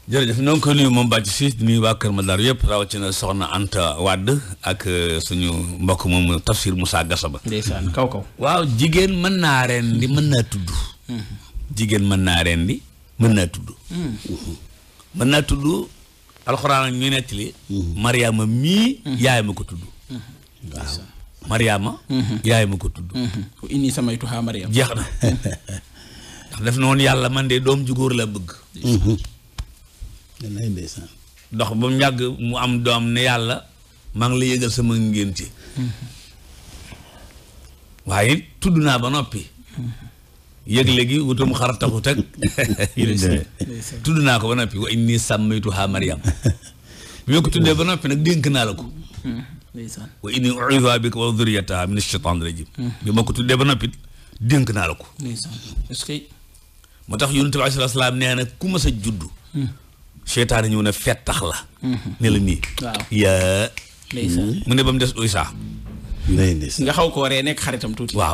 jërëjëf ñoo ngi koy nuyu moom bàcc siis di nuyu waa kër ma daaru yëpp rawatina soxna Anta Wade ak euh, suñu mbokk moom Tafsir Moussa Gassaba. ndeysaan kaw kaw. waaw jigéen jigéen mën naa rendi mën naa tudd mm. uhuh. mën naa tudd alxuraan ak ñuy nettali mm-hmm. mariama mii mm-hmm. yaay ma ko tudd mm-hmm. waaw mariama yaay ma ko tudd inni samaytuha mariam jeex na ndax def noonu yàlla man de doom ju góor la bëgg danay ba mu yàgg mu am doom ne yàlla maa ngi la yëgal sama ngénte waaye tudd naa ba noppi yëgle gi wutum xar taxut ak tudd naa ko ba noppi wa inni sàmmaytuhaa Mariam bi ma ko tuddee ba noppi nag dénk naa la ko wa inni u'iiduhaa bika wa dhurriyyatahaa mina shaytaani rajiim bi ma ko tuddee ba noppi dénk naa la ko moo tax yonent bi alayhi nee na ku a juddu hmm. ñëw na fettax la hmm. ne la nii yaa hmm. mu ne ba mu des Isaa nga xaw ko waree nekk xaritam tuuti. waaw.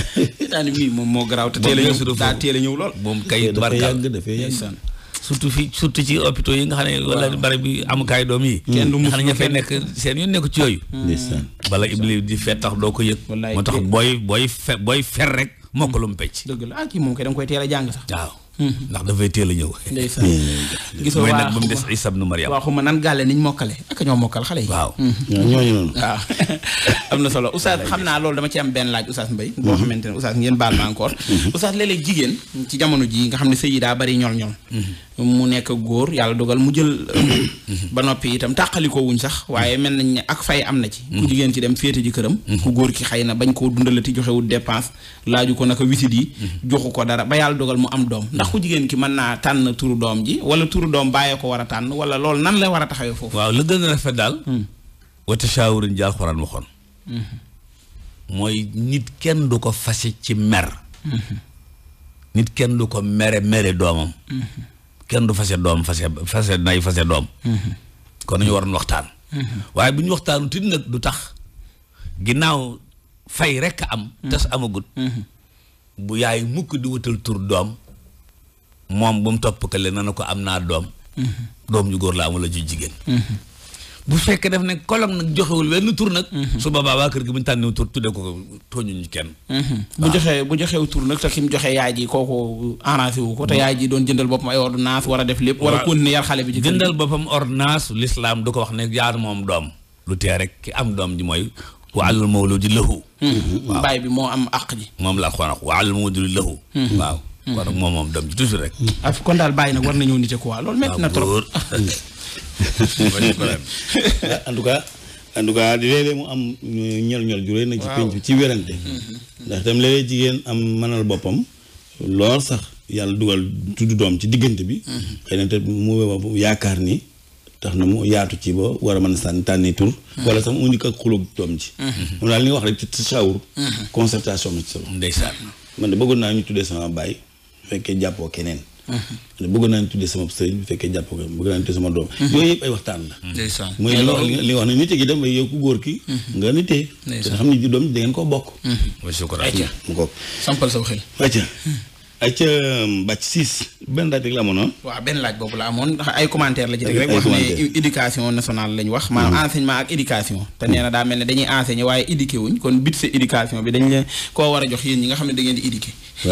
daanaka mii moom moo garaaw te teel a ñëw a ñëw lool. moom kay tubarkaal dafay yàgg surtout fii surtout ci hôpitaux yi nga xam ne. wala bari bi amukaay doom yi. kenn du nga xam ne ña fay nekk seen yu nekk ci yooyu. Hmm. bala ibli di fet tax doo ko yëg. moo tax booy booy fe booy fer rek mokkalum pecc. dëgg la ah kii moom kay da nga koy teel a jàng sax waaw Mm-hmm. ndax dafay teel a ñëw. ndeysaan gisoo mooy nag ba mu des Isa ibnu Maryam. waaw xuma nan gàlle niñ mokkale ak ñoo mokkal xale yi. waaw mm-hmm. ñooñu noonu. waaw am na solo Oustaz xam naa loolu dama ci am benn laaj Oustaz Mbaye. Mm-hmm. boo xamante ne Oustaz ngeen baal ma encore. Oustaz léeg-léeg jigéen ci jamono ji nga xam ne sëy yi daa bari ñool ñol mu nekk góor yàlla dogal mu jël ba noppi itam tàqaliko wuñ sax waaye mel nañ ne ak fay am na ci ku mm-hmm. jigéen ci dem féete ji këram mm-hmm. ku góor ki xëy na bañ koo dundalati joxewul dépense laaju ko naka wisit yi mm-hmm. joxu ko dara ba yàlla dogal mu am doom ndax ku jigéen ki mën naa tànn turu doom ji wala turu doom bàyyee ko war a tànn wala lool nan la war a taxawee foofu waaw la gën a rafet daal mm. wata shaawurin ji waxoon mooy nit kenn du ko fasi ci mer kenn du ko mere mere doomam kenn du fase doom fase fase nay fase doom mhm. kon ñu waroon waxtaan mhm. waaye bu ñu waxtaanu tin nag du tax ginnaaw fay rekk am mhm. tas amagut bu yaay mukk di wutal tur doom moom bu mu topp kale na na ko am naa doom doom ju góor la amul la ju jigéen bu fekkee daf ne colloque nag joxewul wenn tur nag. Mhm. su boobaa waa kër gi bu ñu tànnewu tur tuddee ko tooñuñu kenn. Mhm. bu joxee bu joxewu tur nag te ki mu joxe yaay ji kooku arrangé wu ko te yaay ji doon jëndal boppam ay ordonnance war a def lépp. waa a continuer yar xale bi ci jëndal boppam ko wax ne yaar moom doom. lu tee rek ki am doom ji mooy. wa alal mawludi lahu. Mhm. waaw baay bi moo am àq ji. moom la xoon wa alal mawludi lahu. waaw kon moom moom doom ji toujours rek. kon daal bàyyi nag war nañoo nite quoi loolu métti na trop. en tout cas en tout cas léeg mu am ñol-ñol ju rëy na ci penc ci wérante ndax tam léeg-léeg jigéen am mënal boppam lool sax yàlla dugal tudd doom ci diggante bi xëy na te mu yaakaar ni tax na mu yaatu ci ba war a mën a sànni tànni tur wala sax mu njëkk ak xulóog doom ci moom daal li nga wax rek ci tasawur concertation ma ci solo ndeysaan man de naa ñu tuddee sama baay fekkee jàppoo keneen bëgg naa ñu tuddee sama sëriñ bu fekkee jàpp ko bëgg naa ñu tuddee sama doom mhm. yooyu yëpp ay waxtaan la mhm. ndeysaan mooy wax ne nit gi dem ba yow góor ki mhm. nga xam ne doom da ngeen koo bokk mu ko sampal sa xel acca acca bàcc siis benn laaj rek la amoon ah? waaw benn laaj boobu la amoon ay commentaire la ci rek wax ne wax maanaam enseignement ak éducation te nee na daa mel ne dañuy enseigner waaye éduqué wuñ kon bit sa éducation bi dañ leen koo war a jox yéen ñi nga xam ne dangeen ngeen di éduquer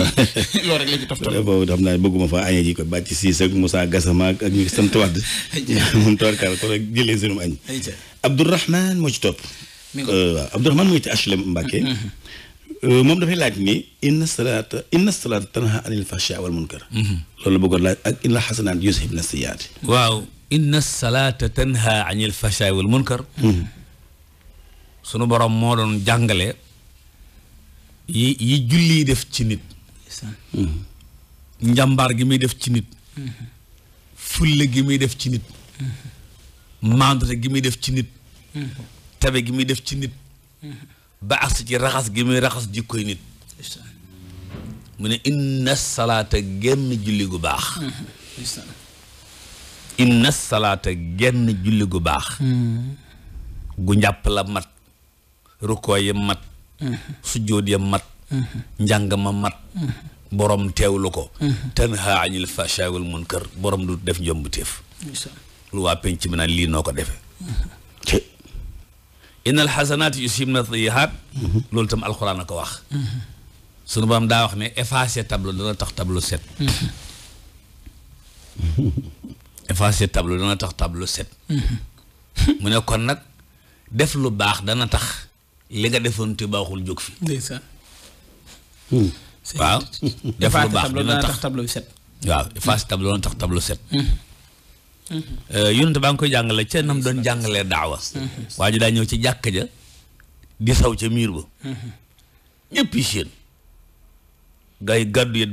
loolu rek la ci toftal boobu xam naa bëgguma fa añee ji ko ak Moussa Gassama ak ñu sant wadd mun toorkaal kon jëlee sunum añ Abdourahman moo ci topp euh, waaw Abdourahman mooy ci HLM Mbàkke mm-hmm. euh, moom dafay laaj ni inna a inna salaata tanha anil fahsha wal munkar mm-hmm. loolu mm-hmm. sunu borom moo doon jàngale yi yi julli def ci nit njàmbaar gi muy def ci nit fulle gi muy def ci nit mandre gi muy def ci nit tabe gi muy def ci nit ba agsi ci raxas gi muy raxas jikkoy nit mu ne inna salaata genn julli gu baax inna salaata genn julli gu baax hmm. gu njàpp la mat rukkoo ya mat hmm. sujjóot ya mat njàng ma mat mhm. borom teewlu ko mhm. tanha anil fahsha wal munkar borom du def njomb téef lu waa penc mi naan lii noo ko defe mhm. ci innal xasanaati yusibna sayyi'aat loolu tam alxuraan a ko wax sunu borom daa wax ne effacer tableau dana tax tableau set effacer tableau dana tax tableau set mu ne kon nag def lu baax dana tax li nga defoon te baaxul jóg fi Hmm. waaw. def lu baax dina tax tableau set. waaw efface hmm. tableau dina tax tableau set. Hmm. Euh, yonent baa ngi koy jàngale ca nam doon jàngalee daawa. waa ji daa ñëw ci jàkk ja di saw ca miir ba. ñëpp yi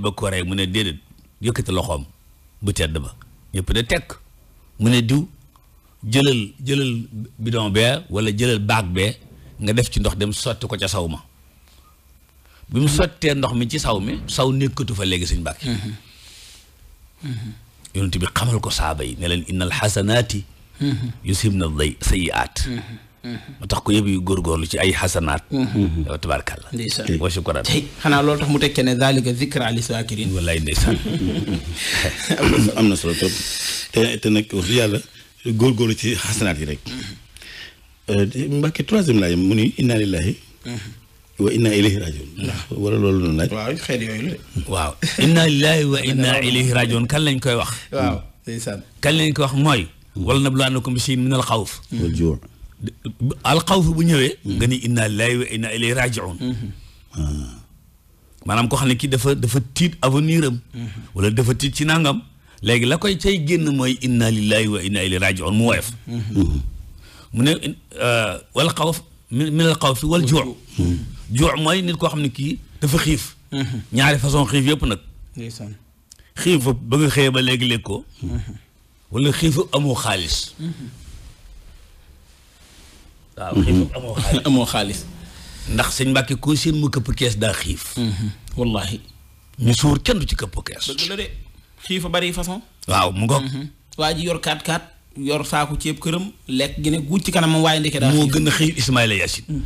ba ko mu ne déedéet yëkkati loxoom bu tedd ba ñëpp de tekk mu ne diw jëlal jëlal bidon bee wala jëlal baag bee nga def ci ndox dem sotti ko ca saw ma. bi mu sottee ndox mi ci saw mi saw nekkatu fa léegi sëñ Mbàkke mm-hmm. Mm-hmm. yonent bi xamal ko saaba yi ne leen yu xasanaati mm-hmm. na day sayiaat moo tax ku yëpp yu góorgóorlu ci ay xasanaat wa tabaarkalla ndeysaan wa shukran tey xanaa loolu tax mu tekkee ne zalika zikra li saakirin wallaay ndeysaan am na solo trop te te nag ci xasanaat yi rek euh, Mbàkke troisième laay mu ni inna lillahi wa inna ilayhi wala loolu noonu waaw xeet yooyu la waaw inna lillahi wa inna ilayhi rajiun kan lañ koy wax. waaw ndeysaan. kan lañ koy wax mooy. wala nabluwannakum bi shay'in min al xawf. wal bu ñëwee. nga ni inna lillahi wa inna ilayhi rajiun. Ah. maanaam koo xam ne kii dafa dafa tiit avenir am. Mm-hmm. wala dafa tiit ci nangam. léegi la koy cay génn mooy inna lillahi wa inna ilayhi rajiun mu woyof. Mm-hmm. mu ne euh, wal xawf min al xawf wal juux mooy nit koo xam ne kii dafa xiif. Mm-hmm. ñaari façon xiif yëpp nag. ndeysaan xiif ba nga xëyee ba léegi léeg ko. Mm-hmm. wala xiif amoo xaalis. Mm-hmm. waaw xiif amoo xaalis ndax sëñ Mbàkke koo seen mu këpp kees daa xiif. wallahi ñu suur kenn du ci këpp kees. dëgg la de xiif a bari façon. waaw mu ngoog. waa ji yor kaat kaat yor saako ceeb këram lekk gi ne guut ci kanamam waaye ndeke daa xiif moo gën a xiif Ismaïla Yacine.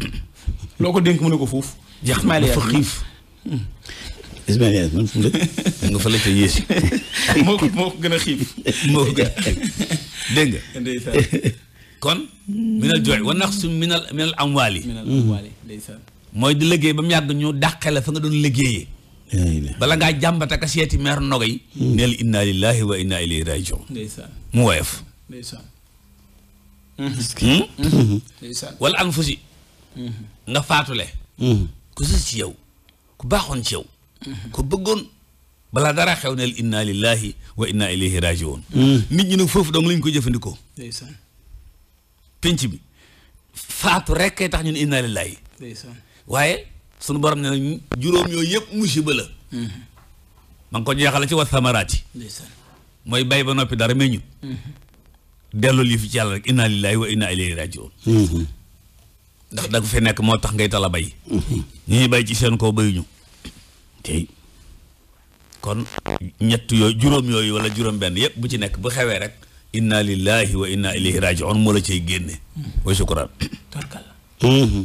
loo ko dénk mu ne ko foofu. jeex na dafa xiif hmm. Ismaïla man fu mu nga fa la ca yéesi. moo ko moo gën a xiif. moo ko gën a xiif dégg nga. ndeysaan kon. minal hmm. mooy di liggéey ba mu yàgg ñu dàqe la fa nga doon liggéeyee. bala ngaa jàmbat ak a seeti meer nogay. Hmm. neel inna lillahi wa inna ilayhi rajiun. mu woyof. ndeysaan. anfusi. nga faatule hmm. ku si ci yow ku baaxoon ci yow hmm. ku bëggoon balaa dara xew neel inna lillahi wa inna ilayhi rajiun hmm. nit ñi nag foofu dong lañ ko jëfandikoo ndeysaan penc bi faatu rek kay tax ñun inna lillahi ndeysaan waaye sunu borom ne nag juróom yooyu yëpp musiba la ma ngi ko jeexale ci wa samaraati ndeysaan mooy bay ba noppi dara meññut delloo lii fi ci yàlla rek inna lillahi wa inna ilayhi rajiun ndax da nga fi nekk moo tax ngay tala bay ñu mhm. ñuy bay ci seen koo bayuñu tey kon ñett yooyu juróom yooyu wala juróom benn yëpp bu ci nekk bu xewee rek inna lillahi wa inna ilayhi raji'un moo la cay génne mhm. wa sukkuraan tabarkalla mhm.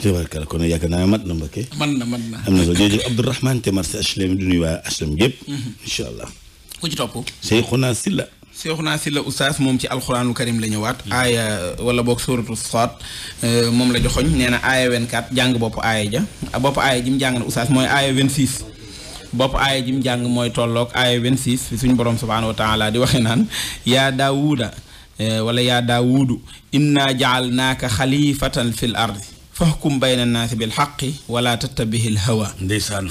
tabarkalla kon yaakaar naa mat na mbakke mat na mat na am na solo jërëjëf Abdourahmane te marché HLM du nuyu waa HLM yëpp allah ku ci topp Seyxuna Silla Seexuna Sylla Oustaz moom ci alxuraanul karim la waat aaya wala boog suuratu Saad euh, moom la joxoñ nee na aaya 24 jàng bopp aaya ja ah, bopp aaya mu jàng na Oustaz mooy aaya 26. bopp aaya ji mu jàng mooy tolloog aaya 26 fi suñu borom subhaanahu wa taala di waxee naan yaa Daawuda euh, wala yaa Daawudu inna jaalnaaka xalifatan fil ardi faxkum bayna annaasi bilxaqi wala tattabihi lhawa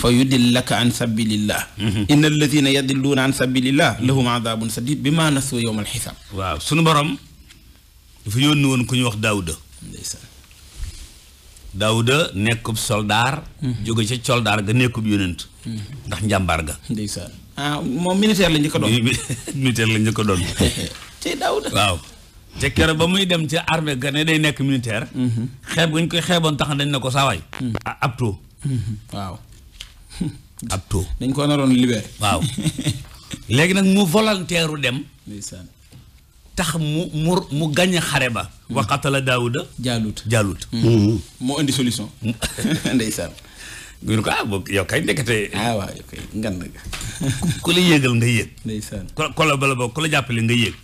fa yudillaka an sabilillah mhm. inna alladina yadilluuna an sabilillah lahum adabun sadid bi ma nasu yowma alxisaab waaw sunu borom dafa yónni woon ku ñuy wax daawuda daawuda nekkub soldaar mhm. jóge ca soldaar ga nekkub yonent mhm. ndax njàmbaar ga ndeysaan ah moom militaire la njëkk a doon a te keroog ba muy dem ci armée ga ne day nekk militaire. Mm-hmm. xeeb gañ koy xeeboon tax dañ ne ko saawaay. Mm-hmm. ah ab taux. Mm-hmm. waaw. ab dañ ko naroon libéré. waaw léegi nag mu volontaire dem. tax mu mu mu gañe xare ba. wa qatala Daawuda. Jaalut Jaalut. moo indi solution. ndeysaan. ñu ne ko ah boog yow kay ndekete. ah waaw yow kay ngan nga. ku la yéegal nga yéeg. ndeysaan ku la jàppale nga yéeg.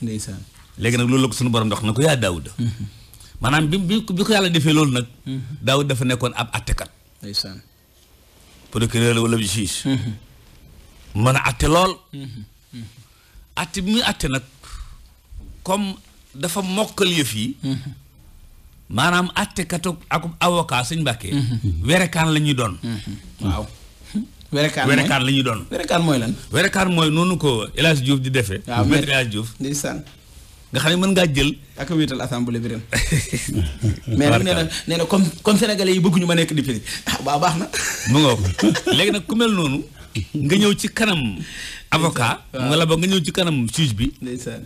léegi nag loolu la ko suñu borom ndox na ko yaa daawuda maanaam bi bi bi ko yàlla defee loolu nag daawud dafa nekkoon ab attekat ndeysaan procureur la wala bi siis mën a atte lool atte bi muy atte nag comme dafa mokkal yëf yi maanaam attekat ak avocat sañ mbàkkee werekaan la ñuy doon waaw werekaan mooy werekaan la doon werekaan mooy lan mooy noonu ko El Hadj di defee waaw maître El nga xam ne mën ngaa jël. ak a mais nag nee na nee na comme comme yi bëgguñu ma nekk député ah waaw baax na. mu ngoog léegi nag ku mel noonu. nga ñëw ci kanam. avocat wala ba nga ñëw ci kanam juge bi. ndeysaan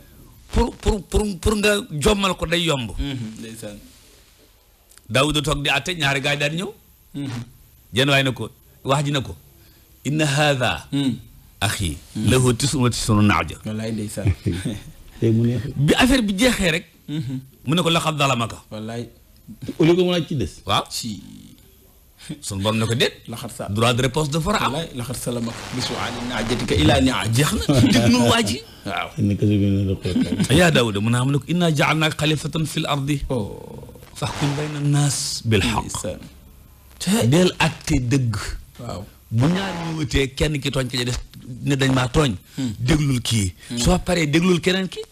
pour pour pour pour nga jommal ko day yomb. Mhm, ndeysaan. Daawuda toog di àtte ñaari gaay daal di ñëw. Mhm. jën waay na ko wax ji na ko. inna haada. Mhm. axi. lahu tisuna tisuna naaja. wallaay ndeysaan. bi affaire bi jeexee rek. Mhm. mu ne ko laxab dalamaka. wallaay. au lieu que mu ci des. waaw si. sunu borom ne ko déet. laxat droit de réponse de fara am. wallaay laxat salamaka. bisu ani naajatika ilaa naa jeex na. déglu waa ji. waaw. yaa Daawuda mu ne am ne ko innaa jaalnaaka xalifatan fil ardi. Oh. faxkum bayna naas bil xaq. te del acte dëgg. waaw bu ñaar ñu wutee kenn ki tooñ ka ca des. ne dañ ma tooñ. Hmm. déglul kii. Hmm. soo paree déglul keneen kii.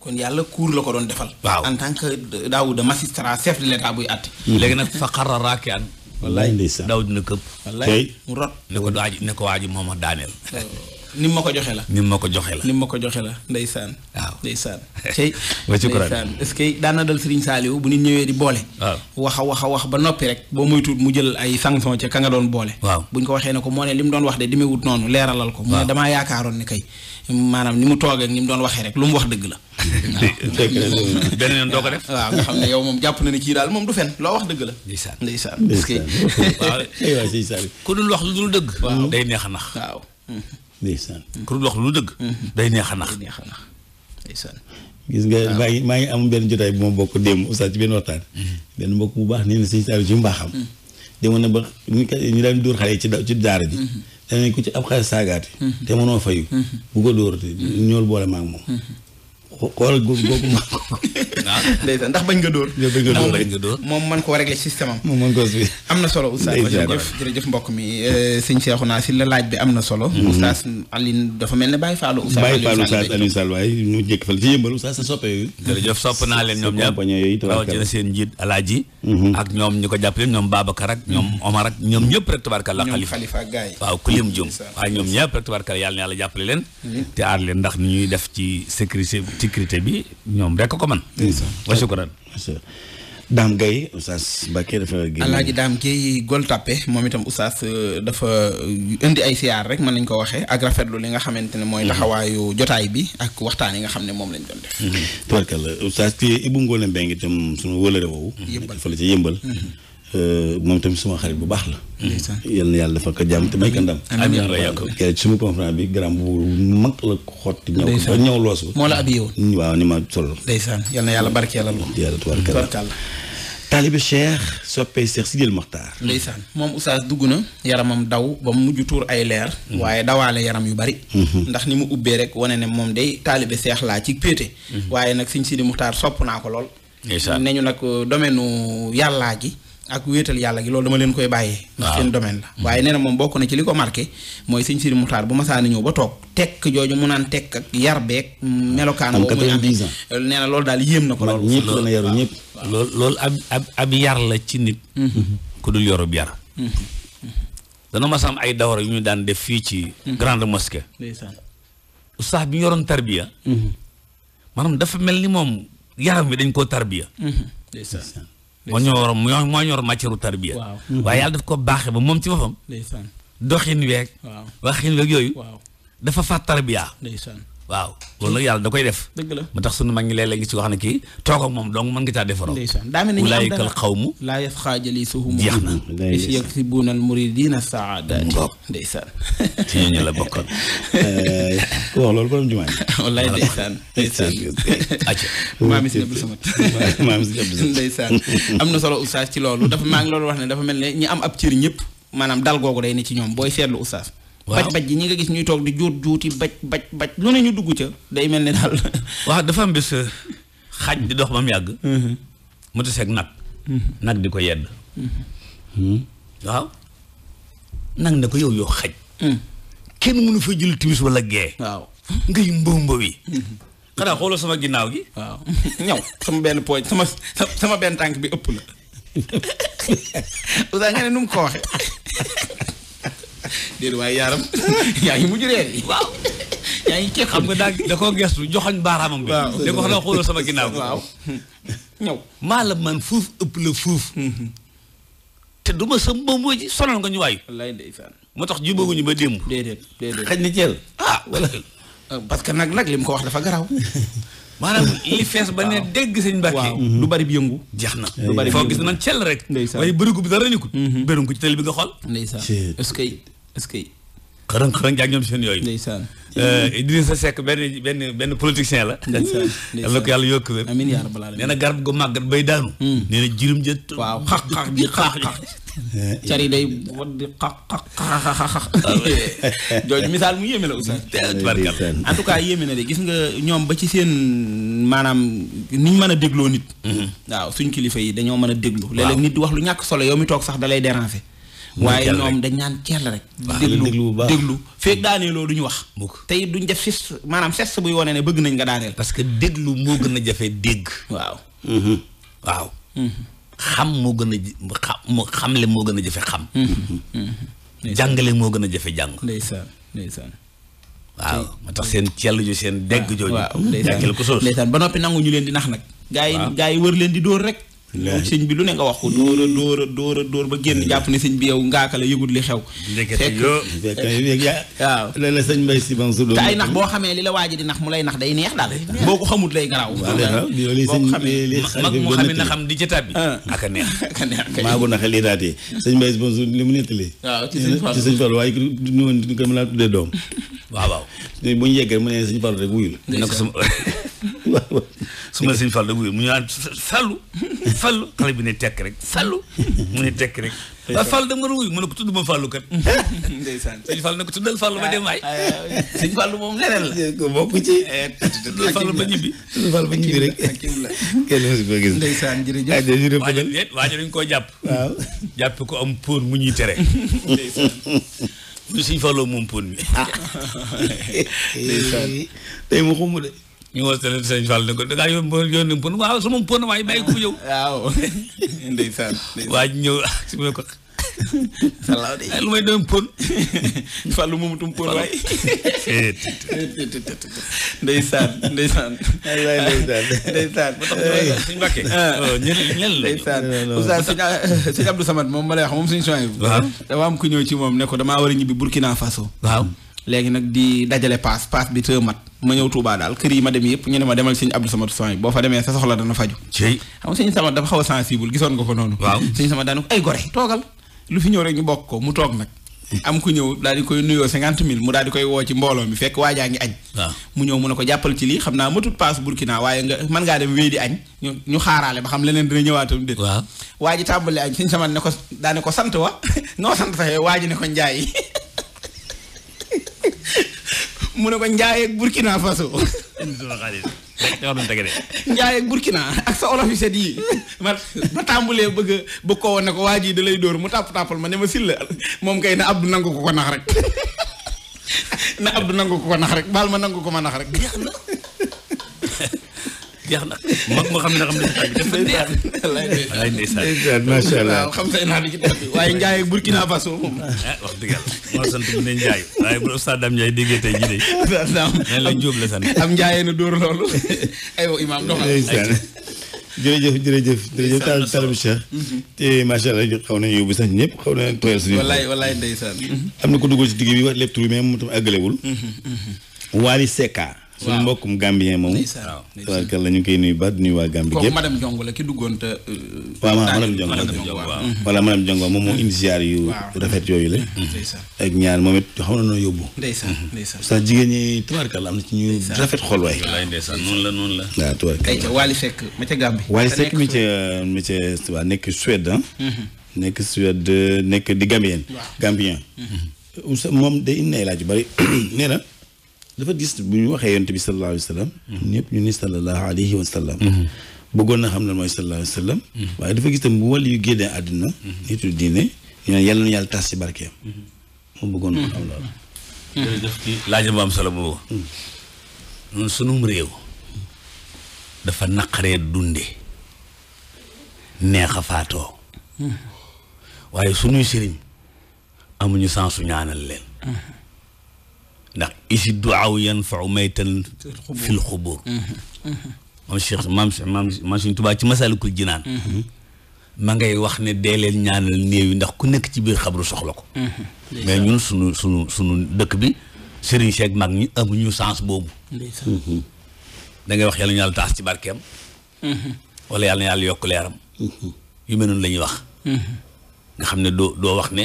kon yàlla cour la ko doon defal. waaw en tant que Daouda magistrat chef de l'état buy àtte. Hmm. léegi nag fa xarala raaki an. wallaay dina këpp. wallaay mu rot ne ko waaji ne ko waaji moom a daaneel. Oh. ni ma ko joxe la ni ma ko joxe la ni ma ko joxe la ndeysaan waaw ndeysaan cey ndeysaan est-ce que daana dal Serigne Saliou bu nit ñëwee di boole wax a wax a wax rek boo moytuwut mu jël ay sanction nga doon boole waaw buñ ko waxee ne ko moo ne mu doon wax de demewut noonu leeralal ko mu ne damaa yaakaaroon ne maanaam ni mu toogee ni mu doon waxee rek lu mu wax dëgg la benn doo ko def xam ne yow moom jàpp na ne kii daal moom du fen loo wax dëgg la ndeysaan ndeysaan est-ce que waaw ku dul wax dul dëgg day neex a nax waaw ndeysaan ku dul wax lu dëgg mhm. day neex a nax ndeysaan gis nga maa ngi maa ngi am benn jotaay bu ma bokk démb oustaz ci benn waxtaan mhm. benn mbokk bu baax nee na sëñ Saliou ci mbaaxam mhm. demoon na ba ñu daan dóor xale yi ci ci daara ji danañ ko ci ab xale saagaate te mënoo fayu bu ko dóor ñool boole maag moom xoolal ko. waaw ah, ndax bañ nga dóor. bañ nga dóor moom man koo régler système am. moom man koo suy. am na solo oustaz jërëjëf jërëjëf mbokk euh, si la laaj bi am na solo. Mhm. oustaz Alioune dafa mel ne Baye Fallou. oustaz Alioune Sall Baye Fallou Alioune Sall waaye ñu jëkk fa ci yëmbal oustaz sa soppe yooyu. sopp naa leen ñoom ñëpp rawatina seen njiit alaaji mhm. ak ñu ko jàppale ñoom Babacar ak ñoom mhm. Omar ak ñëpp rek tabarkalla xalifa waaw ku lim jum waaye ñoom ñëpp rek tabarkalla yàlla na yàlla jàppale leen te aar leen ndax ni ñuy def ci sécurité sécurité bi ñoom rekk ko man wa shukran daam gay oustaz Mbacké dafa alaaji daam gay gol tàppe moom itam oustaz euh, dafa indi ay siyaar rek man nañ ko waxee ak rafetlu li nga xamante ne mooy mhm. taxawaayu jotaay bi ak waxtaan yi nga xam ne moom lañ doon def mhm. tubarkalla oustaz ci Ibou Ngole Mbengue itam suñu wëlëre woowu yëmbal yëmbal mhm. Euh, moom tamit suma xarit bu baax la. yal na yàlla dafa ko jàmm te may ko ndam. suma conférence bi garam bu mag la ko xotti. ñëw ko ba ñëw loos ko. moo la ab yow. Mm, waaw ni ma solo. yal na yàlla barkeelal ko. yàlla tubarkalla taalibe Cheikh soppee Cheikh Sidil Maxtaar. ndeysaan moom Oustaz dugg na yaramam daw ba mu mujj tuur ay leer. Mm. waaye dawaale yaram yu bari. Mm-hmm. ndax ni mu ubbee rek wane ne moom day taalibe Cheikh laa ci péete. Mm-hmm. waaye nag Sëñ Sidi Muxtaar sopp naa ko lool. ndeysaan ne ñu nag euh, domaine yàllaa ji ak wéetal yàlla gi loolu dama leen koy bàyyee ndax seen domaine la mm-hmm. waaye nee na moom bokk na ci li ko marqué mooy sëñ Sidi Muxtaar bu masaani ñëw ba toog tekk jooju mu naan tekk ak yar beeg melokaan boobu muy nee na loolu daal yéem na ko nag ñëpp dana yaru ñëpp loolu loolu ab ab yar la ci nit mm-hmm. ku dul yorub yar mm-hmm. dana masam ay dawra yu ñu daan def fii ci grande mosquée ustaas bi yoroon tarbiya maanaam dafa mel ni moom yaram bi dañ koo tarbiya moo ñu waroon moo ñu waroon matière tarbiya waaye yàlla daf ko baaxee ba moom ci boppam doxin weeg waxin weeg yooyu dafa fàtt tarbiya waaw loolu yàlla da koy def. dëgg la ma tax sunu mag ñi léeg-léeg gis nga xam ne kii toog moom donc mën nga caa defaroo. ndeysaan daa mel ni ñu am dara wulaayikal xawmu. laa yafqaa jalisuhum. jeex na is yaksibuuna al muridiina saadaati. mbokk ndeysaan. ci ñooñu la bokkoon. waaw loolu borom jumaa ji. wallaay ndeysaan. ndeysaan acca. mi si Abdou Samad. maa mi si Abdou am na solo oustaz ci loolu dafa maa ngi wax ne dafa mel ne ñi am ab cër ñëpp maanaam dal googu day ne ci ñoom booy seetlu oustaz baj baj ji ñi nga gis ñuy toog di juut juuti baj baj baj lu ne ñu dugg ca day mel ni daal waaw dafa am bés euh, xaj di dox ba mu yàgg mhm. mu taseeg nag mhm. nag di ko yedd mhm. hmm? waaw nag ne ko yow yow xaj kenn mënu fa jël timis wala gee waaw ngay mbaw mbaw yi xanaa xoolal sama ginnaaw gi waaw ñaw sama benn pooj sama sama benn tànk bi ëpp la usaa nga ne nu mu ko waxe déedéet waaye yaaram yaa ngi mujj reer yi waaw yaa ngi ceeb xam nga daal da koo gestu joxoñ baaraamam bi da ko xanaa xoolal sama ginnaaw waaw ñëw maa la man fuuf ëpp la fuuf mm-hmm. te du ma sa mbamboo ji sonal nga ñu waayu wallaay ndeysaan moo tax jubóoguñu ba démb déedéet déedéet xaj na jël ah wala euh, parce que nag nag li mu ko wax dafa garaw maanaam li fees ba ne dégg sëñ Mbàkke mm-hmm. du bari bi yëngu jeex na du bari foo gis nan cell rek waaye bërigu bi dara ñu mm-hmm. ko bërigu ci télé bi nga xool ndeysaan est-ce est-ce que. xërëng xërëng jaag ñoom seen yooyu. ndeysaan. Euh, sa Seck benn benn benn politicien la. ndeysaan ndeysaan ko yàlla yokk ba amiin yaa garab gu màggat bay daanu. Hmm. nee na jirim ja. waaw xax xax ji xax xax. day wan di xax xax xax ah jooju misaal mu yéeme la oustaz. barkal en tout cas yéeme na de gis nga ñoom ba ci seen maanaam ni ñu mën a dégloo nit. Mm-hmm. waaw suñ kilifa yi dañoo mën a déglu. waaw léeg-léeg nit di wax lu ñàkk solo yow mi toog sax da lay waaye ñoom dañ naan teel rek. déglu déglu feeg mm. daaneeloo du ñu wax. tey duñ def fis maanaam fes buy wane ne bëgg nañ nga daaneel. parce que déglu moo gën a jafe dégg. waaw. Mm-hmm. waaw. Mm-hmm. xam moo gën a xam xamle moo gën a jafe xam. Mm-hmm. jàngale moo gën a jafe jàng. ndeysaan ndeysaan. waaw moo tax seen cell ju seen dégg jooju. waaw ndeysaan jàkkil ko soos. ba noppi nangu ñu leen di nax nag. waaw gaa yi wër leen di dóor rek. moom sëñ bi lu ne nga wax ko mm. dóor a dóor ba génn jàpp ne sëñ bi yow ngaaka la yëgut li xew fekk waaw loolu la sëñ mbay si Mansour te ay nax boo xamee li la waaji di nax mu lay nax day neex daal boo ko xamut lay garaaw boo ko xamee mag mu xamee na xam di ca tàbbi ak a neex a neex maa ko naxee lii daatee sëñ Mbaye si Mansour li mu nettali waaw ci eh, sëñ Fall waaye ñu woon ko mën a tuddee doom waaw waaw bu ñu yeggee mu ne sëñ Fall rek wuyu su ma sëñ Fallou wuyu mu ñu naan Fallou Fallou xale bi ne tekk rek Fallou mu ne tekk rek. waaw ah, Fallou da nga wuyu mu ne ko tudd ma Fallou kat. ndeysaan sëñ Fallou ne ko tuddal Fallou ba dem waay. sëñ Fallou moom leneen la. bokku ci. Eh, tuddal Fallou ba koo jàpp. waaw jàpp ko am pour mu ñuy tere. ndeysaan. suñ Fallou moom pour mi. ah. mu xumb de. ñu woote leen sëñ Fall sama pën waaye waa ji ñëw si mu ne ko. salaw de eh, lu may doon pën. Fall moom itam pën waay. ndeysaan suñ mbàkkee. ñu leen ah. oh, la. Eh, moom ma lay wax moom suñu soin waaw dafa am ku ñëw ci moom ne damaa war a ñibbi Burkina Faso. waaw léegi nag di dajale paas paas bi te mat. ma ñëw Touba daal kër yi ma dem yëpp ñu ne ma demal sëñ Abdou Samad Soin boo fa demee sa soxla dana faju xam nga dafa xaw a sensible gisoon nga ko noonu waaw sëñ Samad daana ko ay bokk ko mu toog nag ku ñëw daal di koy nuyoo cinquante mille mu daal di koy woo ci mbooloo mi fekk waajaa ngi añ mu ñëw mu ne ko jàppal ci lii xam naa matut paas Burkina waaye nga mën ngaa dem wéy di añ ñu xaaraale ba xam leneen dina ñëwaatam déet waa ji tàmbali añ sëñ Samad ne ko daane ko sant wa noo sant sax waa ji ne ko njaay mu ne ko Ndiaye ak Burkina Faso. Ndiaye ak Burkina ak sa olof yi set yii ma ma tàmbulee bëgg bëgg koo woon ko waa jii da lay dóor mu tàpp tàppal ma ne ma silla moom kay na Abdou nangu ko ko nax rek na Abdou nangu ko ko nax rek baal ma nangu ko ma nax rek. jeex na mag moo xam ne xam ne dafa neex. walaay ndeysaan macha allah waaw xam naa ne ci tax bi waaye Ndiaye Burkina Faso moom. Eh, wax dëgg yàlla moo sant mu waaye bu Oustaz Dame la Diop la am Ndiaye na dóor loolu. aywa Imaam doxal ndeysaan jërëjëf jërëjëf jërëjëf taal taal bi Cheikh te macha allah xaw nañu yóbbu sax ñëpp xaw nañu tooyal suñu wallaay wallaay ndeysaan am na ko dugg ci digg bi wax lépp tur bi mais moom tam suñu mbokkum gambien moom tabarkal la ñu koy nuyu ba nuyu waa Gambie gépp madame Jongo la ki duggoon te euh, waaw madame Jongo voilà madame Jongo moom moo indi ziar yu rafet yooyu la mm-hmm. ak ñaar moom it xam na noo yóbbu ndeysaan mm-hmm. ndeysaan sa jigéen ñi tabarkal am na ci ñu rafet xol waay ndeysaan noonu la noonu la waaw tabarkal la Wally Seck ma ca Gambie Wally Seck mi ca mi ca waa nekk Suède ah. mm-hmm. nekk Suède nekk di Gambien Gambien moom day indi ay laaj yu bari nee na dafa gis bu ñu waxee yonent bi sallallahu alayhi wa sallam ñëpp ñu ni bëggoon na xam mooy sallallahu alayhi waaye dafa gis tam bu yu génnee àddina nitu diine ñu ne yàlla na yàlla tas ci barkeem mu bëggoon na xam loolu jërëjëf ci laaj bu am solo boobu ñun hmm. sunum réew dafa naqaree dunde neex a faatoo hmm. waaye sunuy sëriñ amuñu sansu ñaanal leen hmm. ndax isi duaaw yanfau maytan fil xubur moom cheikh maam maam maam suñ tubaa ci masalikul jinaan ma ngay wax ne dee leen ñaanal néew yi ndax ku nekk ci biir xabru soxla ko mais ñun sunu sunu dëkk bi sëriñ Cheikh mag ñi amuñu sens boobu dangay wax yàlla ñu yàlla taas ci barkeem wala yàlla na yàlla yokk leeram yu mel noonu la ñuy wax nga xam ne doo doo wax ne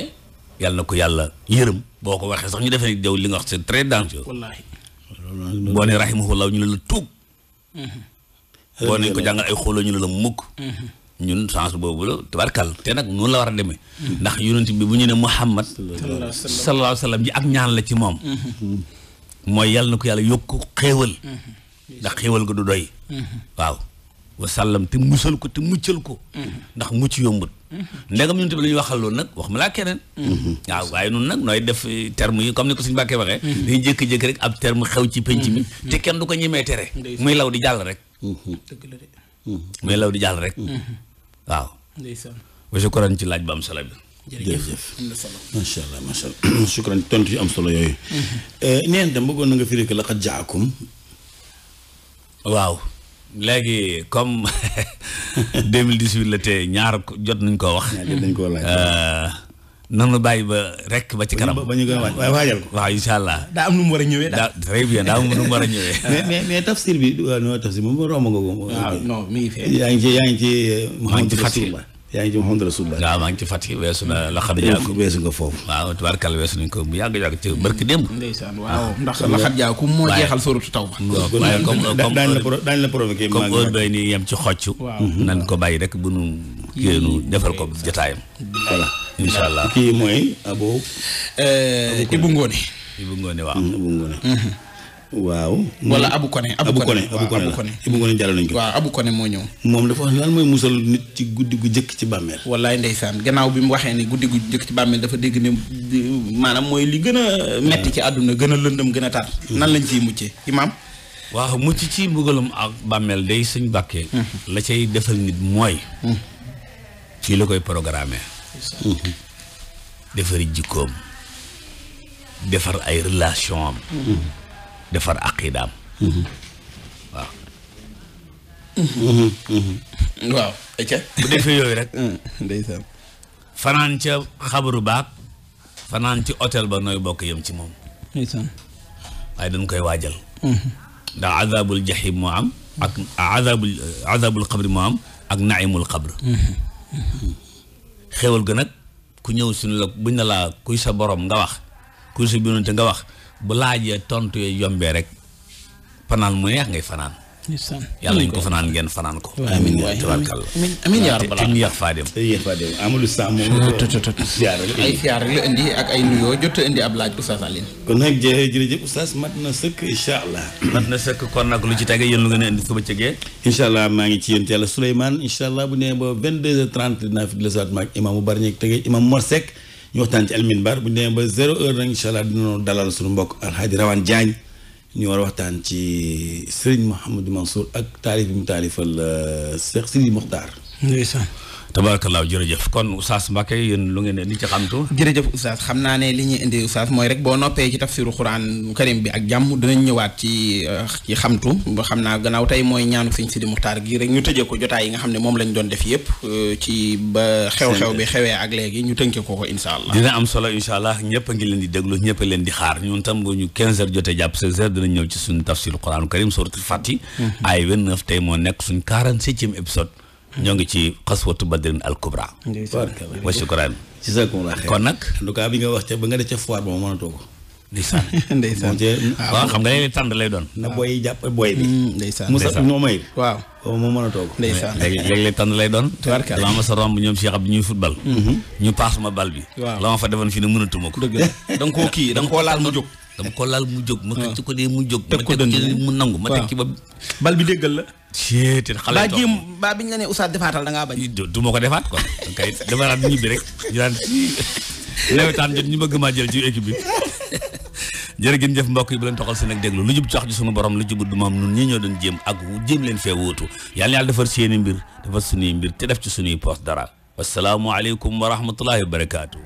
yàlla na ko yàlla yërëm boo ko waxee sax ñu defee ne jaw li nga wax c'est très dangereux. boo ne rahimahullah ñu ne la tuub. Mm-hmm. boo ne ko jàngal ay xooloo ñu la mukk. Mm-hmm. ñun chance boobu la tabarkal te nag noonu la war a demee. Mm-hmm. ndax yonent bi bu ñu ne Muhammad. sallallahu alayhi wa sallam ji ak ñaan la ci moom. mooy yàlla ko yàlla yokk xéewal. ndax xéewal ga du doy. waaw wasallam te musal ko te muccal ko. ndax mucc yombut. ndegam ñun tamit la ñuy waxal loolu nag wax ma laa keneen waaw waaye noonu nag nooy def eh, terme yi comme ni ko suñu bàkkee waxee dañuy jékki-jékki rek ab terme xew ci penc mi te kenn du ko ñemee tere muy law di jàll rek dëgg la de muy law di jàll rek mm-hmm. waaw ndeysaan wasu koran ci laaj ba am solo bi jërëjëf macha allah macha allah shukran tontu yu am solo yooyu mm-hmm. eh, neen tam bëggoon na nga firi ko laqad jaakum waaw léegi comme mil 2018 la te ñaar jot nañ koo wax. jot nañ koo laaj. Euh, nanu bàyyi ba rekk ba ci kanam. ba ñu gën a waaj waajal ko. waaw incha allah. daa am nu mu war a ñëwee. daa très bien daa am nu war a ñëwee. mais mais mais tafsir bi euh, non tafsir moom romb nga ko. mi ngi fee. yaa ngi ci yaa ngi ci. Euh, maa ngi ci fàttali yaa ngi ci Muhammadu Rasulullah waaw maa ngi ci Fatick weesu na la xat jaagu weesu nga foofu waaw tubaarkal weesu nañ ko bu yàgg yàgg ci barki démb ndeysaan waaw ah, ndax la xat jaagu ku moo jeexal sóoratu taw ba waaye comme daañ la provoqué comme nii yem ci xocc mhm. nañ ko bàyyi rek bu nu kéenu defal ko jotaayam voilà incha allah kii mooy Abo eh, Ibou Ngone Ibou Ngone waaw mm, Ibou Ngone mhm. waaw wala Abu Kone Abu Kone Abu Kone Abu Kone jàll nañ waaw Abu Kone moo ñëw moom dafa wax lan mooy musal nit ci guddi gu jëkk ci bàmmeel wallaay ndeysaan gannaaw bi mu waxee ne guddi gu jëkk ci bàmmeel dafa dégg ne maanaam mooy li gën a metti ci àdduna gën a lëndëm gën a tar mm-hmm. nan lañ ciy muccee imaam waaw mucc ci mbugalum ak bàmmeel day suñ bàkkee mm-hmm. la cay defal nit mooy fii mm-hmm. la koy programme defari jikkoom defar ay relation am defar aqidaam waaw waaw ca bu defee yooyu rek mm, ndeysaan fanaan ca xabaru fanaan ci hôtel ba nooy bokk yam ci moom ndeysaan waaye dañ koy waajal mm-hmm. ndax azabul jahim moo am ak azabul azabul xabri moo am ak naimul xabr mm-hmm. xéwal nag ku ñëw suñu la buñ na laa kuy sa borom nga wax kuy sa binante nga wax bu laajee tontu yooyu yombee rek fanaan mu neex ngay fanaan. yàlla nañ ko fanaan ngeen fanaan ko. amiin waay amiin amiin yaa rabbal aalamiin yéex faa dem. yéex faa dem Amadou Samb moom. ay indi ak ay nuyoo jot a indi ab laaj Oustaz Alioune. kon nag jërëjëf Oustaz mat na sëkk incha allah. mat na sëkk kon nag lu ci tege yéen lu ngeen a indi suba cëgee. incha allah maa ngi ci yéen yàlla Souleymane incha allah bu nee ba 22h30 dinaa fi di la saat maag imaamu Barñeeg tege imaam Mor Seck ñu waxtaan ci alminbar bu ñu demee ba zéro heure nag incha allah dina dalal suñu mbokk alxaaji Rawane Diagne ñu war a waxtaan ci Serigne Mouhamadou Mansour ak taalif bi mu taalifal euh, Cheikh Sidi Mokhtar. ndeysaan. tabaarakallaa jërëjëf kon oustaz Mbacke yéen lu ngeen ne li ci xamtu jërëjëf naa ne li ñuy indi oustaz mooy rek boo noppee ci tafsiru xuraan karim bi ak jàmm dinañ ñëwaat ci euh, ci xamtu xam naa tey mooy ñaanu sëñ Sidi Muxtaar gi rek ñu tëjee ko jotaay yi nga xam ne moom lañ doon def yëpp euh, ci ba xew-xew bi xewee ak léegi ñu tënkee ko ko incha allah dina am solo ñëpp a ngi leen ñëpp a leen di xaar ñun tam bu ñu 15 heures jotee jàpp 16 heures dinañ ñëw ci mm-hmm. moo nekk suñ 47e épisode ñoo ngi ci xaswatu badrin al kubra wa kon nag en bi nga wax ca ba nga def ca foire ba ma mënatoo ko ndeysaan léegi na booy jàpp booy bi mm, ndeysaan Moussa moo may waaw moo mën a toog ndeysaan léegi léegi tànd lay doon la ma sa romb ñoom Cheikh Abdou ñuy football mm-hmm. ñu paas ma bal bi waaw la ma fa defoon fii ne mënatuma ko dëgg la da koo kii da koo laal mu jóg dama ko laal mu jóg ma xëcc ko dee mu jóg ma teg ko mu nangu ma teg ba bal bi déggal la ceetit xale yi toog baa bi ñu la nee Oustaz defaatal da ngaa bañ. du ma ko defaat quoi kay dama daan ñibbi rek ñu daan nawetaan jot ñu bëgg maa jël ci équipe bi jërë ngeen jëf mbokk yi bu leen toxal seen ak déglu lu jub sax ci sunu borom lu jubut du moom nun ñi ñoo doon jéem ak jéem leen fee wóotu yàlla yàlla defar seeni mbir defar sunuy mbir te def ci sunuy poos dara wasalaamualeykum wa rahmatullahi wa barakaatu.